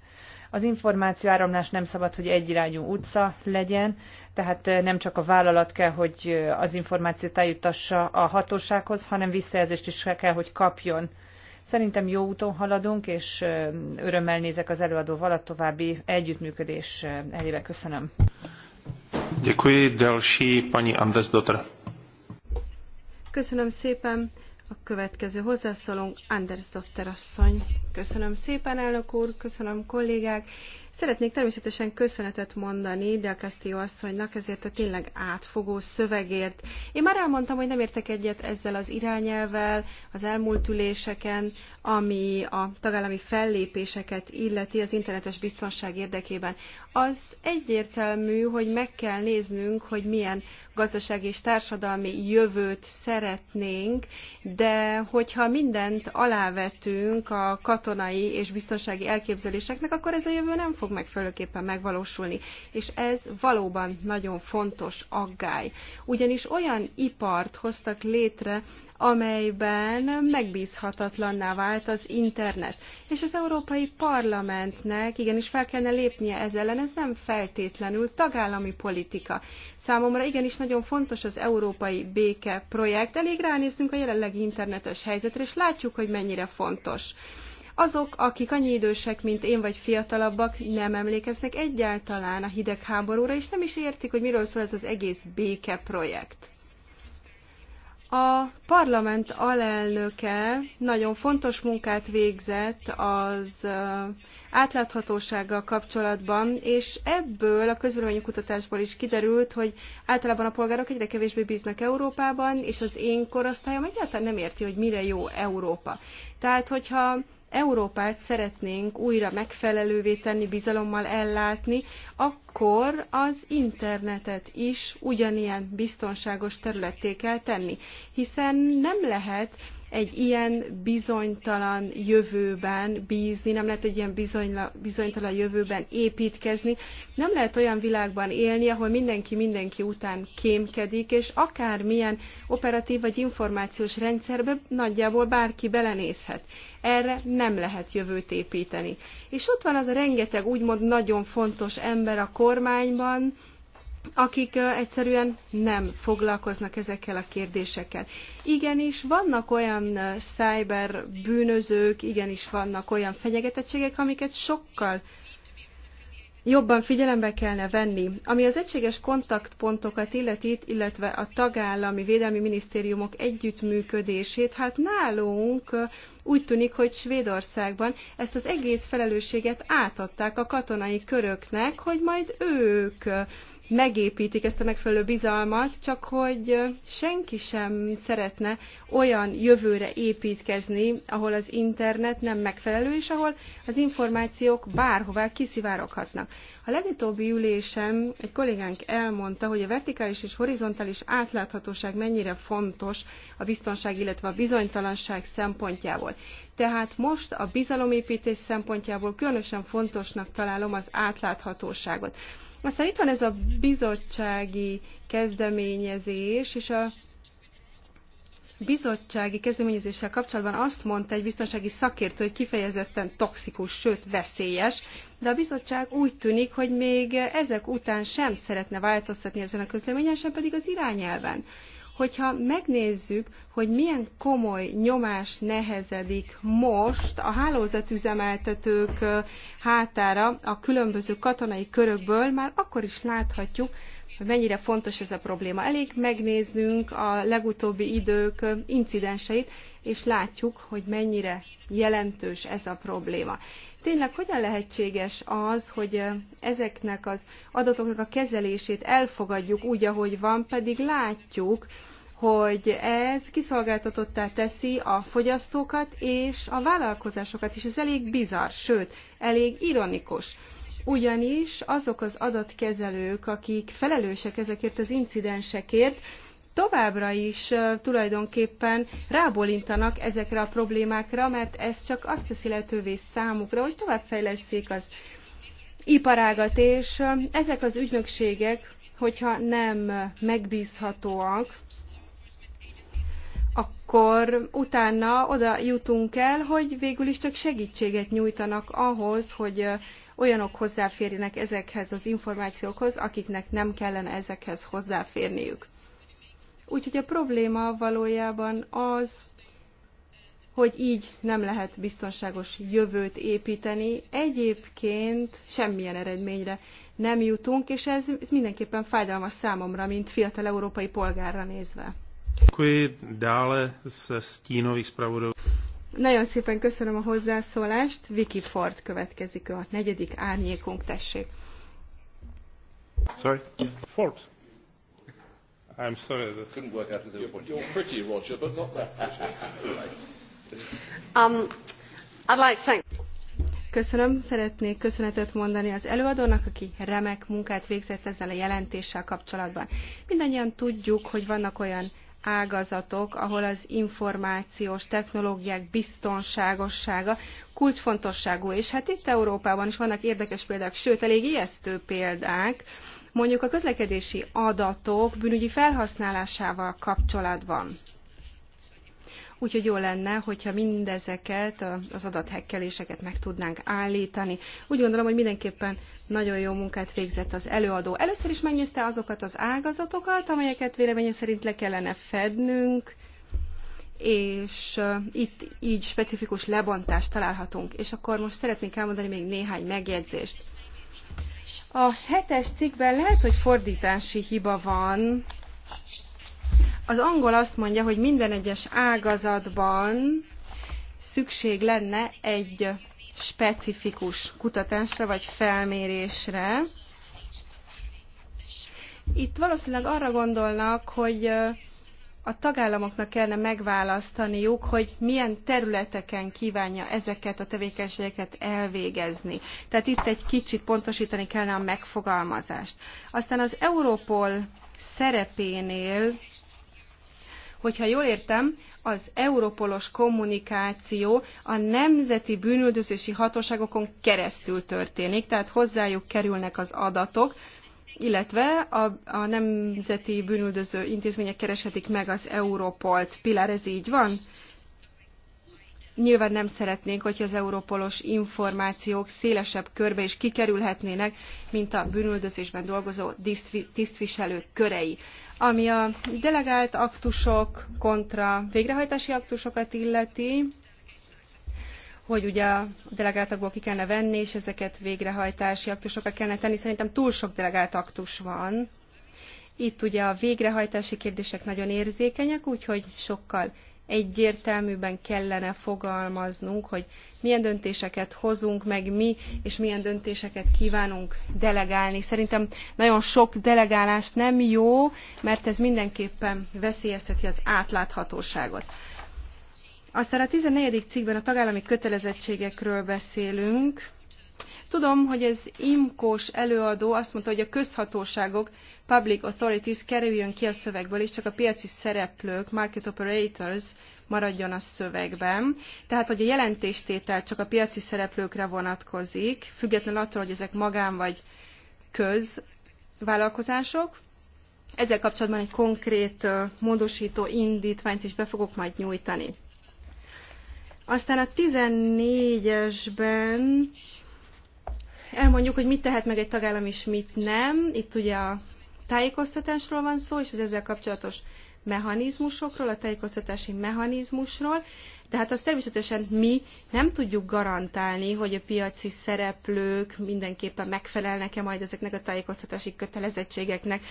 Az információ áramlás nem szabad, hogy egyirányú utca legyen, tehát nem csak a vállalat kell, hogy az információt eljutassa a hatósághoz, hanem visszajelzést is kell, hogy kapjon. Szerintem jó úton haladunk, és örömmel nézek az előadóval a további együttműködés elébe. Köszönöm. Děkuji. Další paní Andes Dotr. Köszönöm szépen. A következő hozzászólónk Anders Dotter asszony. Köszönöm szépen, elnök úr, köszönöm kollégák. Szeretnék természetesen köszönetet mondani Del Castillo asszonynak ezért a tényleg átfogó szövegért. Én már elmondtam, hogy nem értek egyet ezzel az irányelvel az elmúlt üléseken, ami a tagállami fellépéseket illeti az internetes biztonság érdekében. Az egyértelmű, hogy meg kell néznünk, hogy milyen gazdasági és társadalmi jövőt szeretnénk, de hogyha mindent alávetünk a kat katonai és biztonsági elképzeléseknek, akkor ez a jövő nem fog megfelelőképpen megvalósulni. És ez valóban nagyon fontos aggály. Ugyanis olyan ipart hoztak létre, amelyben megbízhatatlanná vált az internet. És az Európai Parlamentnek igenis fel kellene lépnie ez ellen, ez nem feltétlenül tagállami politika. Számomra igenis nagyon fontos az Európai Béke projekt. Elég ránéztünk a jelenlegi internetes helyzetre, és látjuk, hogy mennyire fontos. Azok, akik annyi idősek, mint én vagy fiatalabbak, nem emlékeznek egyáltalán a hidegháborúra, és nem is értik, hogy miről szól ez az egész BKE-projekt. A parlament alelnöke nagyon fontos munkát végzett az átláthatósággal kapcsolatban, és ebből a kutatásból is kiderült, hogy általában a polgárok egyre kevésbé bíznak Európában, és az én korosztályom egyáltalán nem érti, hogy mire jó Európa. Tehát, hogyha Európát szeretnénk újra megfelelővé tenni, bizalommal ellátni, akkor az internetet is ugyanilyen biztonságos területté kell tenni. Hiszen nem lehet egy ilyen bizonytalan jövőben bízni, nem lehet egy ilyen bizonyla, bizonytalan jövőben építkezni, nem lehet olyan világban élni, ahol mindenki mindenki után kémkedik, és akármilyen operatív vagy információs rendszerbe nagyjából bárki belenézhet. Erre nem lehet jövőt építeni. És ott van az a rengeteg úgymond nagyon fontos ember a kormányban, akik egyszerűen nem foglalkoznak ezekkel a kérdésekkel. Igenis, vannak olyan szájber bűnözők, igenis vannak olyan fenyegetettségek, amiket sokkal jobban figyelembe kellene venni. Ami az egységes kontaktpontokat illeti, illetve a tagállami védelmi minisztériumok együttműködését, hát nálunk úgy tűnik, hogy Svédországban ezt az egész felelősséget átadták a katonai köröknek, hogy majd ők megépítik ezt a megfelelő bizalmat, csak hogy senki sem szeretne olyan jövőre építkezni, ahol az internet nem megfelelő, és ahol az információk bárhová kiszivároghatnak. A legutóbbi ülésem egy kollégánk elmondta, hogy a vertikális és horizontális átláthatóság mennyire fontos a biztonság, illetve a bizonytalanság szempontjából. Tehát most a bizalomépítés szempontjából különösen fontosnak találom az átláthatóságot. Aztán itt van ez a bizottsági kezdeményezés, és a bizottsági kezdeményezéssel kapcsolatban azt mondta egy biztonsági szakértő, hogy kifejezetten toxikus, sőt veszélyes, de a bizottság úgy tűnik, hogy még ezek után sem szeretne változtatni ezen a közleményen, sem pedig az irányelven. Hogyha megnézzük, hogy milyen komoly nyomás nehezedik most a hálózatüzemeltetők hátára a különböző katonai körökből, már akkor is láthatjuk, hogy mennyire fontos ez a probléma. Elég megnéznünk a legutóbbi idők incidenseit, és látjuk, hogy mennyire jelentős ez a probléma. Tényleg hogyan lehetséges az, hogy ezeknek az adatoknak a kezelését elfogadjuk úgy, ahogy van, pedig látjuk, hogy ez kiszolgáltatottá teszi a fogyasztókat és a vállalkozásokat, és ez elég bizarr, sőt, elég ironikus ugyanis azok az adatkezelők, akik felelősek ezekért az incidensekért, továbbra is tulajdonképpen rábólintanak ezekre a problémákra, mert ez csak azt teszi lehetővé számukra, hogy továbbfejleszték az iparágat, és ezek az ügynökségek, hogyha nem megbízhatóak, akkor utána oda jutunk el, hogy végül is csak segítséget nyújtanak ahhoz, hogy olyanok hozzáférjenek ezekhez az információkhoz, akiknek nem kellene ezekhez hozzáférniük. Úgyhogy a probléma valójában az, hogy így nem lehet biztonságos jövőt építeni. Egyébként semmilyen eredményre nem jutunk, és ez, ez mindenképpen fájdalmas számomra, mint fiatal európai polgárra nézve. Děkuji dále se stínových zpravodajů. Nagyon szépen köszönöm a hozzászólást. Vicky Ford következik, a negyedik árnyékunk, tessék. Sorry? Ford. I'm sorry. This couldn't work out with you're, you're pretty, Roger, but not that pretty. um, I'd like to thank Köszönöm, szeretnék köszönetet mondani az előadónak, aki remek munkát végzett ezzel a jelentéssel kapcsolatban. Mindannyian tudjuk, hogy vannak olyan ágazatok, ahol az információs technológiák biztonságossága kulcsfontosságú. És hát itt Európában is vannak érdekes példák, sőt, elég ijesztő példák, mondjuk a közlekedési adatok bűnügyi felhasználásával kapcsolatban úgyhogy jó lenne, hogyha mindezeket az adathekkeléseket meg tudnánk állítani. Úgy gondolom, hogy mindenképpen nagyon jó munkát végzett az előadó. Először is megnézte azokat az ágazatokat, amelyeket véleménye szerint le kellene fednünk, és itt így specifikus lebontást találhatunk. És akkor most szeretnénk elmondani még néhány megjegyzést. A hetes cikkben lehet, hogy fordítási hiba van, az angol azt mondja, hogy minden egyes ágazatban szükség lenne egy specifikus kutatásra vagy felmérésre. Itt valószínűleg arra gondolnak, hogy a tagállamoknak kellene megválasztaniuk, hogy milyen területeken kívánja ezeket a tevékenységeket elvégezni. Tehát itt egy kicsit pontosítani kellene a megfogalmazást. Aztán az Európol szerepénél Hogyha jól értem, az europolos kommunikáció a nemzeti bűnüldözési hatóságokon keresztül történik, tehát hozzájuk kerülnek az adatok, illetve a, a nemzeti bűnüldöző intézmények kereshetik meg az Európolt. Pilar, ez így van? Nyilván nem szeretnénk, hogy az európolos információk szélesebb körbe is kikerülhetnének, mint a bűnüldözésben dolgozó tisztviselők körei. Ami a delegált aktusok kontra végrehajtási aktusokat illeti, hogy ugye a delegáltakból ki kellene venni, és ezeket végrehajtási aktusokra kellene tenni. Szerintem túl sok delegált aktus van. Itt ugye a végrehajtási kérdések nagyon érzékenyek, úgyhogy sokkal egyértelműben kellene fogalmaznunk, hogy milyen döntéseket hozunk meg mi, és milyen döntéseket kívánunk delegálni. Szerintem nagyon sok delegálás nem jó, mert ez mindenképpen veszélyezteti az átláthatóságot. Aztán a 14. cikkben a tagállami kötelezettségekről beszélünk, Tudom, hogy ez imkós előadó azt mondta, hogy a közhatóságok, public authorities kerüljön ki a szövegből, és csak a piaci szereplők, market operators maradjon a szövegben. Tehát, hogy a jelentéstétel csak a piaci szereplőkre vonatkozik, független attól, hogy ezek magán vagy közvállalkozások. Ezzel kapcsolatban egy konkrét módosító indítványt is be fogok majd nyújtani. Aztán a 14-esben elmondjuk, hogy mit tehet meg egy tagállam és mit nem. Itt ugye a tájékoztatásról van szó, és az ezzel kapcsolatos mechanizmusokról, a tájékoztatási mechanizmusról, de hát azt természetesen mi nem tudjuk garantálni, hogy a piaci szereplők mindenképpen megfelelnek-e majd ezeknek a tájékoztatási kötelezettségeknek.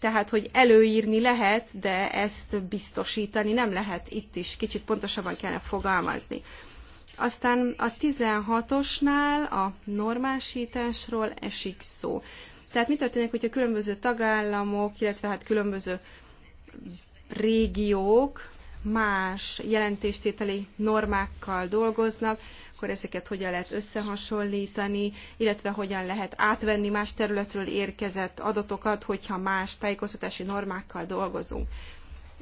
Tehát, hogy előírni lehet, de ezt biztosítani nem lehet, itt is kicsit pontosabban kellene fogalmazni. Aztán a 16-osnál a normásításról esik szó. Tehát mi történik, hogyha különböző tagállamok, illetve hát különböző régiók más jelentéstételi normákkal dolgoznak, akkor ezeket hogyan lehet összehasonlítani, illetve hogyan lehet átvenni más területről érkezett adatokat, hogyha más tájékoztatási normákkal dolgozunk.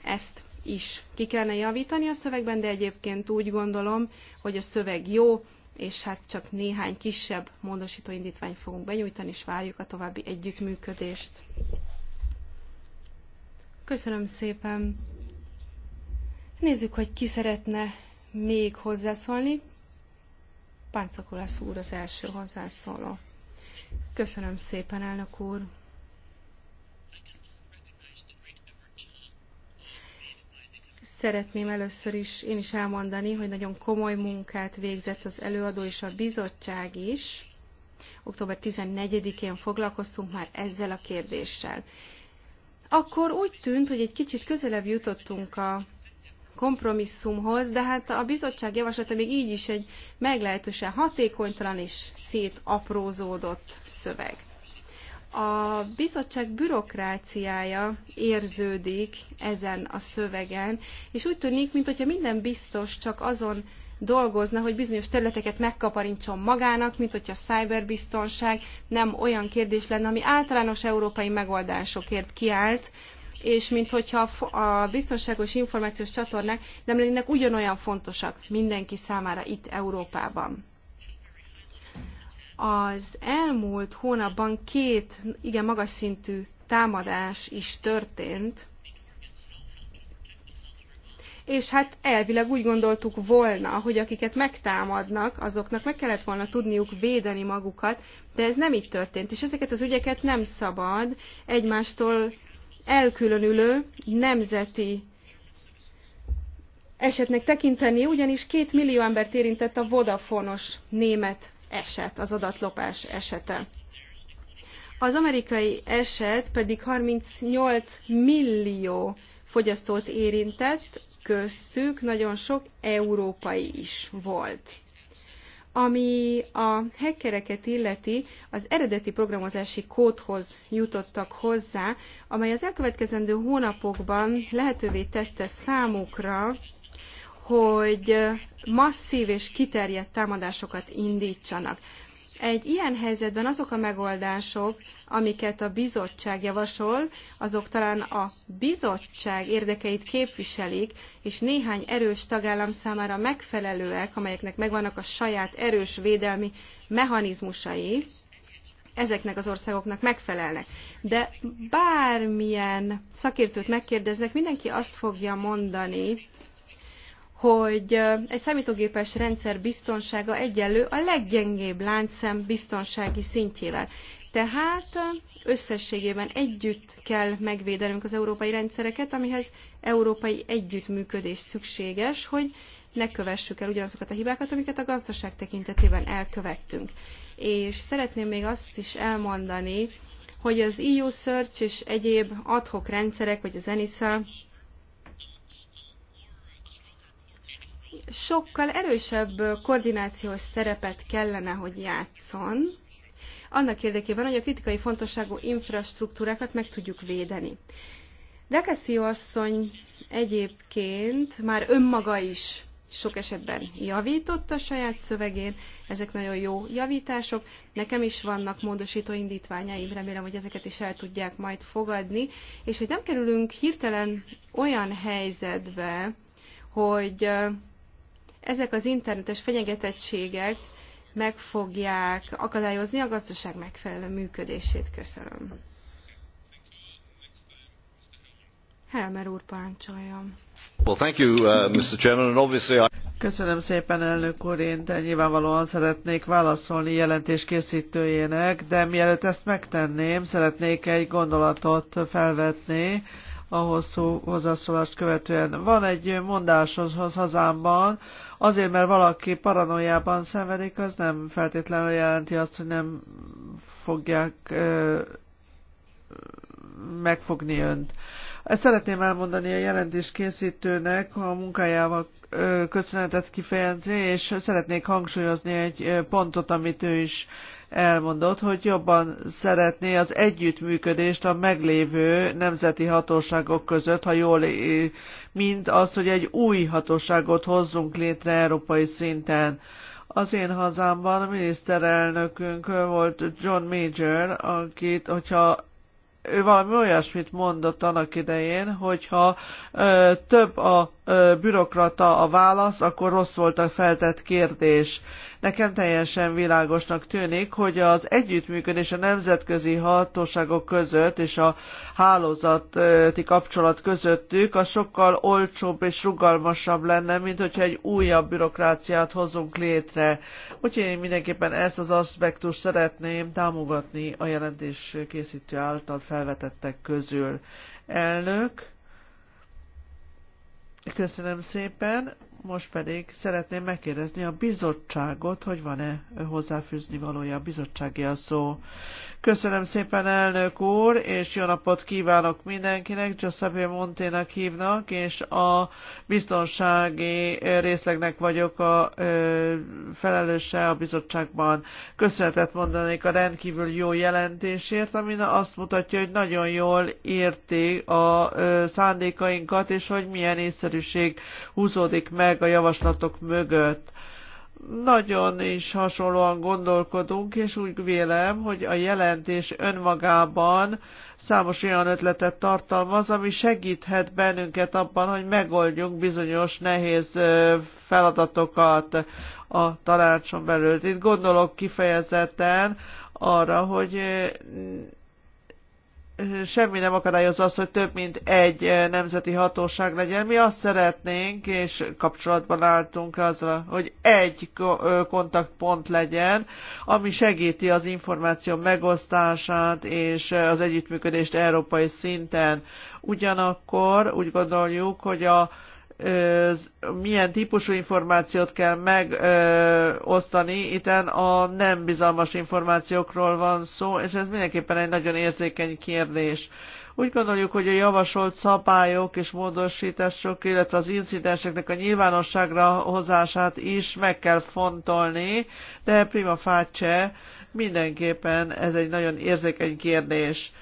Ezt is ki kellene javítani a szövegben, de egyébként úgy gondolom, hogy a szöveg jó, és hát csak néhány kisebb módosító indítványt fogunk benyújtani, és várjuk a további együttműködést. Köszönöm szépen! Nézzük, hogy ki szeretne még hozzászólni. Páncakolász úr az első hozzászóló. Köszönöm szépen, elnök úr! Szeretném először is én is elmondani, hogy nagyon komoly munkát végzett az előadó és a bizottság is. Október 14-én foglalkoztunk már ezzel a kérdéssel. Akkor úgy tűnt, hogy egy kicsit közelebb jutottunk a kompromisszumhoz, de hát a bizottság javaslata még így is egy meglehetősen hatékonytalan és szétaprózódott szöveg. A bizottság bürokráciája érződik ezen a szövegen, és úgy tűnik, mintha minden biztos csak azon dolgozna, hogy bizonyos területeket megkaparintson magának, mint hogyha a szájberbiztonság nem olyan kérdés lenne, ami általános európai megoldásokért kiállt, és mint hogyha a biztonságos információs csatornák nem lennének ugyanolyan fontosak mindenki számára itt Európában. Az elmúlt hónapban két igen magas szintű támadás is történt, és hát elvileg úgy gondoltuk volna, hogy akiket megtámadnak, azoknak meg kellett volna tudniuk védeni magukat, de ez nem így történt, és ezeket az ügyeket nem szabad egymástól elkülönülő nemzeti esetnek tekinteni, ugyanis két millió embert érintett a vodafonos német eset, az adatlopás esete. Az amerikai eset pedig 38 millió fogyasztót érintett, köztük nagyon sok európai is volt. Ami a hackereket illeti, az eredeti programozási kódhoz jutottak hozzá, amely az elkövetkezendő hónapokban lehetővé tette számukra, hogy masszív és kiterjedt támadásokat indítsanak. Egy ilyen helyzetben azok a megoldások, amiket a bizottság javasol, azok talán a bizottság érdekeit képviselik, és néhány erős tagállam számára megfelelőek, amelyeknek megvannak a saját erős védelmi mechanizmusai, ezeknek az országoknak megfelelnek. De bármilyen szakértőt megkérdeznek, mindenki azt fogja mondani, hogy egy számítógépes rendszer biztonsága egyenlő a leggyengébb láncszem biztonsági szintjével. Tehát összességében együtt kell megvédenünk az európai rendszereket, amihez európai együttműködés szükséges, hogy ne kövessük el ugyanazokat a hibákat, amiket a gazdaság tekintetében elkövettünk. És szeretném még azt is elmondani, hogy az EU Search és egyéb adhok rendszerek, vagy az ENISA sokkal erősebb koordinációs szerepet kellene, hogy játszon, annak érdekében, hogy a kritikai fontosságú infrastruktúrákat meg tudjuk védeni. De Castillo asszony egyébként már önmaga is sok esetben javította a saját szövegén, ezek nagyon jó javítások. Nekem is vannak módosító indítványaim, remélem, hogy ezeket is el tudják majd fogadni, és hogy nem kerülünk hirtelen olyan helyzetbe, hogy ezek az internetes fenyegetettségek meg fogják akadályozni a gazdaság megfelelő működését. Köszönöm. Helmer úr parancsoljon. Uh, Köszönöm szépen, elnök úr, én de nyilvánvalóan szeretnék válaszolni jelentés készítőjének, de mielőtt ezt megtenném, szeretnék egy gondolatot felvetni, a hosszú hozzászólást követően. Van egy mondáshoz az hazámban, azért mert valaki paranoiában szenvedik, az nem feltétlenül jelenti azt, hogy nem fogják ö, megfogni önt. Ezt szeretném elmondani a jelentés készítőnek, a munkájával köszönetet kifejezni, és szeretnék hangsúlyozni egy pontot, amit ő is elmondott, hogy jobban szeretné az együttműködést a meglévő nemzeti hatóságok között, ha jól, mint az, hogy egy új hatóságot hozzunk létre európai szinten. Az én hazámban a miniszterelnökünk volt John Major, akit, hogyha ő valami olyasmit mondott annak idején, hogyha ö, több a bürokrata a válasz, akkor rossz volt a feltett kérdés. Nekem teljesen világosnak tűnik, hogy az együttműködés a nemzetközi hatóságok között és a hálózati kapcsolat közöttük az sokkal olcsóbb és rugalmasabb lenne, mint hogyha egy újabb bürokráciát hozunk létre. Úgyhogy én mindenképpen ezt az aspektus szeretném támogatni a jelentés készítő által felvetettek közül. Elnök. Köszönöm szépen. Most pedig szeretném megkérdezni a bizottságot, hogy van-e hozzáfűzni valója a bizottsági a szó. Köszönöm szépen, elnök úr, és jó napot kívánok mindenkinek. Giuseppe Monténak hívnak, és a biztonsági részlegnek vagyok a felelőse a bizottságban. Köszönetet mondanék a rendkívül jó jelentésért, ami azt mutatja, hogy nagyon jól érti a szándékainkat, és hogy milyen észszerűség húzódik meg a javaslatok mögött nagyon is hasonlóan gondolkodunk, és úgy vélem, hogy a jelentés önmagában számos olyan ötletet tartalmaz, ami segíthet bennünket abban, hogy megoldjunk bizonyos nehéz feladatokat a tanácson belül. Itt gondolok kifejezetten arra, hogy semmi nem akadályozza azt, hogy több mint egy nemzeti hatóság legyen. Mi azt szeretnénk, és kapcsolatban álltunk azra, hogy egy kontaktpont legyen, ami segíti az információ megosztását és az együttműködést európai szinten. Ugyanakkor úgy gondoljuk, hogy a milyen típusú információt kell megosztani. Itten a nem bizalmas információkról van szó, és ez mindenképpen egy nagyon érzékeny kérdés. Úgy gondoljuk, hogy a javasolt szabályok és módosítások, illetve az incidenseknek a nyilvánosságra hozását is meg kell fontolni, de prima facie mindenképpen ez egy nagyon érzékeny kérdés.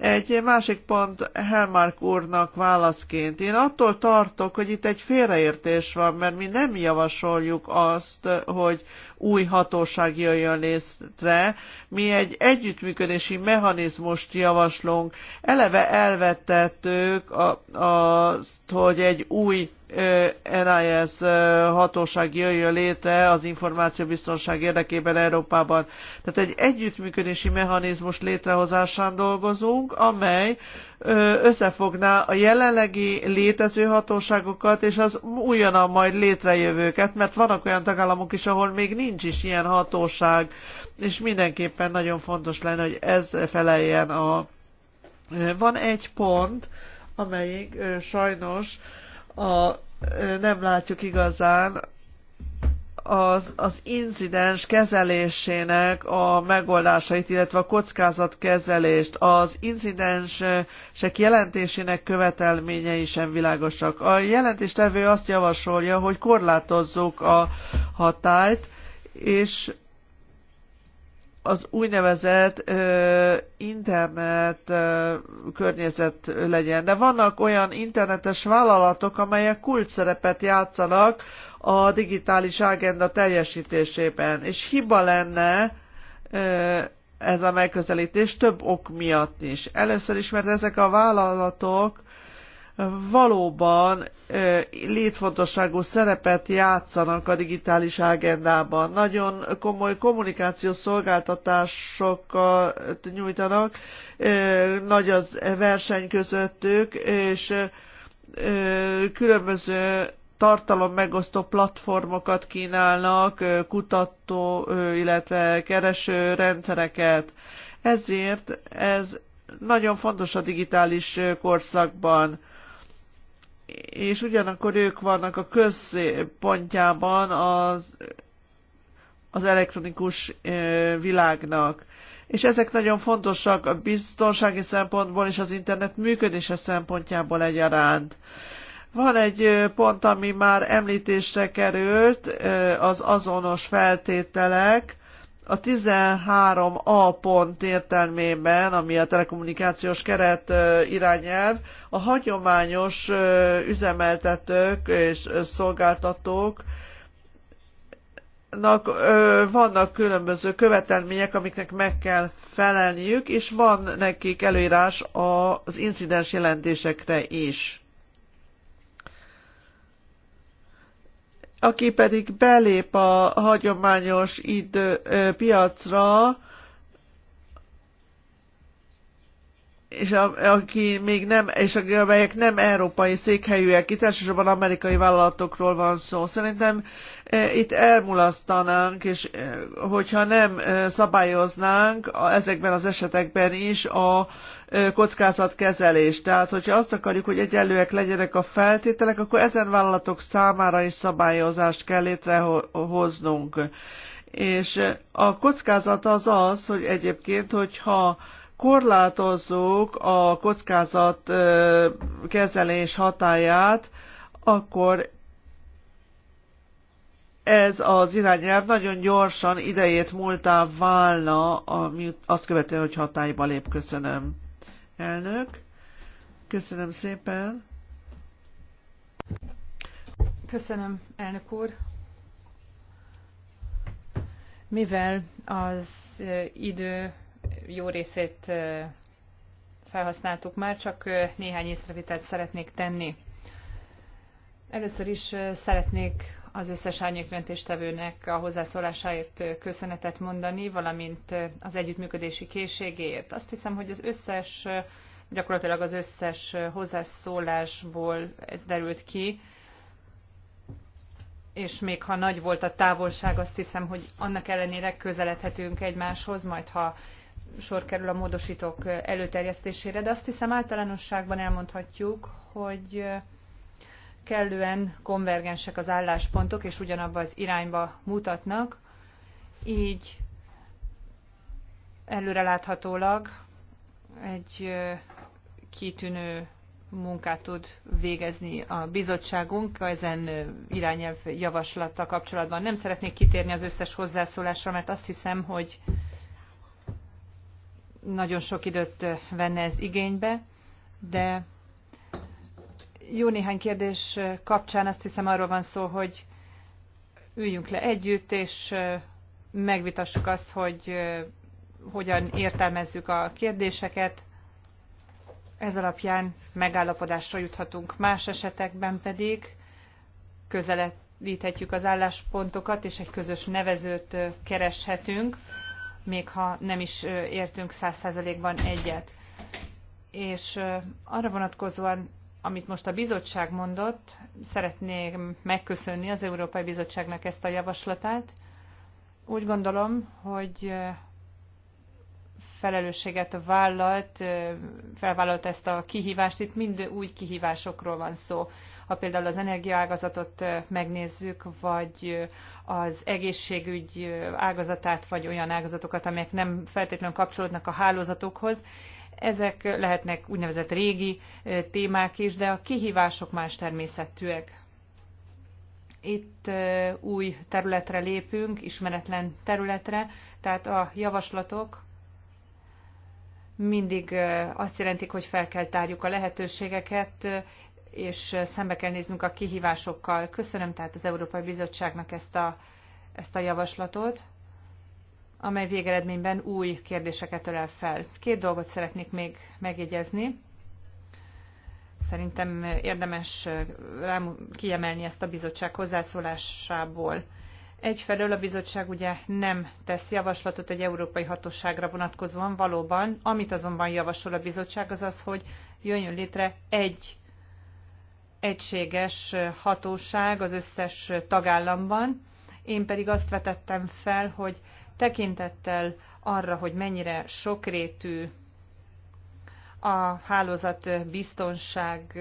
Egy másik pont Helmark úrnak válaszként. Én attól tartok, hogy itt egy félreértés van, mert mi nem javasoljuk azt, hogy új hatóság jöjjön létre. Mi egy együttműködési mechanizmust javaslunk. Eleve elvettettük azt, hogy egy új NIS hatóság jöjjön létre az információbiztonság érdekében Európában. Tehát egy együttműködési mechanizmus létrehozásán dolgozunk, amely összefogná a jelenlegi létező hatóságokat és az újonnan majd létrejövőket, mert vannak olyan tagállamok is, ahol még nincs is ilyen hatóság, és mindenképpen nagyon fontos lenne, hogy ez feleljen a... Van egy pont, amelyik sajnos a, nem látjuk igazán az, az incidens kezelésének a megoldásait, illetve a kockázatkezelést, az incidensek jelentésének követelményei sem világosak. A jelentéstevő azt javasolja, hogy korlátozzuk a hatályt, és az úgynevezett ö, internet ö, környezet legyen. De vannak olyan internetes vállalatok, amelyek kulcs szerepet játszanak a digitális agenda teljesítésében, és hiba lenne ö, ez a megközelítés több ok miatt is. Először is, mert ezek a vállalatok valóban létfontosságú szerepet játszanak a digitális agendában. Nagyon komoly kommunikációs szolgáltatásokat nyújtanak, nagy az verseny közöttük, és különböző tartalom megosztó platformokat kínálnak, kutató, illetve kereső rendszereket. Ezért ez nagyon fontos a digitális korszakban és ugyanakkor ők vannak a központjában az, az elektronikus világnak. És ezek nagyon fontosak a biztonsági szempontból és az internet működése szempontjából egyaránt. Van egy pont, ami már említésre került, az azonos feltételek, a 13a pont értelmében, ami a telekommunikációs keret irányelv, a hagyományos üzemeltetők és szolgáltatók vannak különböző követelmények, amiknek meg kell felelniük, és van nekik előírás az incidens jelentésekre is. aki pedig belép a hagyományos idő, piacra, és a, aki még nem, és a amelyek nem európai székhelyűek, itt elsősorban amerikai vállalatokról van szó. Szerintem e, itt elmulasztanánk, és e, hogyha nem e, szabályoznánk a, ezekben az esetekben is a e, kockázatkezelést. Tehát, hogyha azt akarjuk, hogy egyenlőek legyenek a feltételek, akkor ezen vállalatok számára is szabályozást kell létrehoznunk. És e, a kockázat az az, hogy egyébként, hogyha korlátozzuk a kockázat kezelés hatáját, akkor ez az irányelv nagyon gyorsan idejét múltá válna, azt követően, hogy hatályba lép. Köszönöm. Elnök, köszönöm szépen. Köszönöm, elnök úr. Mivel az idő jó részét felhasználtuk már, csak néhány észrevitelt szeretnék tenni. Először is szeretnék az összes árnyékmentéstevőnek a hozzászólásáért köszönetet mondani, valamint az együttműködési készségéért. Azt hiszem, hogy az összes, gyakorlatilag az összes hozzászólásból ez derült ki, és még ha nagy volt a távolság, azt hiszem, hogy annak ellenére közeledhetünk egymáshoz, majd ha sor kerül a módosítók előterjesztésére, de azt hiszem általánosságban elmondhatjuk, hogy kellően konvergensek az álláspontok, és ugyanabba az irányba mutatnak, így előreláthatólag egy kitűnő munkát tud végezni a bizottságunk ezen irányelv javaslattal kapcsolatban. Nem szeretnék kitérni az összes hozzászólásra, mert azt hiszem, hogy nagyon sok időt venne ez igénybe, de jó néhány kérdés kapcsán azt hiszem arról van szó, hogy üljünk le együtt, és megvitassuk azt, hogy hogyan értelmezzük a kérdéseket. Ez alapján megállapodásra juthatunk. Más esetekben pedig közeledhetjük az álláspontokat, és egy közös nevezőt kereshetünk, még ha nem is értünk száz százalékban egyet. És arra vonatkozóan, amit most a bizottság mondott, szeretnék megköszönni az Európai Bizottságnak ezt a javaslatát. Úgy gondolom, hogy felelősséget vállalt, felvállalt ezt a kihívást. Itt mind új kihívásokról van szó ha például az energiaágazatot megnézzük, vagy az egészségügy ágazatát, vagy olyan ágazatokat, amelyek nem feltétlenül kapcsolódnak a hálózatokhoz, ezek lehetnek úgynevezett régi témák is, de a kihívások más természetűek. Itt új területre lépünk, ismeretlen területre, tehát a javaslatok mindig azt jelentik, hogy fel kell tárjuk a lehetőségeket, és szembe kell néznünk a kihívásokkal. Köszönöm tehát az Európai Bizottságnak ezt a, ezt a javaslatot, amely végeredményben új kérdéseket ölel fel. Két dolgot szeretnék még megjegyezni. Szerintem érdemes rám kiemelni ezt a bizottság hozzászólásából. Egyfelől a bizottság ugye nem tesz javaslatot egy európai hatóságra vonatkozóan valóban, amit azonban javasol a bizottság az az, hogy jöjjön létre egy egységes hatóság az összes tagállamban. Én pedig azt vetettem fel, hogy tekintettel arra, hogy mennyire sokrétű a hálózat biztonság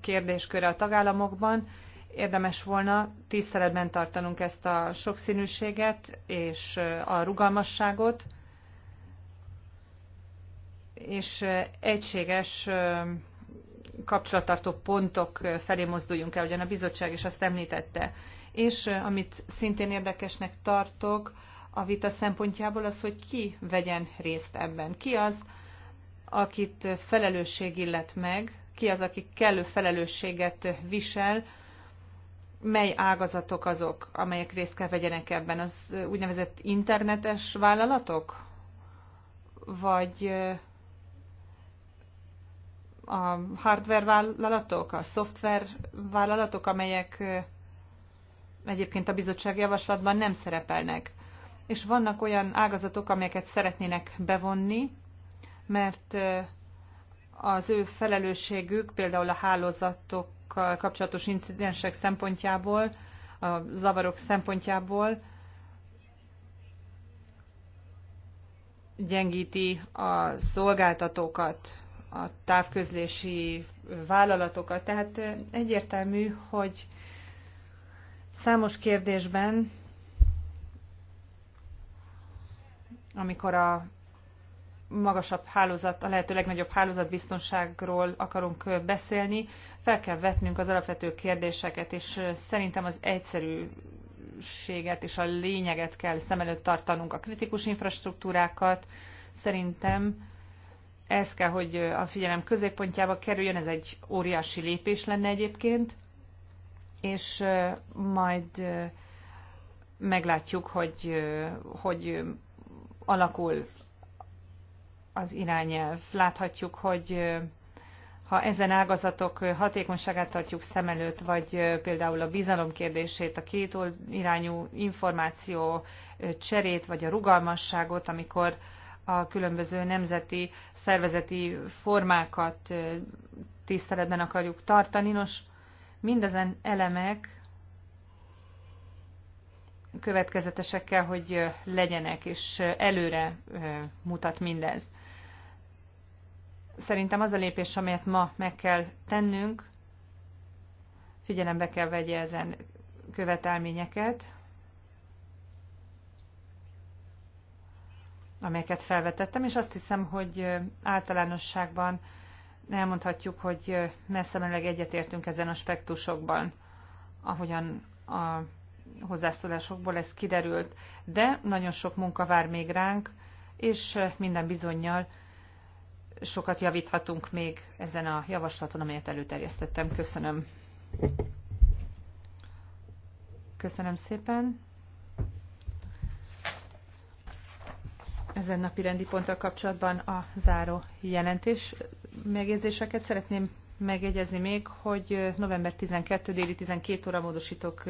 kérdésköre a tagállamokban, érdemes volna tiszteletben tartanunk ezt a sokszínűséget és a rugalmasságot, és egységes kapcsolattartó pontok felé mozduljunk el, ugyan a bizottság is azt említette. És amit szintén érdekesnek tartok a vita szempontjából az, hogy ki vegyen részt ebben. Ki az, akit felelősség illet meg, ki az, aki kellő felelősséget visel, mely ágazatok azok, amelyek részt kell vegyenek ebben? Az úgynevezett internetes vállalatok? Vagy a hardware vállalatok, a szoftver vállalatok, amelyek egyébként a bizottság javaslatban nem szerepelnek. És vannak olyan ágazatok, amelyeket szeretnének bevonni, mert az ő felelősségük például a hálózatokkal kapcsolatos incidensek szempontjából, a zavarok szempontjából gyengíti a szolgáltatókat a távközlési vállalatokat. Tehát egyértelmű, hogy számos kérdésben, amikor a magasabb hálózat, a lehető legnagyobb hálózatbiztonságról akarunk beszélni, fel kell vetnünk az alapvető kérdéseket, és szerintem az egyszerűséget és a lényeget kell szem előtt tartanunk, a kritikus infrastruktúrákat, szerintem ez kell, hogy a figyelem középpontjába kerüljön, ez egy óriási lépés lenne egyébként, és majd meglátjuk, hogy, hogy alakul az irányelv. Láthatjuk, hogy ha ezen ágazatok hatékonyságát tartjuk szem előtt, vagy például a bizalom kérdését, a két irányú információ cserét, vagy a rugalmasságot, amikor a különböző nemzeti szervezeti formákat tiszteletben akarjuk tartani. Nos, mindezen elemek következetesek kell, hogy legyenek, és előre mutat mindez. Szerintem az a lépés, amelyet ma meg kell tennünk, figyelembe kell vegye ezen követelményeket, amelyeket felvetettem, és azt hiszem, hogy általánosságban elmondhatjuk, hogy messze menőleg egyetértünk ezen a spektusokban, ahogyan a hozzászólásokból ez kiderült, de nagyon sok munka vár még ránk, és minden bizonyal sokat javíthatunk még ezen a javaslaton, amelyet előterjesztettem. Köszönöm. Köszönöm szépen. ezen napi rendi ponttal kapcsolatban a záró jelentés megjegyzéseket. Szeretném megjegyezni még, hogy november 12 déli 12 óra módosítók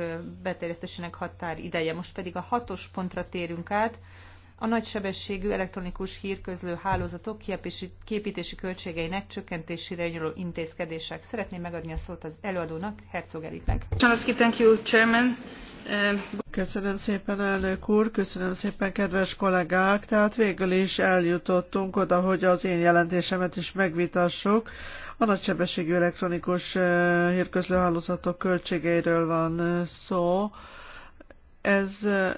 beterjesztésének határ ideje. Most pedig a hatos pontra térünk át. A nagysebességű elektronikus hírközlő hálózatok képítési költségeinek csökkentésére nyúló intézkedések. Szeretném megadni a szót az előadónak, Herzog Elitnek. thank you, Chairman. Um, Köszönöm szépen, elnök úr, köszönöm szépen, kedves kollégák. Tehát végül is eljutottunk oda, hogy az én jelentésemet is megvitassuk. A nagysebességű elektronikus eh, hírközlőhálózatok költségeiről van eh, szó. Ez eh,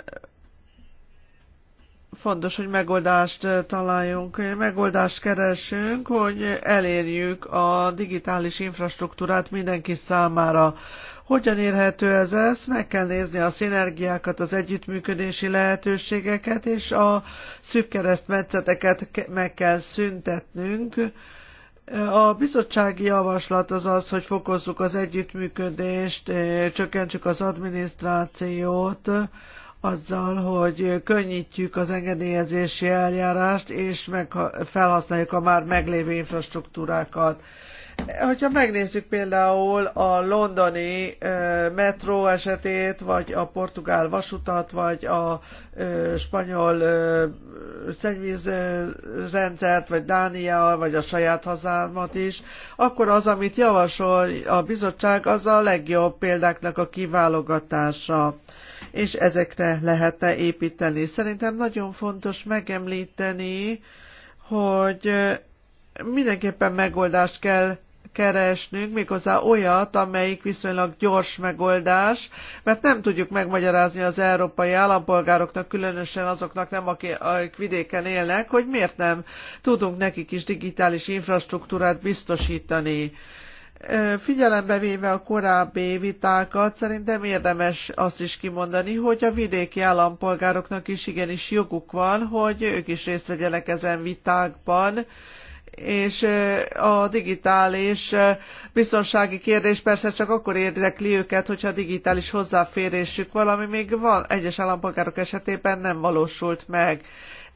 fontos, hogy megoldást találjunk, megoldást keresünk, hogy elérjük a digitális infrastruktúrát mindenki számára. Hogyan érhető ez ez? Meg kell nézni a szinergiákat, az együttműködési lehetőségeket, és a szűk keresztmetszeteket meg kell szüntetnünk, a bizottsági javaslat az az, hogy fokozzuk az együttműködést, csökkentsük az adminisztrációt, azzal, hogy könnyítjük az engedélyezési eljárást, és meg felhasználjuk a már meglévő infrastruktúrákat. Hogyha megnézzük például a londoni metró esetét, vagy a portugál vasutat, vagy a spanyol szennyvízrendszert, vagy Dánia, vagy a saját hazámat is, akkor az, amit javasol a bizottság, az a legjobb példáknak a kiválogatása és ezekre lehetne építeni. Szerintem nagyon fontos megemlíteni, hogy mindenképpen megoldást kell keresnünk, méghozzá olyat, amelyik viszonylag gyors megoldás, mert nem tudjuk megmagyarázni az európai állampolgároknak, különösen azoknak nem, akik vidéken élnek, hogy miért nem tudunk nekik is digitális infrastruktúrát biztosítani figyelembe véve a korábbi vitákat, szerintem érdemes azt is kimondani, hogy a vidéki állampolgároknak is igenis joguk van, hogy ők is részt vegyenek ezen vitákban, és a digitális biztonsági kérdés persze csak akkor érdekli őket, hogyha digitális hozzáférésük valami még van, egyes állampolgárok esetében nem valósult meg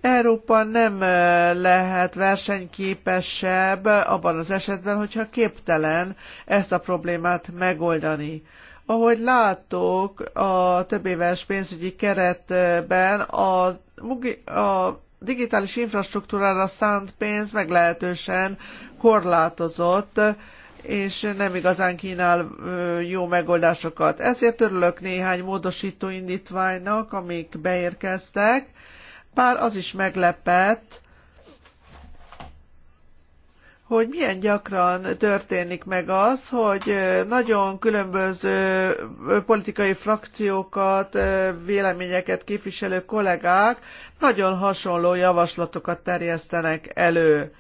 Európa nem eh, lehet versenyképesebb abban az esetben, hogyha képtelen ezt a problémát megoldani. Ahogy látok a éves pénzügyi keretben, a, a digitális infrastruktúrára szánt pénz meglehetősen korlátozott, és nem igazán kínál eh, jó megoldásokat. Ezért örülök néhány módosító indítványnak, amik beérkeztek, bár az is meglepett, hogy milyen gyakran történik meg az, hogy nagyon különböző politikai frakciókat, véleményeket képviselő kollégák nagyon hasonló javaslatokat terjesztenek elő.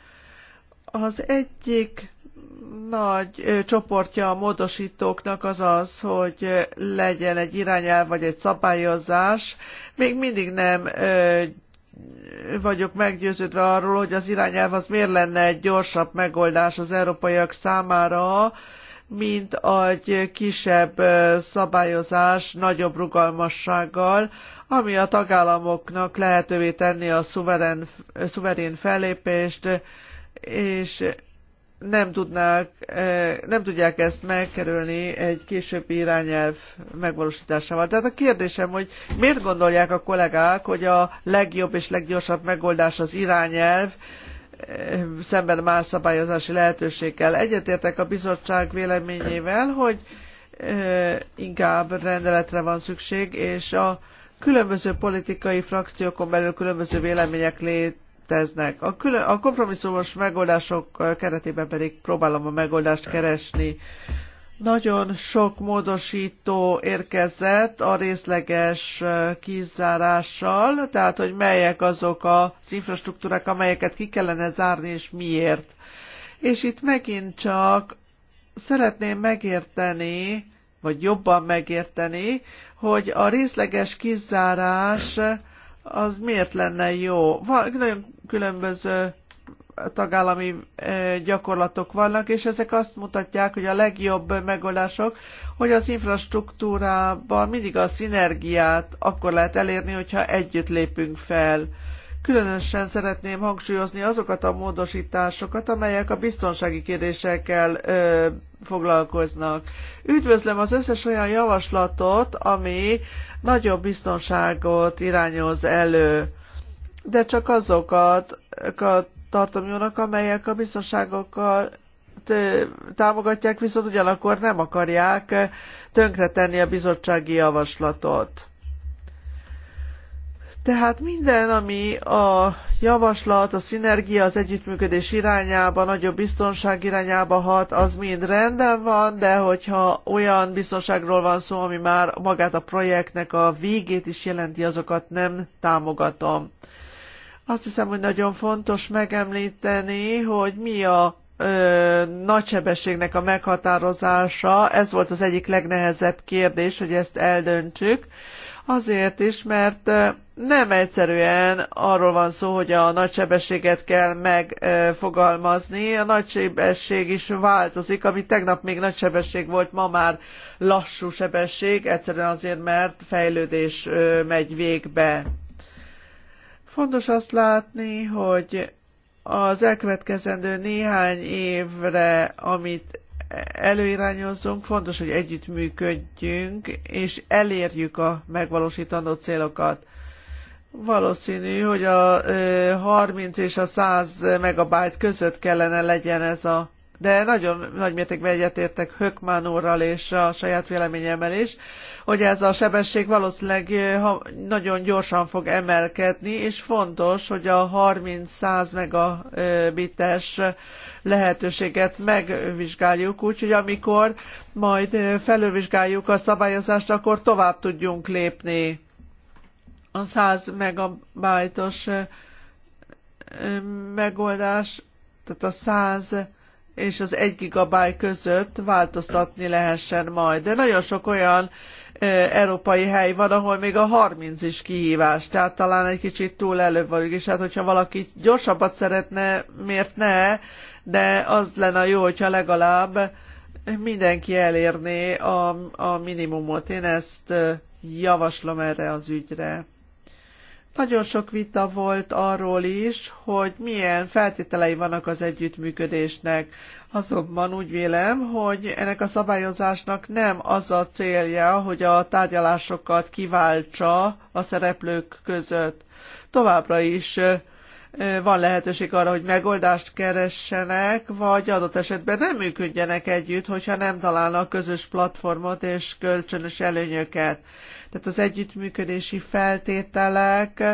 Az egyik nagy csoportja a módosítóknak az az, hogy legyen egy irányelv vagy egy szabályozás, még mindig nem vagyok meggyőződve arról, hogy az irányelv az miért lenne egy gyorsabb megoldás az európaiak számára, mint egy kisebb szabályozás nagyobb rugalmassággal, ami a tagállamoknak lehetővé tenni a szuverén, szuverén fellépést, és nem tudnák, eh, nem tudják ezt megkerülni egy későbbi irányelv megvalósításával. Tehát a kérdésem, hogy miért gondolják a kollégák, hogy a legjobb és leggyorsabb megoldás az irányelv, eh, szemben más szabályozási lehetőséggel. Egyetértek a bizottság véleményével, hogy eh, inkább rendeletre van szükség, és a különböző politikai frakciókon belül különböző vélemények lét léteznek. A, külön, a kompromisszumos megoldások keretében pedig próbálom a megoldást keresni. Nagyon sok módosító érkezett a részleges kizárással, tehát hogy melyek azok az infrastruktúrák, amelyeket ki kellene zárni, és miért. És itt megint csak szeretném megérteni, vagy jobban megérteni, hogy a részleges kizárás az miért lenne jó? Van, nagyon különböző tagállami eh, gyakorlatok vannak, és ezek azt mutatják, hogy a legjobb megoldások, hogy az infrastruktúrában mindig a szinergiát akkor lehet elérni, hogyha együtt lépünk fel. Különösen szeretném hangsúlyozni azokat a módosításokat, amelyek a biztonsági kérdésekkel ö, foglalkoznak. Üdvözlöm az összes olyan javaslatot, ami nagyobb biztonságot irányoz elő, de csak azokat a jónak, amelyek a biztonságokkal támogatják, viszont ugyanakkor nem akarják tönkretenni a bizottsági javaslatot. Tehát minden, ami a javaslat, a szinergia, az együttműködés irányába, nagyobb biztonság irányába hat, az mind rendben van, de hogyha olyan biztonságról van szó, ami már magát a projektnek a végét is jelenti, azokat nem támogatom. Azt hiszem, hogy nagyon fontos megemlíteni, hogy mi a ö, nagysebességnek a meghatározása. Ez volt az egyik legnehezebb kérdés, hogy ezt eldöntsük. Azért is, mert nem egyszerűen arról van szó, hogy a nagysebességet kell megfogalmazni. A nagysebesség is változik, ami tegnap még nagysebesség volt, ma már lassú sebesség, egyszerűen azért, mert fejlődés megy végbe. Fontos azt látni, hogy az elkövetkezendő néhány évre, amit előirányozzunk, fontos, hogy együttműködjünk, és elérjük a megvalósítandó célokat Valószínű, hogy a 30 és a 100 megabájt között kellene legyen ez a de nagyon nagy mértékben egyetértek Hökmán úrral és a saját véleményemmel is, hogy ez a sebesség valószínűleg nagyon gyorsan fog emelkedni, és fontos, hogy a 30-100 megabites lehetőséget megvizsgáljuk, úgyhogy amikor majd felülvizsgáljuk a szabályozást, akkor tovább tudjunk lépni a 100 megabajtos megoldás, tehát a 100 és az 1 gigabyte között változtatni lehessen majd. De nagyon sok olyan európai hely van, ahol még a 30 is kihívás, tehát talán egy kicsit túl előbb vagyunk, és hát hogyha valaki gyorsabbat szeretne, miért ne, de az lenne jó, hogyha legalább mindenki elérné a, a minimumot. Én ezt javaslom erre az ügyre. Nagyon sok vita volt arról is, hogy milyen feltételei vannak az együttműködésnek. Azonban úgy vélem, hogy ennek a szabályozásnak nem az a célja, hogy a tárgyalásokat kiváltsa a szereplők között. Továbbra is van lehetőség arra, hogy megoldást keressenek, vagy adott esetben nem működjenek együtt, hogyha nem találnak közös platformot és kölcsönös előnyöket. Tehát az együttműködési feltételek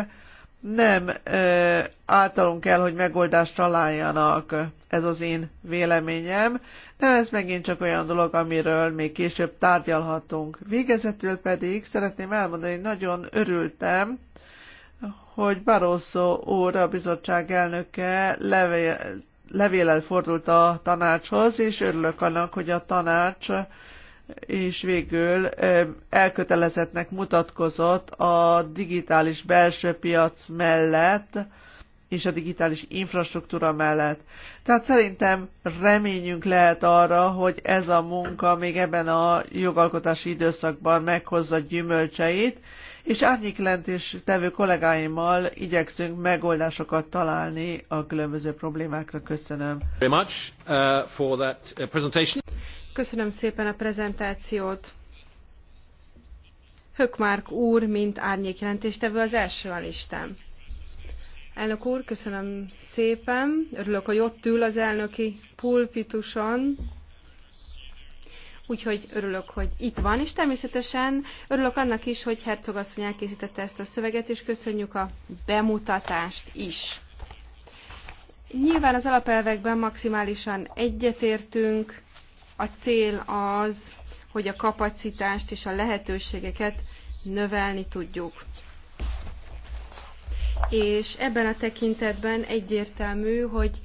nem ö, általunk kell, hogy megoldást találjanak. Ez az én véleményem, de ez megint csak olyan dolog, amiről még később tárgyalhatunk. Végezetül pedig szeretném elmondani, hogy nagyon örültem, hogy Barroso úr, a bizottság elnöke levél, levélel fordult a tanácshoz, és örülök annak, hogy a tanács és végül elkötelezettnek mutatkozott a digitális belső piac mellett, és a digitális infrastruktúra mellett. Tehát szerintem reményünk lehet arra, hogy ez a munka még ebben a jogalkotási időszakban meghozza gyümölcseit, és árnyéklentés tevő kollégáimmal igyekszünk megoldásokat találni a különböző problémákra. Köszönöm. Köszönöm szépen a prezentációt. Hökmárk úr, mint árnyékjelentéstevő az első a listán. Elnök úr, köszönöm szépen. Örülök, hogy ott ül az elnöki pulpituson. Úgyhogy örülök, hogy itt van, és természetesen örülök annak is, hogy Herzog asszony elkészítette ezt a szöveget, és köszönjük a bemutatást is. Nyilván az alapelvekben maximálisan egyetértünk, a cél az, hogy a kapacitást és a lehetőségeket növelni tudjuk. És ebben a tekintetben egyértelmű, hogy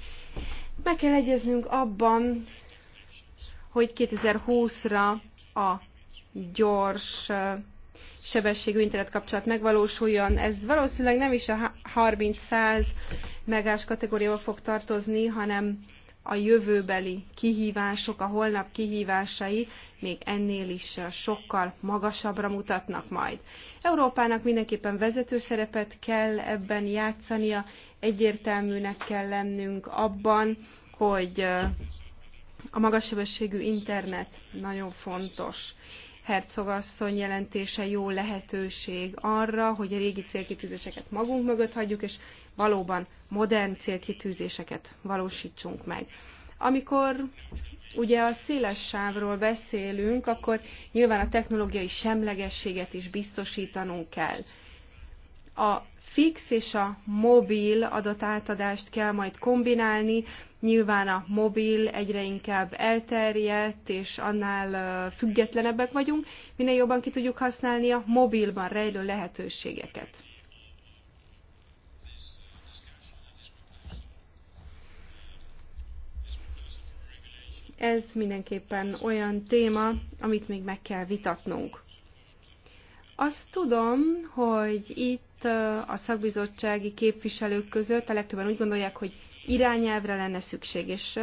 be kell egyeznünk abban, hogy 2020-ra a gyors sebességű internetkapcsolat megvalósuljon. Ez valószínűleg nem is a 30-100 megás kategóriába fog tartozni, hanem a jövőbeli kihívások, a holnap kihívásai még ennél is sokkal magasabbra mutatnak majd. Európának mindenképpen vezető szerepet kell ebben játszania, egyértelműnek kell lennünk abban, hogy a magassebességű internet nagyon fontos hercogasszony jelentése jó lehetőség arra, hogy a régi célkitűzéseket magunk mögött hagyjuk, és valóban modern célkitűzéseket valósítsunk meg. Amikor ugye a széles sávról beszélünk, akkor nyilván a technológiai semlegességet is biztosítanunk kell a fix és a mobil adatátadást kell majd kombinálni. Nyilván a mobil egyre inkább elterjedt, és annál függetlenebbek vagyunk, minél jobban ki tudjuk használni a mobilban rejlő lehetőségeket. Ez mindenképpen olyan téma, amit még meg kell vitatnunk. Azt tudom, hogy itt itt a szakbizottsági képviselők között a legtöbben úgy gondolják, hogy irányelvre lenne szükség, és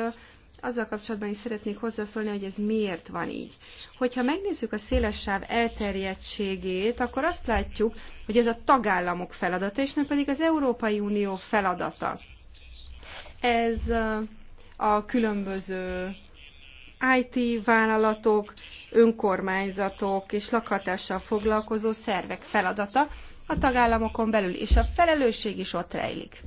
azzal kapcsolatban is szeretnék hozzászólni, hogy ez miért van így. Hogyha megnézzük a széles sáv elterjedtségét, akkor azt látjuk, hogy ez a tagállamok feladata, és nem pedig az Európai Unió feladata. Ez a különböző IT vállalatok, önkormányzatok és lakhatással foglalkozó szervek feladata, a tagállamokon belül, és a felelősség is ott rejlik.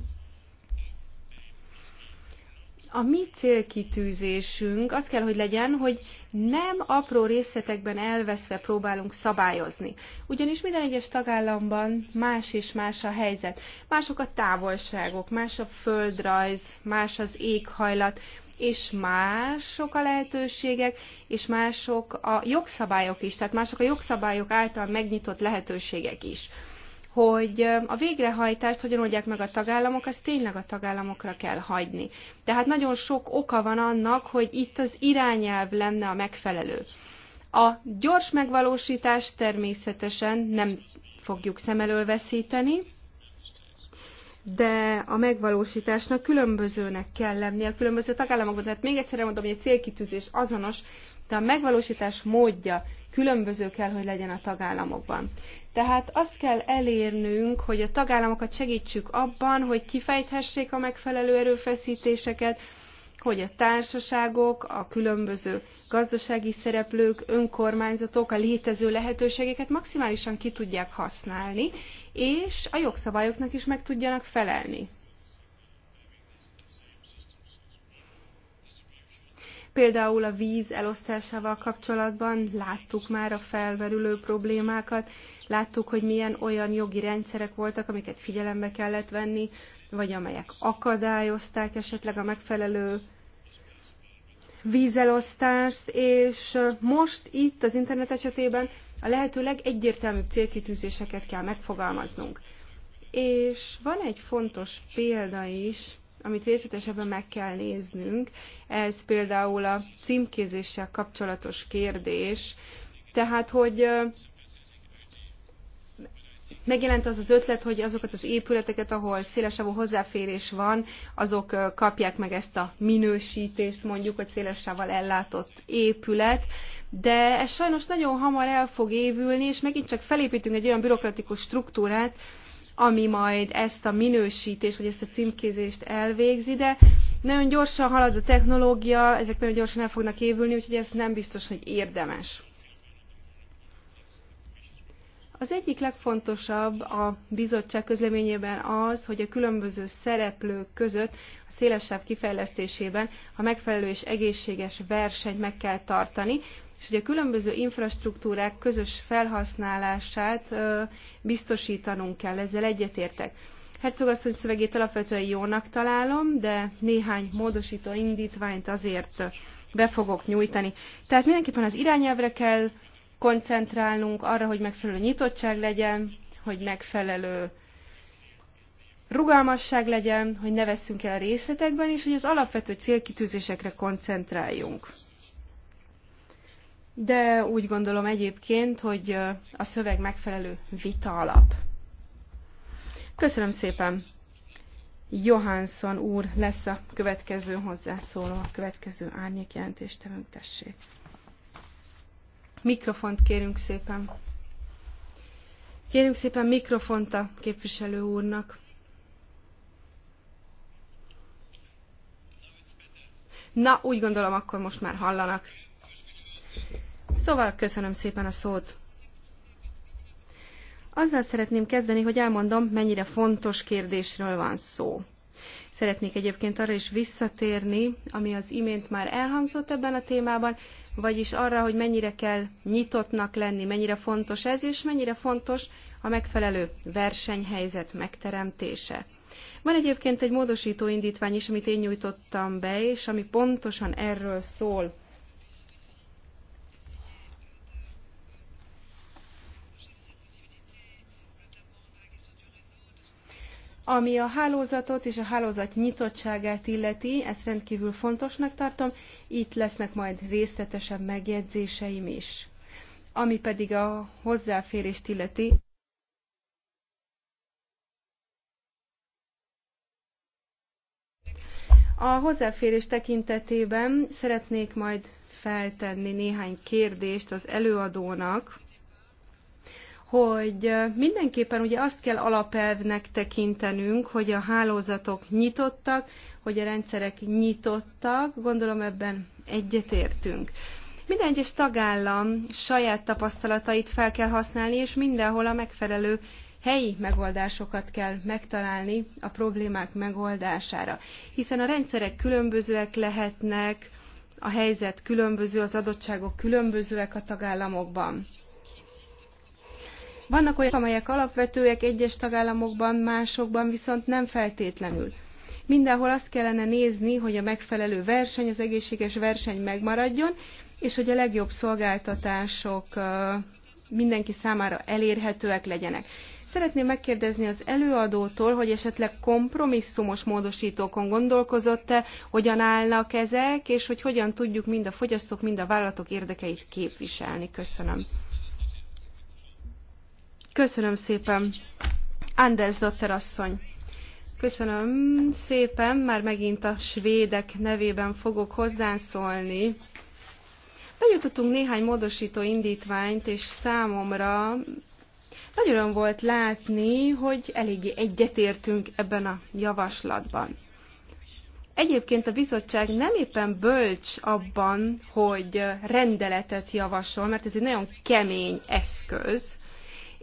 A mi célkitűzésünk az kell, hogy legyen, hogy nem apró részletekben elveszve próbálunk szabályozni. Ugyanis minden egyes tagállamban más és más a helyzet. Mások a távolságok, más a földrajz, más az éghajlat, és mások a lehetőségek, és mások a jogszabályok is, tehát mások a jogszabályok által megnyitott lehetőségek is hogy a végrehajtást hogyan oldják meg a tagállamok, azt tényleg a tagállamokra kell hagyni. Tehát nagyon sok oka van annak, hogy itt az irányelv lenne a megfelelő. A gyors megvalósítást természetesen nem fogjuk szem elől veszíteni, de a megvalósításnak különbözőnek kell lennie a különböző tagállamokban. Tehát még egyszer mondom, hogy a célkitűzés azonos, de a megvalósítás módja különböző kell, hogy legyen a tagállamokban. Tehát azt kell elérnünk, hogy a tagállamokat segítsük abban, hogy kifejthessék a megfelelő erőfeszítéseket, hogy a társaságok, a különböző gazdasági szereplők, önkormányzatok a létező lehetőségeket maximálisan ki tudják használni, és a jogszabályoknak is meg tudjanak felelni. Például a víz elosztásával kapcsolatban láttuk már a felverülő problémákat, láttuk, hogy milyen olyan jogi rendszerek voltak, amiket figyelembe kellett venni, vagy amelyek akadályozták esetleg a megfelelő vízelosztást, és most itt az internet esetében a lehető legegyértelműbb célkitűzéseket kell megfogalmaznunk. És van egy fontos példa is, amit részletesebben meg kell néznünk. Ez például a címkézéssel kapcsolatos kérdés. Tehát, hogy megjelent az az ötlet, hogy azokat az épületeket, ahol szélesávú hozzáférés van, azok kapják meg ezt a minősítést, mondjuk, hogy szélesával ellátott épület, de ez sajnos nagyon hamar el fog évülni, és megint csak felépítünk egy olyan bürokratikus struktúrát, ami majd ezt a minősítést, vagy ezt a címkézést elvégzi, de nagyon gyorsan halad a technológia, ezek nagyon gyorsan el fognak évülni, úgyhogy ez nem biztos, hogy érdemes. Az egyik legfontosabb a bizottság közleményében az, hogy a különböző szereplők között a szélesebb kifejlesztésében a megfelelő és egészséges versenyt meg kell tartani, és hogy a különböző infrastruktúrák közös felhasználását biztosítanunk kell, ezzel egyetértek. Herzog asszony szövegét alapvetően jónak találom, de néhány módosító indítványt azért be fogok nyújtani. Tehát mindenképpen az irányelvre kell koncentrálnunk, arra, hogy megfelelő nyitottság legyen, hogy megfelelő rugalmasság legyen, hogy ne veszünk el a részletekben, és hogy az alapvető célkitűzésekre koncentráljunk de úgy gondolom egyébként, hogy a szöveg megfelelő vita alap. Köszönöm szépen! Johansson úr lesz a következő hozzászóló, a következő árnyék jelentéstevünk, tessék. Mikrofont kérünk szépen. Kérünk szépen mikrofont a képviselő úrnak. Na, úgy gondolom, akkor most már hallanak. Szóval köszönöm szépen a szót. Azzal szeretném kezdeni, hogy elmondom, mennyire fontos kérdésről van szó. Szeretnék egyébként arra is visszatérni, ami az imént már elhangzott ebben a témában, vagyis arra, hogy mennyire kell nyitottnak lenni, mennyire fontos ez, és mennyire fontos a megfelelő versenyhelyzet megteremtése. Van egyébként egy módosító indítvány is, amit én nyújtottam be, és ami pontosan erről szól. Ami a hálózatot és a hálózat nyitottságát illeti, ezt rendkívül fontosnak tartom, itt lesznek majd részletesebb megjegyzéseim is. Ami pedig a hozzáférést illeti, A hozzáférés tekintetében szeretnék majd feltenni néhány kérdést az előadónak, hogy mindenképpen ugye azt kell alapelvnek tekintenünk, hogy a hálózatok nyitottak, hogy a rendszerek nyitottak, gondolom ebben egyetértünk. Minden egyes tagállam saját tapasztalatait fel kell használni, és mindenhol a megfelelő helyi megoldásokat kell megtalálni a problémák megoldására. Hiszen a rendszerek különbözőek lehetnek, a helyzet különböző, az adottságok különbözőek a tagállamokban. Vannak olyan amelyek alapvetőek egyes tagállamokban, másokban viszont nem feltétlenül. Mindenhol azt kellene nézni, hogy a megfelelő verseny, az egészséges verseny megmaradjon, és hogy a legjobb szolgáltatások mindenki számára elérhetőek legyenek. Szeretném megkérdezni az előadótól, hogy esetleg kompromisszumos módosítókon gondolkozott-e, hogyan állnak ezek, és hogy hogyan tudjuk mind a fogyasztók, mind a vállalatok érdekeit képviselni. Köszönöm. Köszönöm szépen. Anders Dotter asszony. Köszönöm szépen, már megint a svédek nevében fogok hozzászólni. Bejutottunk néhány módosító indítványt, és számomra nagy öröm volt látni, hogy eléggé egyetértünk ebben a javaslatban. Egyébként a bizottság nem éppen bölcs abban, hogy rendeletet javasol, mert ez egy nagyon kemény eszköz,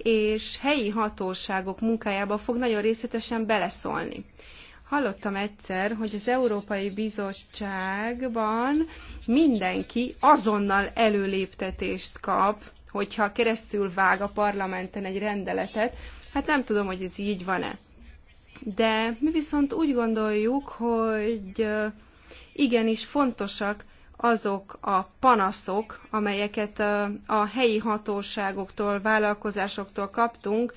és helyi hatóságok munkájába fog nagyon részletesen beleszólni. Hallottam egyszer, hogy az Európai Bizottságban mindenki azonnal előléptetést kap, hogyha keresztül vág a parlamenten egy rendeletet. Hát nem tudom, hogy ez így van-e. De mi viszont úgy gondoljuk, hogy igenis fontosak azok a panaszok, amelyeket a helyi hatóságoktól, vállalkozásoktól kaptunk,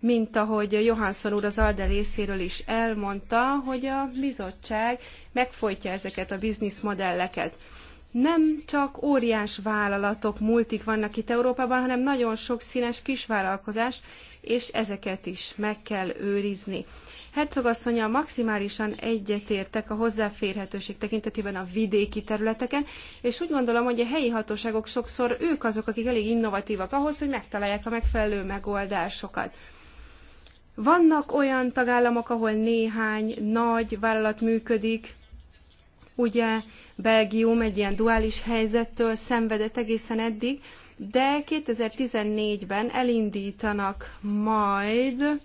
mint ahogy Johansson úr az ALDE részéről is elmondta, hogy a bizottság megfojtja ezeket a bizniszmodelleket. Nem csak óriás vállalatok, multik vannak itt Európában, hanem nagyon sok színes kisvállalkozás, és ezeket is meg kell őrizni. Hercogasszonya maximálisan egyetértek a hozzáférhetőség tekintetében a vidéki területeken, és úgy gondolom, hogy a helyi hatóságok sokszor ők azok, akik elég innovatívak ahhoz, hogy megtalálják a megfelelő megoldásokat. Vannak olyan tagállamok, ahol néhány nagy vállalat működik, ugye Belgium egy ilyen duális helyzettől szenvedett egészen eddig, de 2014-ben elindítanak majd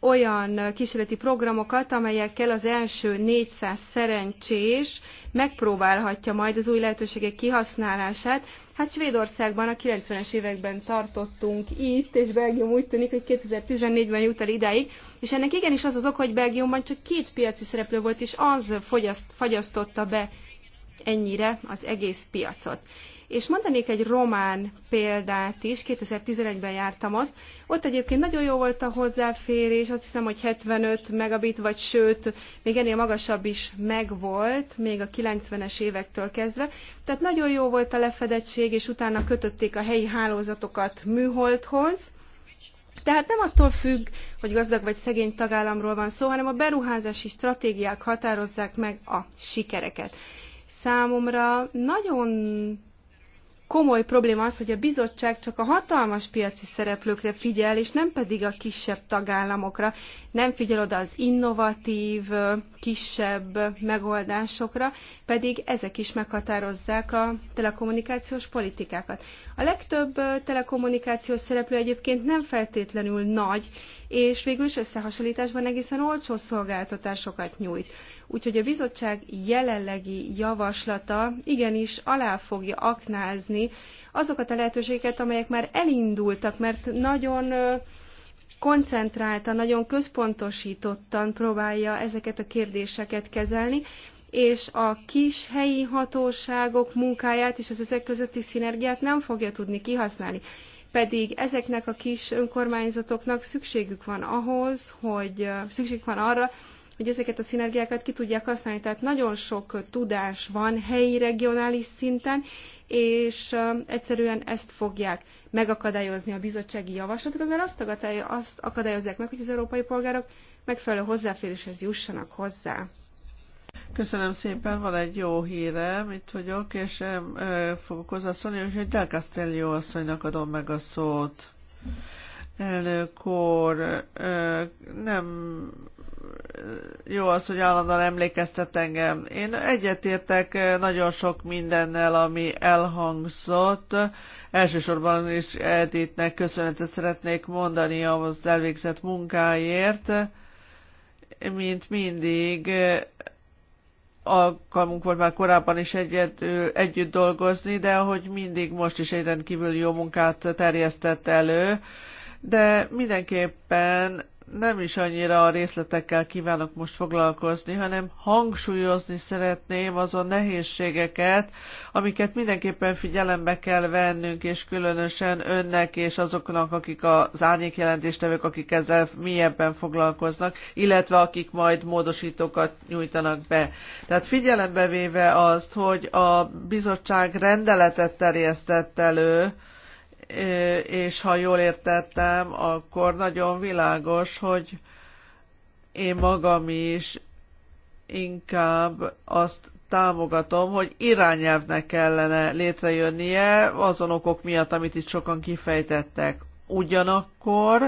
olyan kísérleti programokat, amelyekkel az első 400 szerencsés megpróbálhatja majd az új lehetőségek kihasználását. Hát Svédországban a 90-es években tartottunk itt, és Belgium úgy tűnik, hogy 2014-ben jut el idáig, és ennek igenis az az ok, hogy Belgiumban csak két piaci szereplő volt, és az fogyaszt, fagyasztotta be ennyire az egész piacot. És mondanék egy román példát is, 2011-ben jártam ott. Ott egyébként nagyon jó volt a hozzáférés, azt hiszem, hogy 75 megabit, vagy sőt, még ennél magasabb is megvolt, még a 90-es évektől kezdve. Tehát nagyon jó volt a lefedettség, és utána kötötték a helyi hálózatokat műholdhoz. Tehát nem attól függ, hogy gazdag vagy szegény tagállamról van szó, hanem a beruházási stratégiák határozzák meg a sikereket. Számomra nagyon komoly probléma az, hogy a bizottság csak a hatalmas piaci szereplőkre figyel, és nem pedig a kisebb tagállamokra. Nem figyel oda az innovatív, kisebb megoldásokra, pedig ezek is meghatározzák a telekommunikációs politikákat. A legtöbb telekommunikációs szereplő egyébként nem feltétlenül nagy, és végül is összehasonlításban egészen olcsó szolgáltatásokat nyújt. Úgyhogy a bizottság jelenlegi javaslata igenis alá fogja aknázni azokat a lehetőségeket, amelyek már elindultak, mert nagyon koncentráltan, nagyon központosítottan próbálja ezeket a kérdéseket kezelni, és a kis helyi hatóságok munkáját és az ezek közötti szinergiát nem fogja tudni kihasználni. Pedig ezeknek a kis önkormányzatoknak szükségük van ahhoz, hogy szükségük van arra, hogy ezeket a szinergiákat ki tudják használni. Tehát nagyon sok tudás van helyi, regionális szinten, és egyszerűen ezt fogják megakadályozni a bizottsági javaslatok, mert azt, azt akadályozzák meg, hogy az európai polgárok megfelelő hozzáféréshez jussanak hozzá. Köszönöm szépen, van egy jó hírem, itt vagyok, és ö, fogok hozzászólni, és hogy Del Castellio asszonynak adom meg a szót. Elnök úr, nem jó az, hogy állandóan emlékeztet engem. Én egyetértek nagyon sok mindennel, ami elhangzott. Elsősorban is Editnek köszönetet szeretnék mondani az elvégzett munkáért. Mint mindig, alkalmunk volt már korábban is egyet, együtt dolgozni, de ahogy mindig most is egy rendkívül jó munkát terjesztett elő, de mindenképpen nem is annyira a részletekkel kívánok most foglalkozni, hanem hangsúlyozni szeretném azon nehézségeket, amiket mindenképpen figyelembe kell vennünk, és különösen önnek és azoknak, akik az árnyékjelentéstevők, akik ezzel mélyebben foglalkoznak, illetve akik majd módosítókat nyújtanak be. Tehát figyelembe véve azt, hogy a bizottság rendeletet terjesztett elő, és ha jól értettem, akkor nagyon világos, hogy én magam is inkább azt támogatom, hogy irányelvnek kellene létrejönnie azon okok miatt, amit itt sokan kifejtettek. Ugyanakkor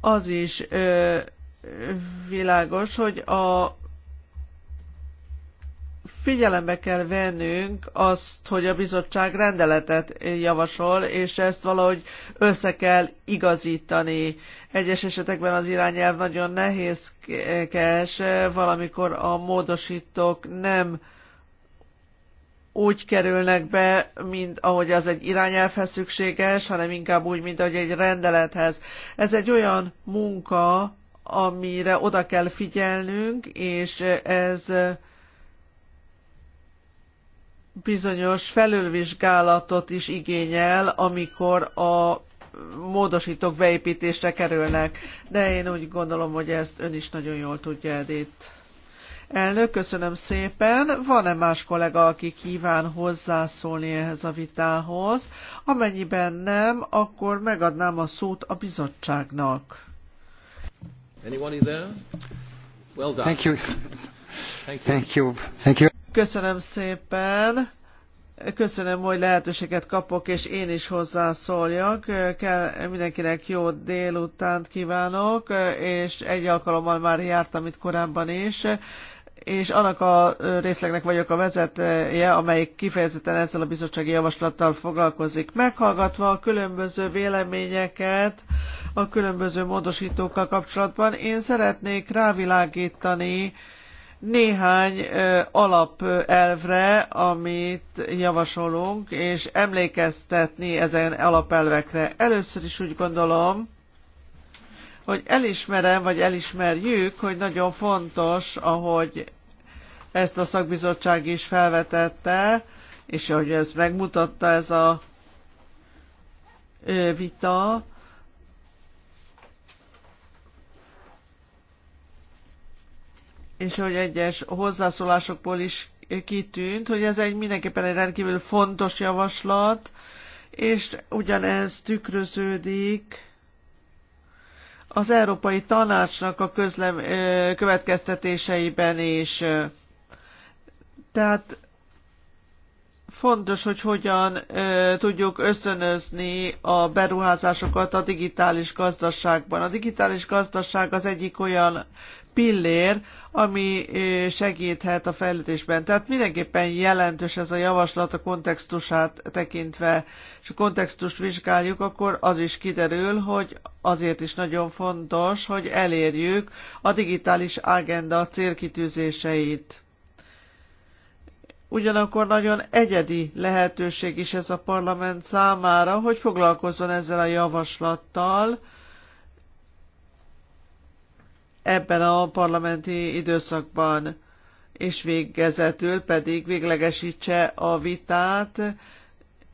az is ö, világos, hogy a figyelembe kell vennünk azt, hogy a bizottság rendeletet javasol, és ezt valahogy össze kell igazítani. Egyes esetekben az irányelv nagyon nehézkes, valamikor a módosítók nem úgy kerülnek be, mint ahogy az egy irányelvhez szükséges, hanem inkább úgy, mint ahogy egy rendelethez. Ez egy olyan munka, amire oda kell figyelnünk, és ez bizonyos felülvizsgálatot is igényel, amikor a módosítók beépítésre kerülnek. De én úgy gondolom, hogy ezt ön is nagyon jól tudja, Edith. Elnök, köszönöm szépen. Van-e más kollega, aki kíván hozzászólni ehhez a vitához? Amennyiben nem, akkor megadnám a szót a bizottságnak. Anyone there? Well done. Thank you. Thank you. Thank you. Thank you. Köszönöm szépen. Köszönöm, hogy lehetőséget kapok, és én is hozzászóljak. Kell, mindenkinek jó délutánt kívánok, és egy alkalommal már jártam itt korábban is és annak a részlegnek vagyok a vezetője, amelyik kifejezetten ezzel a bizottsági javaslattal foglalkozik. Meghallgatva a különböző véleményeket a különböző módosítókkal kapcsolatban, én szeretnék rávilágítani néhány alapelvre, amit javasolunk, és emlékeztetni ezen alapelvekre. Először is úgy gondolom, hogy elismerem, vagy elismerjük, hogy nagyon fontos, ahogy ezt a szakbizottság is felvetette, és ahogy ezt megmutatta ez a vita, és hogy egyes hozzászólásokból is kitűnt, hogy ez egy mindenképpen egy rendkívül fontos javaslat, és ugyanez tükröződik az Európai Tanácsnak a közlem, következtetéseiben is. Tehát fontos, hogy hogyan ö, tudjuk ösztönözni a beruházásokat a digitális gazdaságban. A digitális gazdaság az egyik olyan pillér, ami segíthet a fejlődésben. Tehát mindenképpen jelentős ez a javaslat a kontextusát tekintve, és a kontextust vizsgáljuk, akkor az is kiderül, hogy azért is nagyon fontos, hogy elérjük a digitális agenda célkitűzéseit. Ugyanakkor nagyon egyedi lehetőség is ez a parlament számára, hogy foglalkozzon ezzel a javaslattal, ebben a parlamenti időszakban, és végezetül pedig véglegesítse a vitát,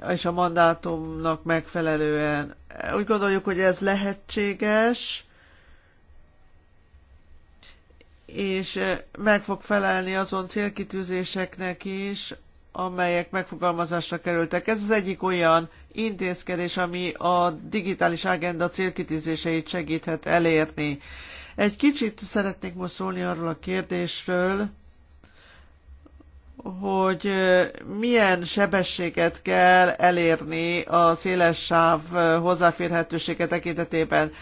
és a mandátumnak megfelelően. Úgy gondoljuk, hogy ez lehetséges, és meg fog felelni azon célkitűzéseknek is, amelyek megfogalmazásra kerültek. Ez az egyik olyan intézkedés, ami a digitális agenda célkitűzéseit segíthet elérni. Egy kicsit szeretnék most szólni arról a kérdésről, hogy milyen sebességet kell elérni a széles sáv hozzáférhetősége tekintetében.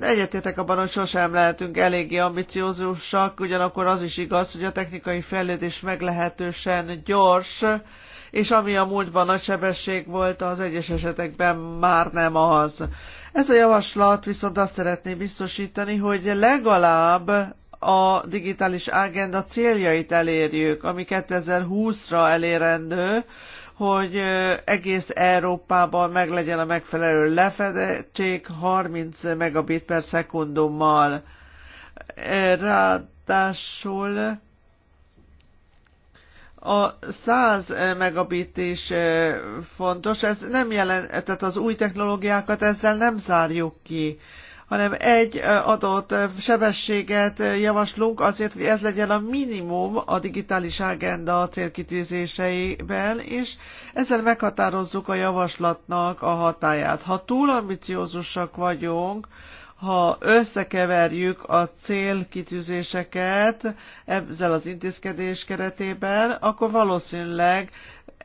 Egyetértek abban, hogy sosem lehetünk eléggé ambiciózusak, ugyanakkor az is igaz, hogy a technikai fejlődés meglehetősen gyors, és ami a múltban nagy sebesség volt, az egyes esetekben már nem az. Ez a javaslat viszont azt szeretné biztosítani, hogy legalább a digitális ágenda céljait elérjük, ami 2020-ra elérendő, hogy egész Európában meglegyen a megfelelő lefedettség 30 megabit per szekundummal. Ráadásul a 100 megabit is fontos, ez nem jelent, tehát az új technológiákat ezzel nem zárjuk ki, hanem egy adott sebességet javaslunk azért, hogy ez legyen a minimum a digitális agenda célkitűzéseiben, és ezzel meghatározzuk a javaslatnak a hatáját. Ha túl ambiciózusak vagyunk, ha összekeverjük a célkitűzéseket ezzel az intézkedés keretében, akkor valószínűleg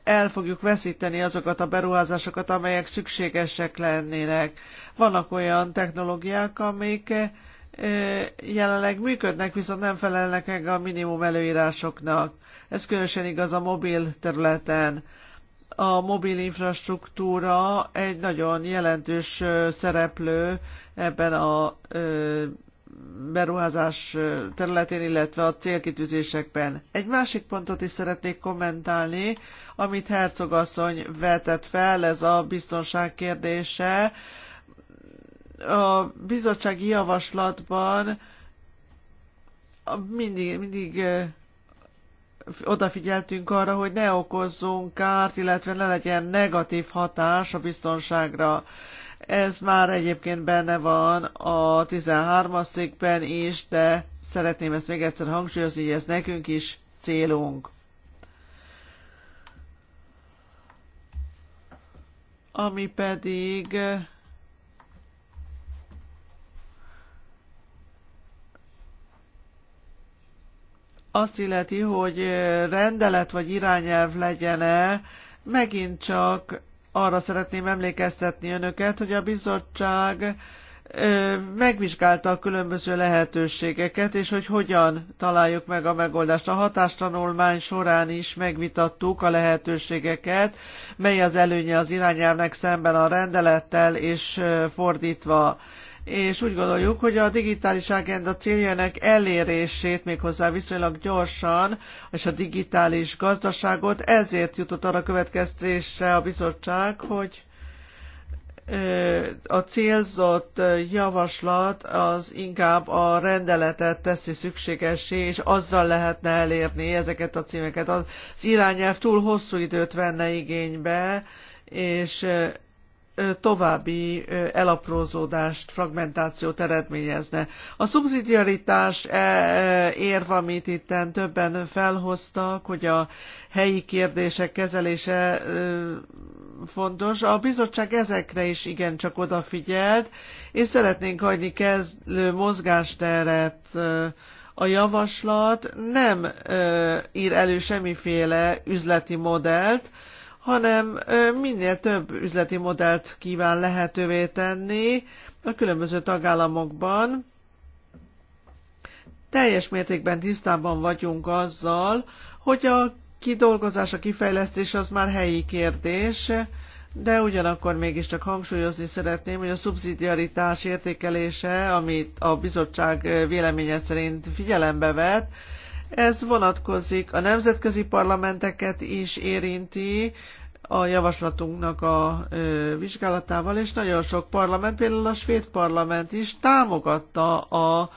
el fogjuk veszíteni azokat a beruházásokat, amelyek szükségesek lennének. Vannak olyan technológiák, amik e, jelenleg működnek, viszont nem felelnek meg a minimum előírásoknak. Ez különösen igaz a mobil területen. A mobil infrastruktúra egy nagyon jelentős szereplő ebben a beruházás területén, illetve a célkitűzésekben. Egy másik pontot is szeretnék kommentálni, amit Herzog asszony vetett fel, ez a biztonság kérdése. A bizottsági javaslatban mindig, mindig odafigyeltünk arra, hogy ne okozzunk kárt, illetve ne legyen negatív hatás a biztonságra. Ez már egyébként benne van a 13-as cikkben is, de szeretném ezt még egyszer hangsúlyozni, hogy ez nekünk is célunk. Ami pedig azt illeti, hogy rendelet vagy irányelv legyen-e, megint csak arra szeretném emlékeztetni önöket, hogy a bizottság megvizsgálta a különböző lehetőségeket, és hogy hogyan találjuk meg a megoldást. A hatástanulmány során is megvitattuk a lehetőségeket, mely az előnye az irányelvnek szemben a rendelettel, és fordítva és úgy gondoljuk, hogy a digitális agenda céljának elérését méghozzá viszonylag gyorsan, és a digitális gazdaságot ezért jutott arra következtésre a bizottság, hogy a célzott javaslat az inkább a rendeletet teszi szükségessé, és azzal lehetne elérni ezeket a címeket. Az irányelv túl hosszú időt venne igénybe, és további elaprózódást, fragmentációt eredményezne. A szubszidiaritás e, e, érv, amit itt többen felhoztak, hogy a helyi kérdések kezelése fontos. A bizottság ezekre is igencsak odafigyelt, és szeretnénk hagyni kezdő mozgásteret a javaslat nem ír elő semmiféle üzleti modellt, hanem minél több üzleti modellt kíván lehetővé tenni a különböző tagállamokban. Teljes mértékben tisztában vagyunk azzal, hogy a kidolgozás, a kifejlesztés az már helyi kérdés, de ugyanakkor mégiscsak hangsúlyozni szeretném, hogy a szubszidiaritás értékelése, amit a bizottság véleménye szerint figyelembe vett, ez vonatkozik a nemzetközi parlamenteket is érinti, a javaslatunknak a ö, vizsgálatával, és nagyon sok parlament, például a svéd parlament is támogatta a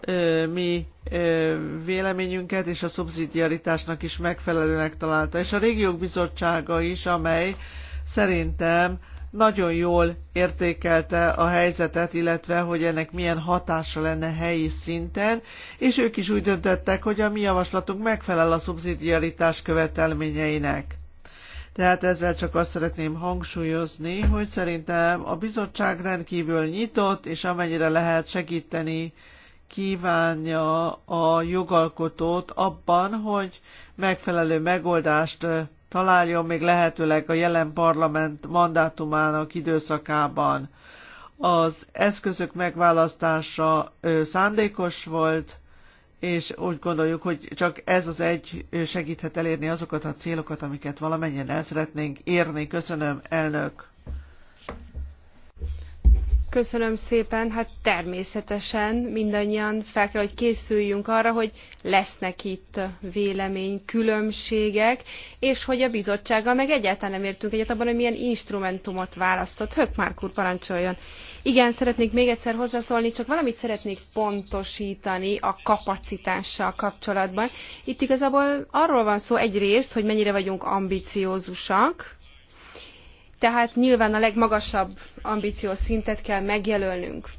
ö, mi ö, véleményünket, és a szubszidiaritásnak is megfelelőnek találta. És a régiók bizottsága is, amely szerintem nagyon jól értékelte a helyzetet, illetve hogy ennek milyen hatása lenne helyi szinten, és ők is úgy döntöttek, hogy a mi javaslatunk megfelel a szubszidiaritás követelményeinek. Tehát ezzel csak azt szeretném hangsúlyozni, hogy szerintem a bizottság rendkívül nyitott, és amennyire lehet segíteni kívánja a jogalkotót abban, hogy megfelelő megoldást találjon még lehetőleg a jelen parlament mandátumának időszakában. Az eszközök megválasztása szándékos volt, és úgy gondoljuk, hogy csak ez az egy segíthet elérni azokat a célokat, amiket valamennyien el szeretnénk érni. Köszönöm, elnök! Köszönöm szépen. Hát természetesen mindannyian fel kell, hogy készüljünk arra, hogy lesznek itt véleménykülönbségek, és hogy a bizottsággal meg egyáltalán nem értünk egyet abban, hogy milyen instrumentumot választott. már úr, parancsoljon. Igen, szeretnék még egyszer hozzászólni, csak valamit szeretnék pontosítani a kapacitással kapcsolatban. Itt igazából arról van szó egyrészt, hogy mennyire vagyunk ambiciózusak, tehát nyilván a legmagasabb ambíciós szintet kell megjelölnünk.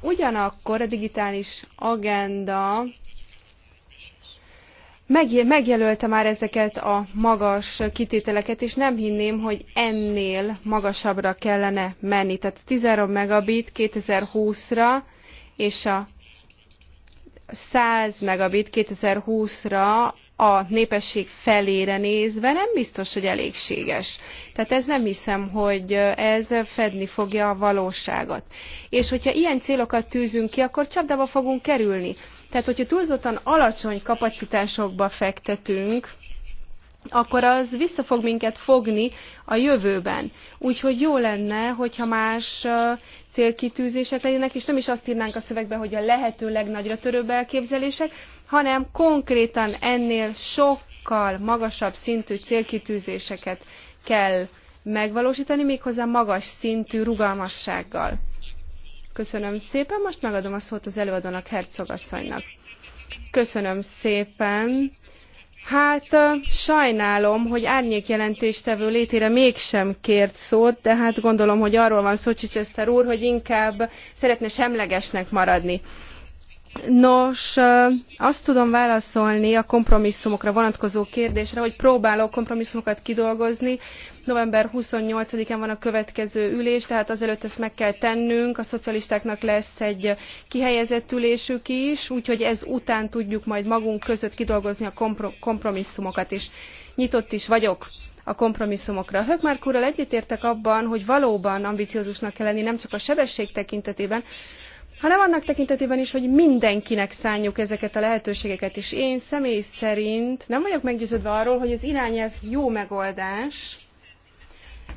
Ugyanakkor a digitális agenda megjelölte már ezeket a magas kitételeket, és nem hinném, hogy ennél magasabbra kellene menni. Tehát 13 megabit 2020-ra, és a 100 megabit 2020-ra a népesség felére nézve nem biztos, hogy elégséges. Tehát ez nem hiszem, hogy ez fedni fogja a valóságot. És hogyha ilyen célokat tűzünk ki, akkor csapdába fogunk kerülni. Tehát, hogyha túlzottan alacsony kapacitásokba fektetünk, akkor az vissza fog minket fogni a jövőben. Úgyhogy jó lenne, hogyha más célkitűzések legyenek, és nem is azt írnánk a szövegbe, hogy a lehető legnagyra törőbb elképzelések, hanem konkrétan ennél sokkal magasabb szintű célkitűzéseket kell megvalósítani, méghozzá magas szintű rugalmassággal. Köszönöm szépen, most megadom a szót az előadónak, hercogasszonynak. Köszönöm szépen. Hát sajnálom, hogy árnyékjelentéstevő létére mégsem kért szót, de hát gondolom, hogy arról van szó Csicseszter úr, hogy inkább szeretne semlegesnek maradni. Nos, azt tudom válaszolni a kompromisszumokra vonatkozó kérdésre, hogy próbálok kompromisszumokat kidolgozni. November 28-án van a következő ülés, tehát azelőtt ezt meg kell tennünk. A szocialistáknak lesz egy kihelyezett ülésük is, úgyhogy ez után tudjuk majd magunk között kidolgozni a kompromisszumokat is. Nyitott is vagyok a kompromisszumokra. hökmark úrral egyetértek abban, hogy valóban ambiciózusnak kell lenni, nem csak a sebesség tekintetében, hanem annak tekintetében is, hogy mindenkinek szánjuk ezeket a lehetőségeket, és én személy szerint nem vagyok meggyőződve arról, hogy az irányelv jó megoldás,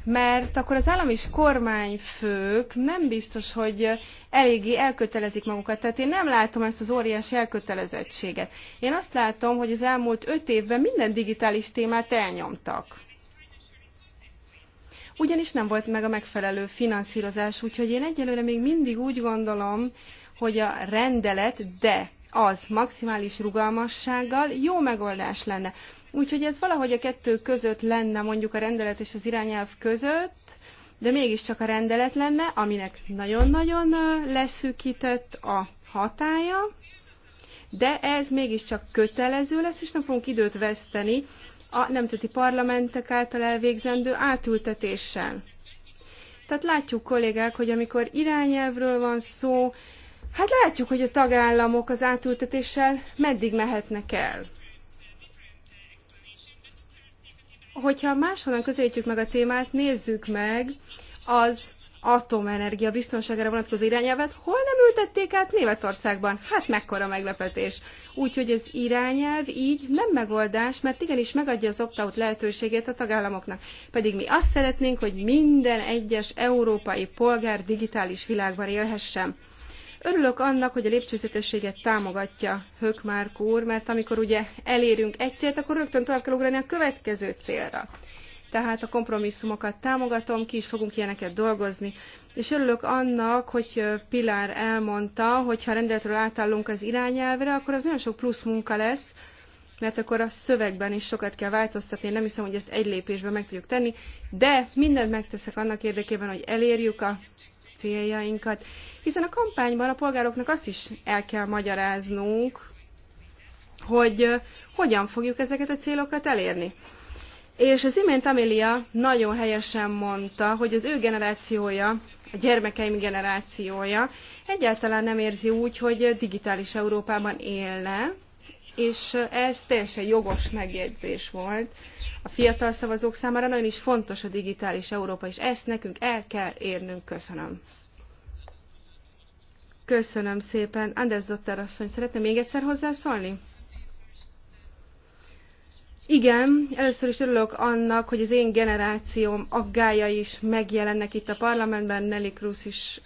mert akkor az állam és kormányfők nem biztos, hogy eléggé elkötelezik magukat. Tehát én nem látom ezt az óriási elkötelezettséget. Én azt látom, hogy az elmúlt öt évben minden digitális témát elnyomtak ugyanis nem volt meg a megfelelő finanszírozás, úgyhogy én egyelőre még mindig úgy gondolom, hogy a rendelet, de az maximális rugalmassággal jó megoldás lenne. Úgyhogy ez valahogy a kettő között lenne, mondjuk a rendelet és az irányelv között, de mégiscsak a rendelet lenne, aminek nagyon-nagyon leszűkített a hatája, de ez mégiscsak kötelező lesz, és nem fogunk időt veszteni a nemzeti parlamentek által elvégzendő átültetéssel. Tehát látjuk, kollégák, hogy amikor irányelvről van szó, hát látjuk, hogy a tagállamok az átültetéssel meddig mehetnek el. Hogyha máshonnan közelítjük meg a témát, nézzük meg az atomenergia biztonságára vonatkozó irányelvet hol nem ültették át Németországban? Hát mekkora meglepetés. Úgyhogy az irányelv így nem megoldás, mert igenis megadja az opt-out lehetőségét a tagállamoknak. Pedig mi azt szeretnénk, hogy minden egyes európai polgár digitális világban élhessen. Örülök annak, hogy a lépcsőzetességet támogatja Hökmárk úr, mert amikor ugye elérünk egy célt, akkor rögtön tovább kell ugrani a következő célra tehát a kompromisszumokat támogatom, ki is fogunk ilyeneket dolgozni. És örülök annak, hogy Pilár elmondta, hogy ha rendeletről átállunk az irányelvre, akkor az nagyon sok plusz munka lesz, mert akkor a szövegben is sokat kell változtatni. Én nem hiszem, hogy ezt egy lépésben meg tudjuk tenni, de mindent megteszek annak érdekében, hogy elérjük a céljainkat. Hiszen a kampányban a polgároknak azt is el kell magyaráznunk, hogy hogyan fogjuk ezeket a célokat elérni. És az imént Amelia nagyon helyesen mondta, hogy az ő generációja, a gyermekeim generációja egyáltalán nem érzi úgy, hogy digitális Európában élne, és ez teljesen jogos megjegyzés volt. A fiatal szavazók számára nagyon is fontos a digitális Európa, és ezt nekünk el kell érnünk. Köszönöm. Köszönöm szépen. Anders Dotter asszony, szeretne még egyszer hozzászólni? Igen, először is örülök annak, hogy az én generációm aggája is megjelennek itt a parlamentben. Nelly Cruz is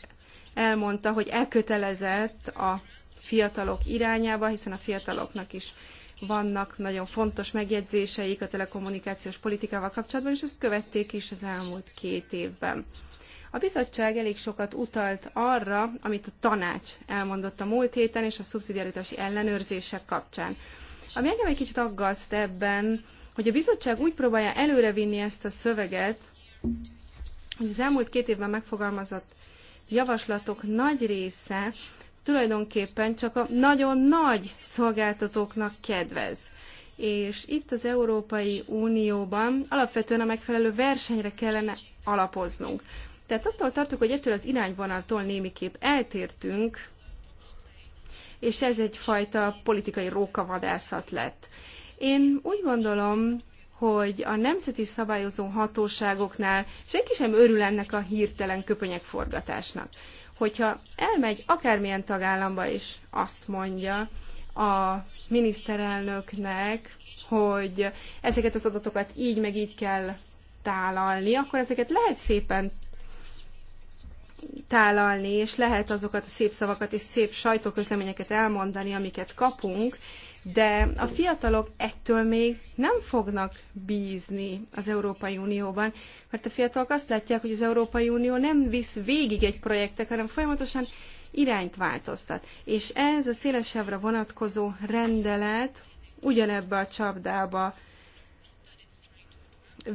elmondta, hogy elkötelezett a fiatalok irányába, hiszen a fiataloknak is vannak nagyon fontos megjegyzéseik a telekommunikációs politikával kapcsolatban, és ezt követték is az elmúlt két évben. A bizottság elég sokat utalt arra, amit a tanács elmondott a múlt héten és a szubszidiaritási ellenőrzések kapcsán. Ami engem egy kicsit aggaszt ebben, hogy a bizottság úgy próbálja előrevinni ezt a szöveget, hogy az elmúlt két évben megfogalmazott javaslatok nagy része tulajdonképpen csak a nagyon nagy szolgáltatóknak kedvez. És itt az Európai Unióban alapvetően a megfelelő versenyre kellene alapoznunk. Tehát attól tartok, hogy ettől az irányvonaltól némiképp eltértünk, és ez egyfajta politikai rókavadászat lett. Én úgy gondolom, hogy a nemzeti szabályozó hatóságoknál senki sem örül ennek a hirtelen köpönyek forgatásnak. Hogyha elmegy akármilyen tagállamba és azt mondja a miniszterelnöknek, hogy ezeket az adatokat így meg így kell tálalni, akkor ezeket lehet szépen tálalni, és lehet azokat a szép szavakat és szép sajtóközleményeket elmondani, amiket kapunk, de a fiatalok ettől még nem fognak bízni az Európai Unióban, mert a fiatalok azt látják, hogy az Európai Unió nem visz végig egy projektet, hanem folyamatosan irányt változtat. És ez a szélesebbre vonatkozó rendelet ugyanebbe a csapdába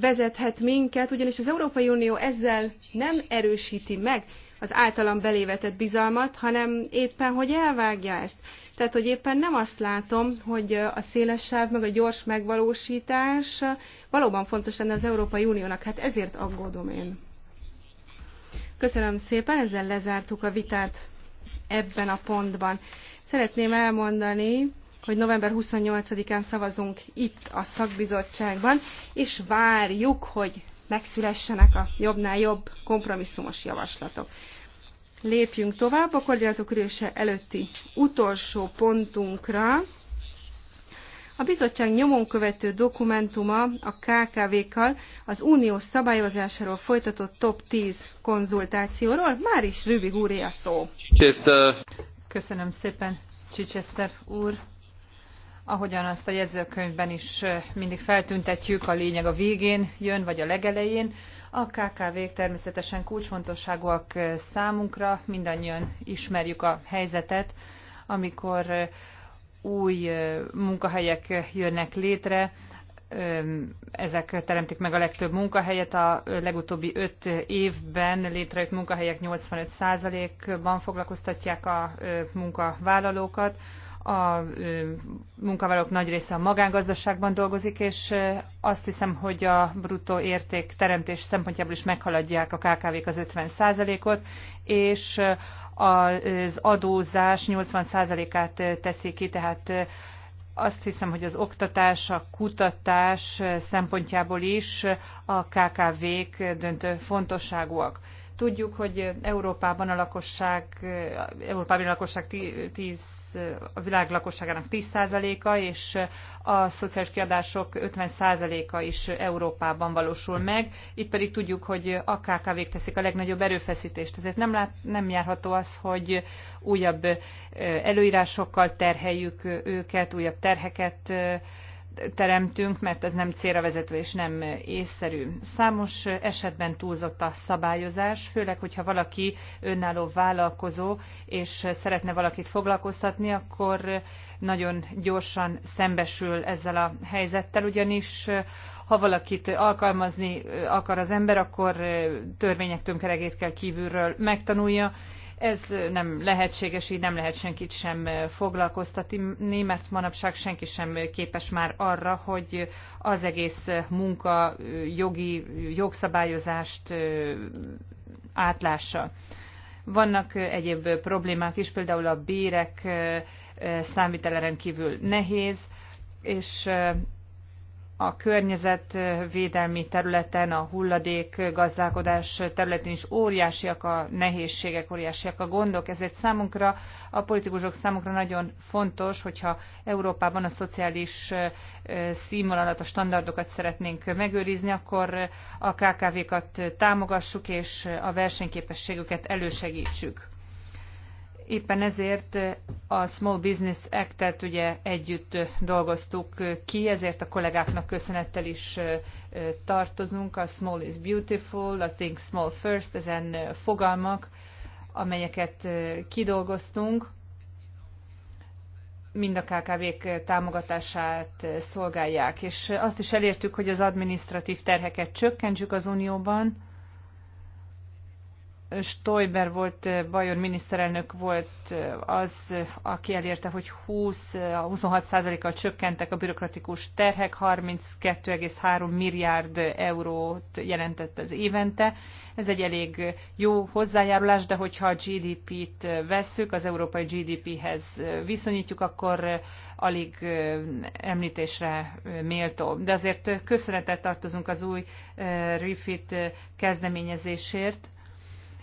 vezethet minket, ugyanis az Európai Unió ezzel nem erősíti meg az általam belévetett bizalmat, hanem éppen, hogy elvágja ezt. Tehát, hogy éppen nem azt látom, hogy a széles sáv meg a gyors megvalósítás valóban fontos lenne az Európai Uniónak. Hát ezért aggódom én. Köszönöm szépen, ezzel lezártuk a vitát ebben a pontban. Szeretném elmondani, hogy november 28-án szavazunk itt a szakbizottságban, és várjuk, hogy megszülessenek a jobbnál jobb kompromisszumos javaslatok. Lépjünk tovább a koordinátok ülése előtti utolsó pontunkra. A bizottság nyomon követő dokumentuma a KKV-kkal az uniós szabályozásáról folytatott top 10 konzultációról. Már is Rübig úré a szó. Köszönöm szépen, Csicseszter úr ahogyan azt a jegyzőkönyvben is mindig feltüntetjük, a lényeg a végén jön, vagy a legelején. A KKV-k természetesen kulcsfontosságúak számunkra, mindannyian ismerjük a helyzetet, amikor új munkahelyek jönnek létre, ezek teremtik meg a legtöbb munkahelyet. A legutóbbi öt évben létrejött munkahelyek 85%-ban foglalkoztatják a munkavállalókat a munkavállalók nagy része a magángazdaságban dolgozik, és azt hiszem, hogy a bruttó érték teremtés szempontjából is meghaladják a KKV-k az 50%-ot, és az adózás 80%-át teszi ki, tehát azt hiszem, hogy az oktatás, a kutatás szempontjából is a KKV-k döntő fontosságúak. Tudjuk, hogy Európában a lakosság, Európában a lakosság 10 a világ lakosságának 10%-a és a szociális kiadások 50%-a is Európában valósul meg. Itt pedig tudjuk, hogy a kkv teszik a legnagyobb erőfeszítést. Ezért nem, lát, nem járható az, hogy újabb előírásokkal terheljük őket, újabb terheket teremtünk, mert ez nem célra vezető és nem észszerű. Számos esetben túlzott a szabályozás, főleg, hogyha valaki önálló vállalkozó, és szeretne valakit foglalkoztatni, akkor nagyon gyorsan szembesül ezzel a helyzettel, ugyanis ha valakit alkalmazni akar az ember, akkor törvények tömkeregét kell kívülről megtanulja, ez nem lehetséges, így nem lehet senkit sem foglalkoztatni, mert manapság senki sem képes már arra, hogy az egész munka jogi jogszabályozást átlássa. Vannak egyéb problémák is, például a bérek számvitele kívül nehéz, és a környezetvédelmi területen, a hulladék gazdálkodás területén is óriásiak a nehézségek, óriásiak a gondok. Ezért számunkra, a politikusok számunkra nagyon fontos, hogyha Európában a szociális színvonalat, a standardokat szeretnénk megőrizni, akkor a KKV-kat támogassuk és a versenyképességüket elősegítsük. Éppen ezért a Small Business Act-et ugye együtt dolgoztuk ki, ezért a kollégáknak köszönettel is tartozunk. A Small is Beautiful, a Think Small First, ezen fogalmak, amelyeket kidolgoztunk, mind a KKV-k támogatását szolgálják. És azt is elértük, hogy az administratív terheket csökkentsük az Unióban, Stoiber volt, Bajor miniszterelnök volt az, aki elérte, hogy 20, 26%-kal csökkentek a bürokratikus terhek, 32,3 milliárd eurót jelentett az évente. Ez egy elég jó hozzájárulás, de hogyha a GDP-t vesszük, az európai GDP-hez viszonyítjuk, akkor alig említésre méltó. De azért köszönetet tartozunk az új Refit kezdeményezésért,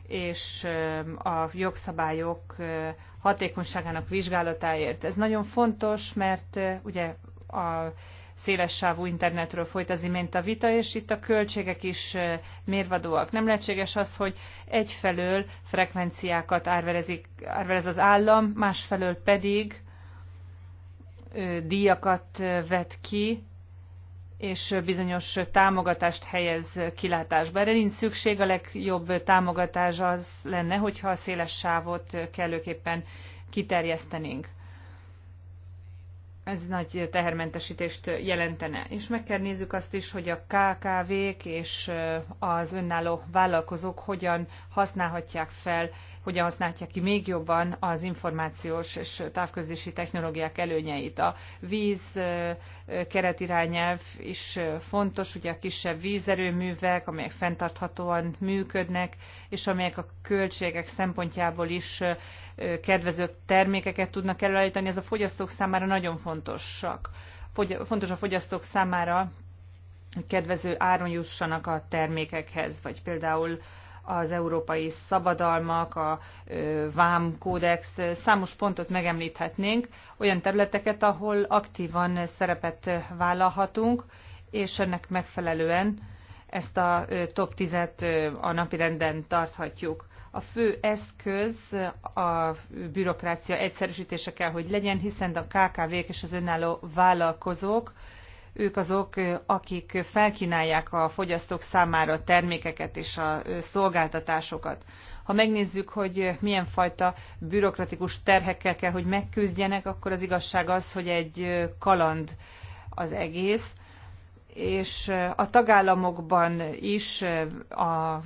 és a jogszabályok hatékonyságának vizsgálatáért. Ez nagyon fontos, mert ugye a széles sávú internetről folyt az imént a vita, és itt a költségek is mérvadóak. Nem lehetséges az, hogy egyfelől frekvenciákat árverezik, árverez az állam, másfelől pedig díjakat vet ki, és bizonyos támogatást helyez kilátásba. Erre nincs szükség, a legjobb támogatás az lenne, hogyha a széles sávot kellőképpen kiterjesztenénk. Ez nagy tehermentesítést jelentene. És meg kell nézzük azt is, hogy a KKV-k és az önálló vállalkozók hogyan használhatják fel hogyan használják ki még jobban az információs és távközlési technológiák előnyeit. A víz keretirányelv is fontos, ugye a kisebb vízerőművek, amelyek fenntarthatóan működnek, és amelyek a költségek szempontjából is kedvezőbb termékeket tudnak előállítani, ez a fogyasztók számára nagyon fontosak. Fontos a fogyasztók számára, kedvező áron jussanak a termékekhez, vagy például az európai szabadalmak, a vám kódex, számos pontot megemlíthetnénk, olyan területeket, ahol aktívan szerepet vállalhatunk, és ennek megfelelően ezt a top 10-et a napirenden tarthatjuk. A fő eszköz a bürokrácia egyszerűsítése kell, hogy legyen, hiszen a KKV-k és az önálló vállalkozók ők azok, akik felkínálják a fogyasztók számára a termékeket és a szolgáltatásokat. Ha megnézzük, hogy milyen fajta bürokratikus terhekkel kell, hogy megküzdjenek, akkor az igazság az, hogy egy kaland az egész, és a tagállamokban is a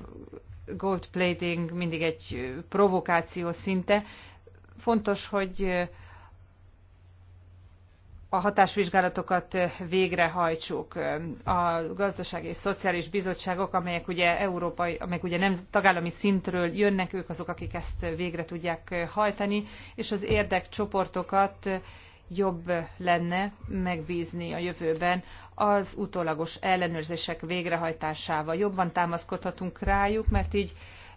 gold plating mindig egy provokáció szinte. Fontos, hogy a hatásvizsgálatokat végrehajtsuk. A gazdasági és szociális bizottságok, amelyek ugye európai, amelyek ugye nem tagállami szintről jönnek, ők azok, akik ezt végre tudják hajtani, és az érdekcsoportokat jobb lenne megbízni a jövőben az utólagos ellenőrzések végrehajtásával. Jobban támaszkodhatunk rájuk, mert így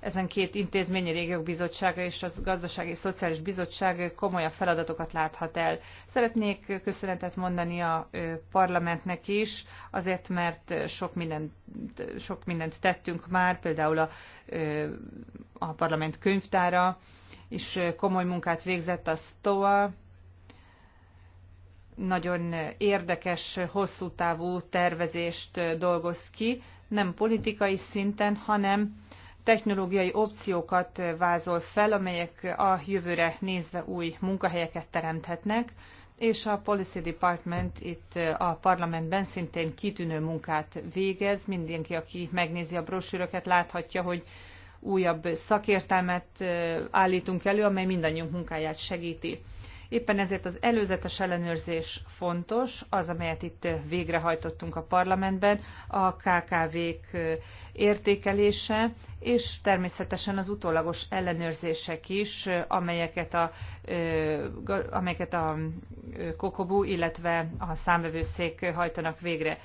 ezen két intézményi régiók bizottsága és a Gazdasági és Szociális Bizottság komolyabb feladatokat láthat el. Szeretnék köszönetet mondani a parlamentnek is, azért mert sok mindent, sok mindent tettünk már, például a, a parlament könyvtára is komoly munkát végzett a STOA, nagyon érdekes, hosszú távú tervezést dolgoz ki, nem politikai szinten, hanem technológiai opciókat vázol fel, amelyek a jövőre nézve új munkahelyeket teremthetnek, és a Policy Department itt a parlamentben szintén kitűnő munkát végez. Mindenki, aki megnézi a brosűröket, láthatja, hogy újabb szakértelmet eh, állítunk elő, amely mindannyiunk munkáját segíti. Éppen ezért az előzetes ellenőrzés fontos, az, amelyet itt végrehajtottunk a parlamentben, a KKV-k értékelése, és természetesen az utólagos ellenőrzések is, amelyeket a, amelyeket a Kokobu, illetve a számvevőszék hajtanak végre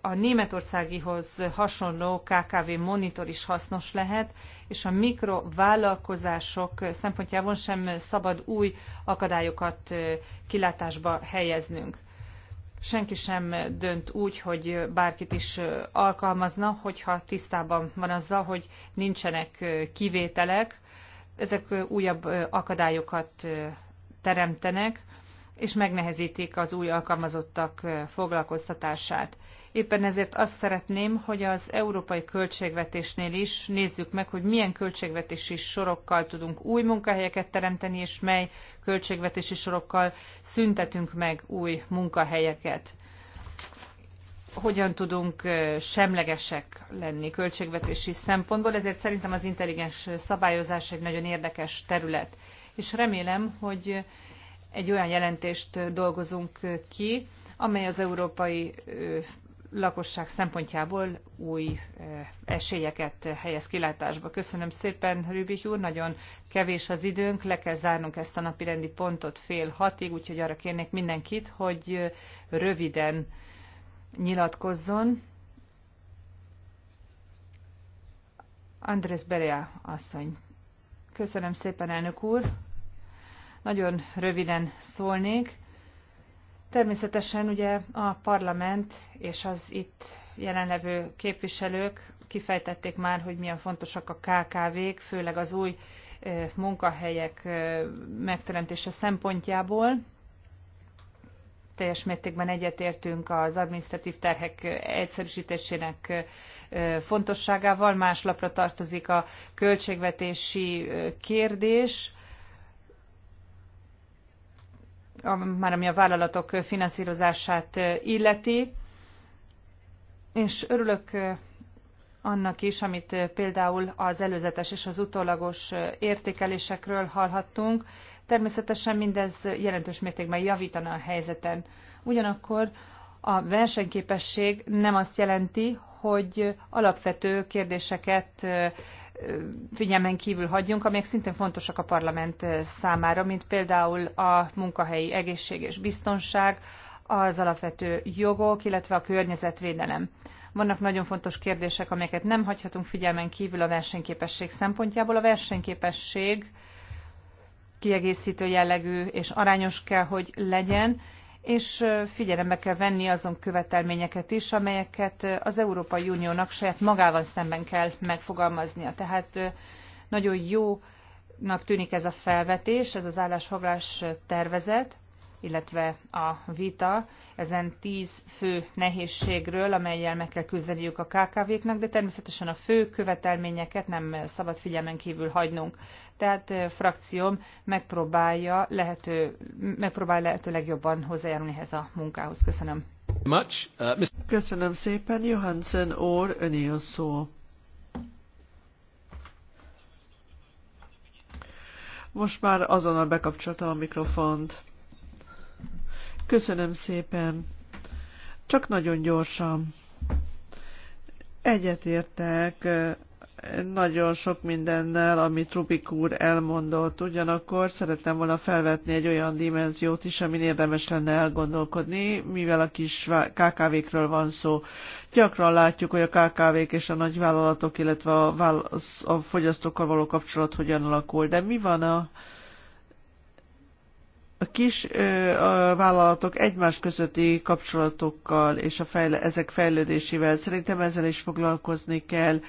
a németországihoz hasonló KKV monitor is hasznos lehet, és a mikrovállalkozások szempontjából sem szabad új akadályokat kilátásba helyeznünk. Senki sem dönt úgy, hogy bárkit is alkalmazna, hogyha tisztában van azzal, hogy nincsenek kivételek, ezek újabb akadályokat teremtenek, és megnehezítik az új alkalmazottak foglalkoztatását. Éppen ezért azt szeretném, hogy az európai költségvetésnél is nézzük meg, hogy milyen költségvetési sorokkal tudunk új munkahelyeket teremteni, és mely költségvetési sorokkal szüntetünk meg új munkahelyeket. Hogyan tudunk semlegesek lenni költségvetési szempontból, ezért szerintem az intelligens szabályozás egy nagyon érdekes terület. És remélem, hogy egy olyan jelentést dolgozunk ki, amely az európai lakosság szempontjából új esélyeket helyez kilátásba. Köszönöm szépen, Rübik úr, nagyon kevés az időnk, le kell zárnunk ezt a napi rendi pontot fél hatig, úgyhogy arra kérnék mindenkit, hogy röviden nyilatkozzon. Andrés Berea asszony. Köszönöm szépen, elnök úr. Nagyon röviden szólnék. Természetesen ugye a parlament és az itt jelenlevő képviselők kifejtették már, hogy milyen fontosak a KKV-k, főleg az új munkahelyek megteremtése szempontjából. Teljes mértékben egyetértünk az administratív terhek egyszerűsítésének fontosságával. Más lapra tartozik a költségvetési kérdés már ami a vállalatok finanszírozását illeti, és örülök annak is, amit például az előzetes és az utólagos értékelésekről hallhattunk. Természetesen mindez jelentős mértékben javítana a helyzeten. Ugyanakkor a versenyképesség nem azt jelenti, hogy alapvető kérdéseket figyelmen kívül hagyjunk, amelyek szintén fontosak a parlament számára, mint például a munkahelyi egészség és biztonság, az alapvető jogok, illetve a környezetvédelem. Vannak nagyon fontos kérdések, amelyeket nem hagyhatunk figyelmen kívül a versenyképesség szempontjából. A versenyképesség kiegészítő jellegű és arányos kell, hogy legyen, és figyelembe kell venni azon követelményeket is, amelyeket az Európai Uniónak saját magával szemben kell megfogalmaznia. Tehát nagyon jónak tűnik ez a felvetés, ez az állásfoglás tervezet, illetve a vita ezen tíz fő nehézségről, amelyel meg kell küzdeniük a KKV-knak, de természetesen a fő követelményeket nem szabad figyelmen kívül hagynunk. Tehát frakcióm megpróbálja lehető, megpróbál lehető legjobban hozzájárulni ehhez a munkához. Köszönöm. Uh, Köszönöm szépen, Johansen Orr, öné a szó. Most már azonnal bekapcsoltam a mikrofont. Köszönöm szépen. Csak nagyon gyorsan. Egyetértek eh, nagyon sok mindennel, amit Rubik úr elmondott. Ugyanakkor szerettem volna felvetni egy olyan dimenziót is, amin érdemes lenne elgondolkodni, mivel a kis KKV-kről van szó. Gyakran látjuk, hogy a KKV-k és a nagyvállalatok, illetve a, válasz, a fogyasztókkal való kapcsolat hogyan alakul. De mi van a a kis ö, a vállalatok egymás közötti kapcsolatokkal és a fejle, ezek fejlődésével. Szerintem ezzel is foglalkozni kell.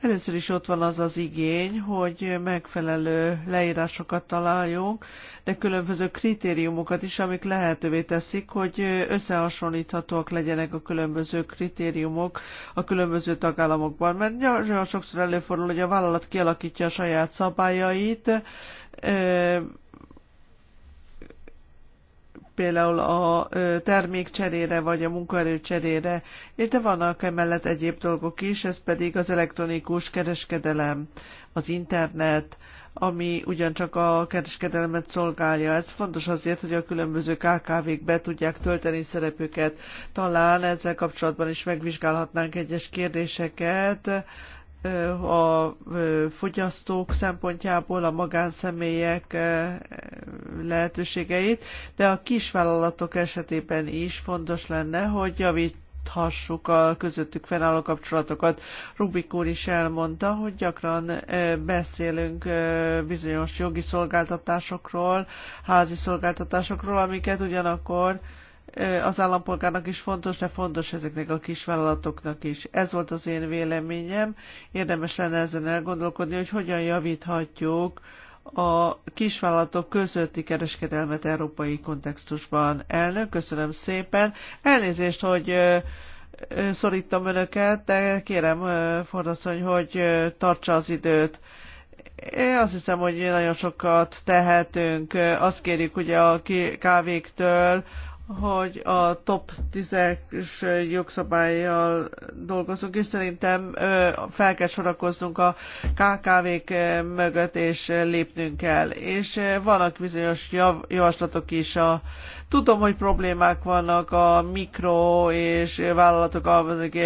Először is ott van az az igény, hogy megfelelő leírásokat találjunk, de különböző kritériumokat is, amik lehetővé teszik, hogy összehasonlíthatóak legyenek a különböző kritériumok a különböző tagállamokban. Mert nagyon sokszor előfordul, hogy a vállalat kialakítja a saját szabályait, például a termék cserére vagy a munkaerő cserére, vannak emellett egyéb dolgok is, ez pedig az elektronikus kereskedelem, az internet, ami ugyancsak a kereskedelmet szolgálja. Ez fontos azért, hogy a különböző KKV-k be tudják tölteni szerepüket. Talán ezzel kapcsolatban is megvizsgálhatnánk egyes kérdéseket, a fogyasztók szempontjából a magánszemélyek lehetőségeit, de a kisvállalatok esetében is fontos lenne, hogy javít a közöttük fennálló kapcsolatokat. Rubik úr is elmondta, hogy gyakran beszélünk bizonyos jogi szolgáltatásokról, házi szolgáltatásokról, amiket ugyanakkor az állampolgárnak is fontos, de fontos ezeknek a kisvállalatoknak is. Ez volt az én véleményem. Érdemes lenne ezen elgondolkodni, hogy hogyan javíthatjuk a kisvállalatok közötti kereskedelmet európai kontextusban. Elnök, köszönöm szépen. Elnézést, hogy szorítom önöket, de kérem, fordasszony, hogy tartsa az időt. Én azt hiszem, hogy nagyon sokat tehetünk. Azt kérjük ugye a kávéktől, hogy a top 10-es jogszabályjal dolgozunk, és szerintem fel kell sorakoznunk a KKV-k mögött, és lépnünk kell. És vannak bizonyos javaslatok is a Tudom, hogy problémák vannak a mikro és vállalatok, amik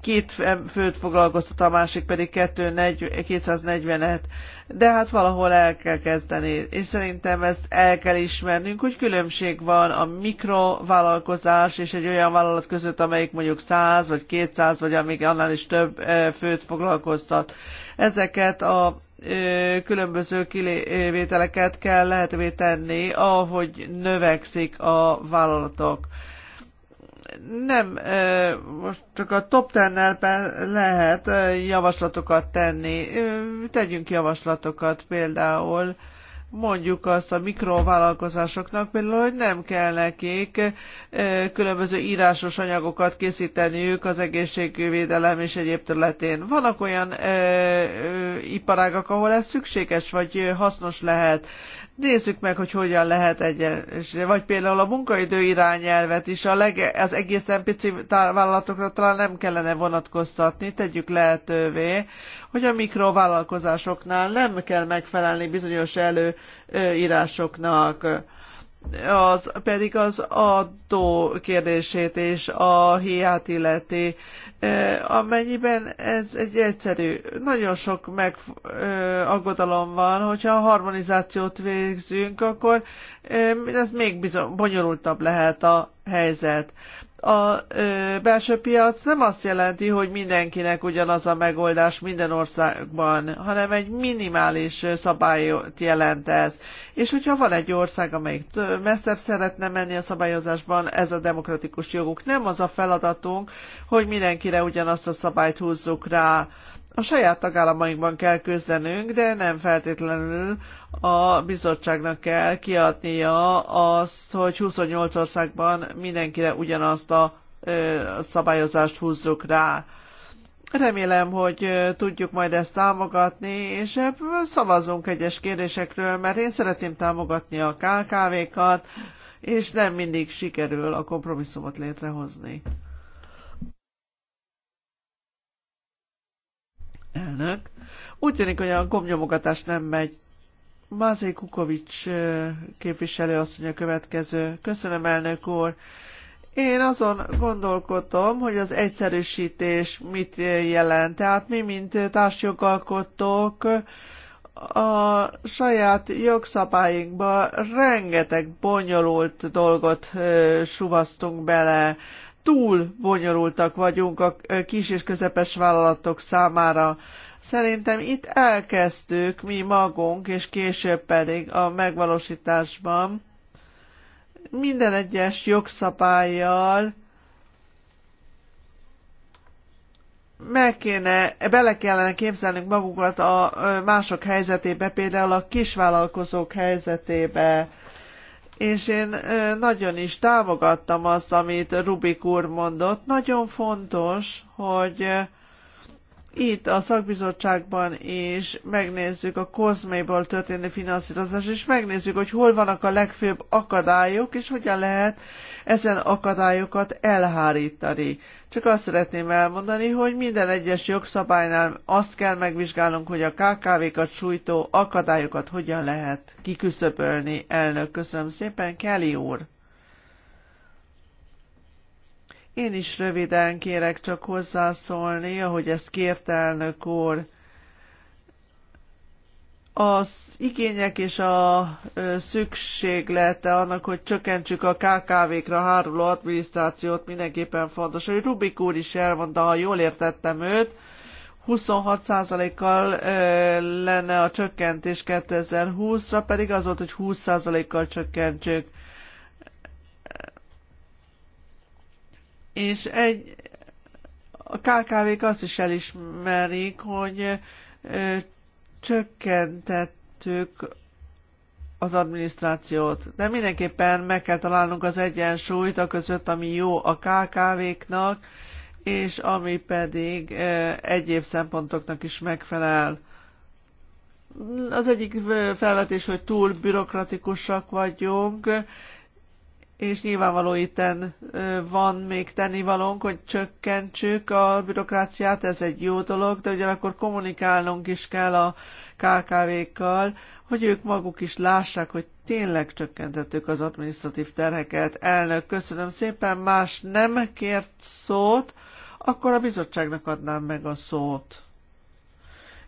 két főt foglalkoztat, a másik pedig 240-et, de hát valahol el kell kezdeni, és szerintem ezt el kell ismernünk, hogy különbség van a mikrovállalkozás és egy olyan vállalat között, amelyik mondjuk 100 vagy 200 vagy amíg annál is több főt foglalkoztat. Ezeket a különböző kivételeket kell lehetővé tenni, ahogy növekszik a vállalatok. Nem, most csak a top 10 lehet javaslatokat tenni. Tegyünk javaslatokat például mondjuk azt a mikrovállalkozásoknak, például, hogy nem kell nekik eh, különböző írásos anyagokat készíteniük az egészségvédelem és egyéb területén. Vannak olyan eh, eh, iparágak, ahol ez szükséges vagy hasznos lehet, Nézzük meg, hogy hogyan lehet egyenes. Vagy például a munkaidő irányelvet is a leg, az egészen pici vállalatokra talán nem kellene vonatkoztatni, tegyük lehetővé, hogy a mikrovállalkozásoknál nem kell megfelelni bizonyos előírásoknak az pedig az adó kérdését és a hiát illeti. E, amennyiben ez egy egyszerű, nagyon sok meg e, aggodalom van, hogyha a harmonizációt végzünk, akkor e, ez még bizony, bonyolultabb lehet a helyzet a belső piac nem azt jelenti, hogy mindenkinek ugyanaz a megoldás minden országban, hanem egy minimális szabályot jelent ez. És hogyha van egy ország, amelyik messzebb szeretne menni a szabályozásban, ez a demokratikus joguk. Nem az a feladatunk, hogy mindenkire ugyanazt a szabályt húzzuk rá a saját tagállamainkban kell közlenünk, de nem feltétlenül a bizottságnak kell kiadnia azt, hogy 28 országban mindenkire ugyanazt a szabályozást húzzuk rá. Remélem, hogy tudjuk majd ezt támogatni, és szavazunk egyes kérdésekről, mert én szeretném támogatni a KKV-kat, és nem mindig sikerül a kompromisszumot létrehozni. Elnök. Úgy tűnik, hogy a gomnyomogatás nem megy. Mázé Kukovics képviselő asszony a következő. Köszönöm, elnök úr. Én azon gondolkodom, hogy az egyszerűsítés mit jelent. Tehát mi, mint társjogalkotók, a saját jogszabályinkba rengeteg bonyolult dolgot suvasztunk bele, túl bonyolultak vagyunk a kis és közepes vállalatok számára. Szerintem itt elkezdtük mi magunk, és később pedig a megvalósításban minden egyes jogszabályjal meg kéne, bele kellene képzelnünk magunkat a mások helyzetébe, például a kisvállalkozók helyzetébe, és én nagyon is támogattam azt, amit Rubik úr mondott. Nagyon fontos, hogy itt a szakbizottságban is megnézzük a kozméból történő finanszírozás, és megnézzük, hogy hol vannak a legfőbb akadályok, és hogyan lehet ezen akadályokat elhárítani. Csak azt szeretném elmondani, hogy minden egyes jogszabálynál azt kell megvizsgálnunk, hogy a KKV-kat sújtó akadályokat hogyan lehet kiküszöbölni. Elnök, köszönöm szépen, Kelly úr! Én is röviden kérek csak hozzászólni, ahogy ezt kért elnök úr az igények és a szükséglete annak, hogy csökkentsük a KKV-kra háruló adminisztrációt mindenképpen fontos. Hogy Rubik úr is elmondta, ha jól értettem őt, 26%-kal lenne a csökkentés 2020-ra, pedig az volt, hogy 20%-kal csökkentsük. És egy, a KKV-k azt is elismerik, hogy csökkentettük az adminisztrációt. De mindenképpen meg kell találnunk az egyensúlyt a között, ami jó a KKV-knak, és ami pedig egyéb szempontoknak is megfelel. Az egyik felvetés, hogy túl bürokratikusak vagyunk, és nyilvánvaló itten van még tennivalónk, hogy csökkentsük a bürokráciát, ez egy jó dolog, de ugyanakkor kommunikálnunk is kell a KKV-kkal, hogy ők maguk is lássák, hogy tényleg csökkentettük az administratív terheket. Elnök, köszönöm szépen, más nem kért szót, akkor a bizottságnak adnám meg a szót.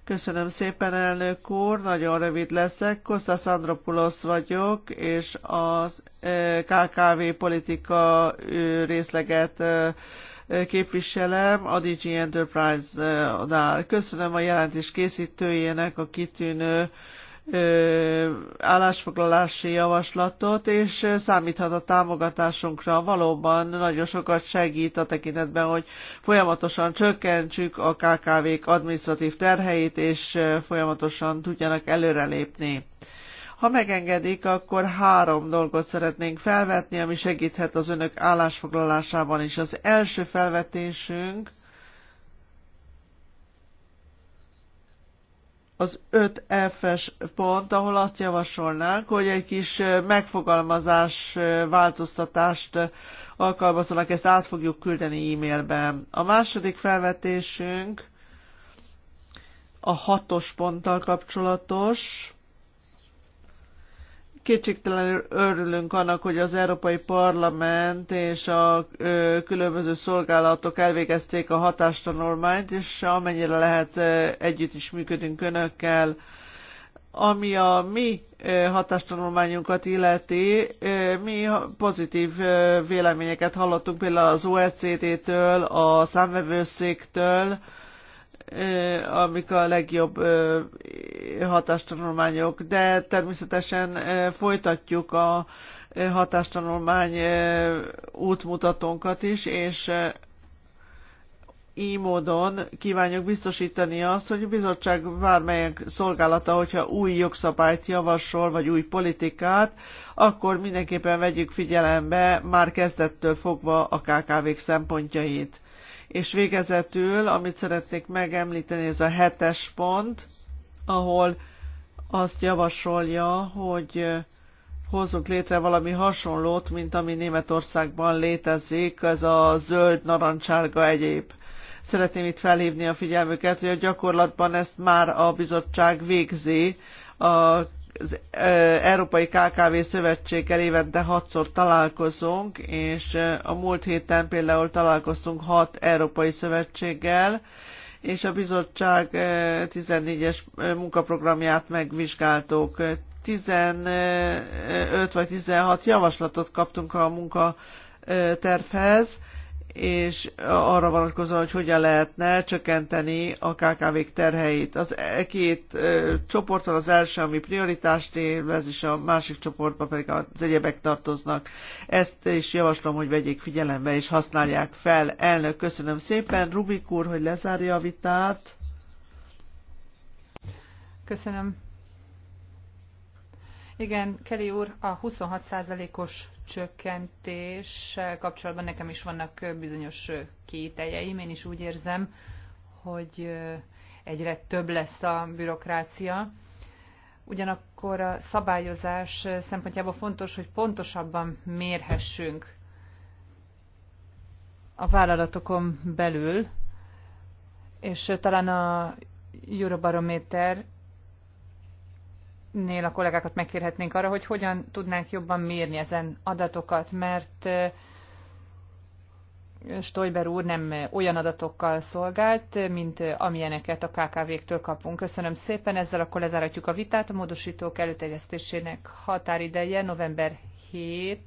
Köszönöm szépen, elnök úr, nagyon rövid leszek. Kostas Andropulos vagyok, és az KKV politika részleget képviselem a DG Enterprise-nál. Köszönöm a jelentés készítőjének a kitűnő állásfoglalási javaslatot, és számíthat a támogatásunkra. Valóban nagyon sokat segít a tekintetben, hogy folyamatosan csökkentsük a KKV-k administratív terheit, és folyamatosan tudjanak előrelépni. Ha megengedik, akkor három dolgot szeretnénk felvetni, ami segíthet az önök állásfoglalásában is. Az első felvetésünk az 5F-es pont, ahol azt javasolnánk, hogy egy kis megfogalmazás változtatást alkalmazzanak, ezt át fogjuk küldeni e-mailben. A második felvetésünk a hatos ponttal kapcsolatos Kétségtelenül örülünk annak, hogy az Európai Parlament és a különböző szolgálatok elvégezték a hatástanulmányt, és amennyire lehet együtt is működünk önökkel. Ami a mi hatástanulmányunkat illeti, mi pozitív véleményeket hallottunk például az OECD-től, a számvevőszéktől, amik a legjobb hatástanulmányok, de természetesen folytatjuk a hatástanulmány útmutatónkat is, és így módon kívánjuk biztosítani azt, hogy a bizottság bármelyek szolgálata, hogyha új jogszabályt javasol, vagy új politikát, akkor mindenképpen vegyük figyelembe már kezdettől fogva a KKV-k szempontjait. És végezetül, amit szeretnék megemlíteni, ez a hetes pont, ahol azt javasolja, hogy hozzunk létre valami hasonlót, mint ami Németországban létezik, ez a zöld, narancsárga egyéb. Szeretném itt felhívni a figyelmüket, hogy a gyakorlatban ezt már a bizottság végzi, a az Európai KKV Szövetséggel évente hatszor találkozunk, és a múlt héten például találkoztunk hat Európai Szövetséggel, és a bizottság 14-es munkaprogramját megvizsgáltuk. 15 vagy 16 javaslatot kaptunk a munkatervhez, és arra vonatkozóan, hogy hogyan lehetne csökkenteni a KKV-k terheit. Az e két ö, csoporttal az első, ami prioritást élvez, és a másik csoportban pedig az egyebek tartoznak. Ezt is javaslom, hogy vegyék figyelembe és használják fel. Elnök, köszönöm szépen. Rubik úr, hogy lezárja a vitát. Köszönöm igen, Keri úr, a 26%-os csökkentés kapcsolatban nekem is vannak bizonyos kételjeim. Én is úgy érzem, hogy egyre több lesz a bürokrácia. Ugyanakkor a szabályozás szempontjából fontos, hogy pontosabban mérhessünk a vállalatokon belül, és talán a Eurobarométer nél a kollégákat megkérhetnénk arra, hogy hogyan tudnánk jobban mérni ezen adatokat, mert Stoiber úr nem olyan adatokkal szolgált, mint amilyeneket a kkv ktől kapunk. Köszönöm szépen, ezzel akkor lezáratjuk a vitát. A módosítók előterjesztésének határideje november 7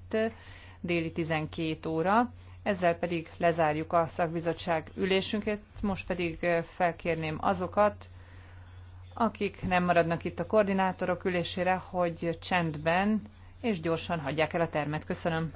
déli 12 óra. Ezzel pedig lezárjuk a szakbizottság ülésünket, most pedig felkérném azokat, akik nem maradnak itt a koordinátorok ülésére, hogy csendben és gyorsan hagyják el a termet. Köszönöm.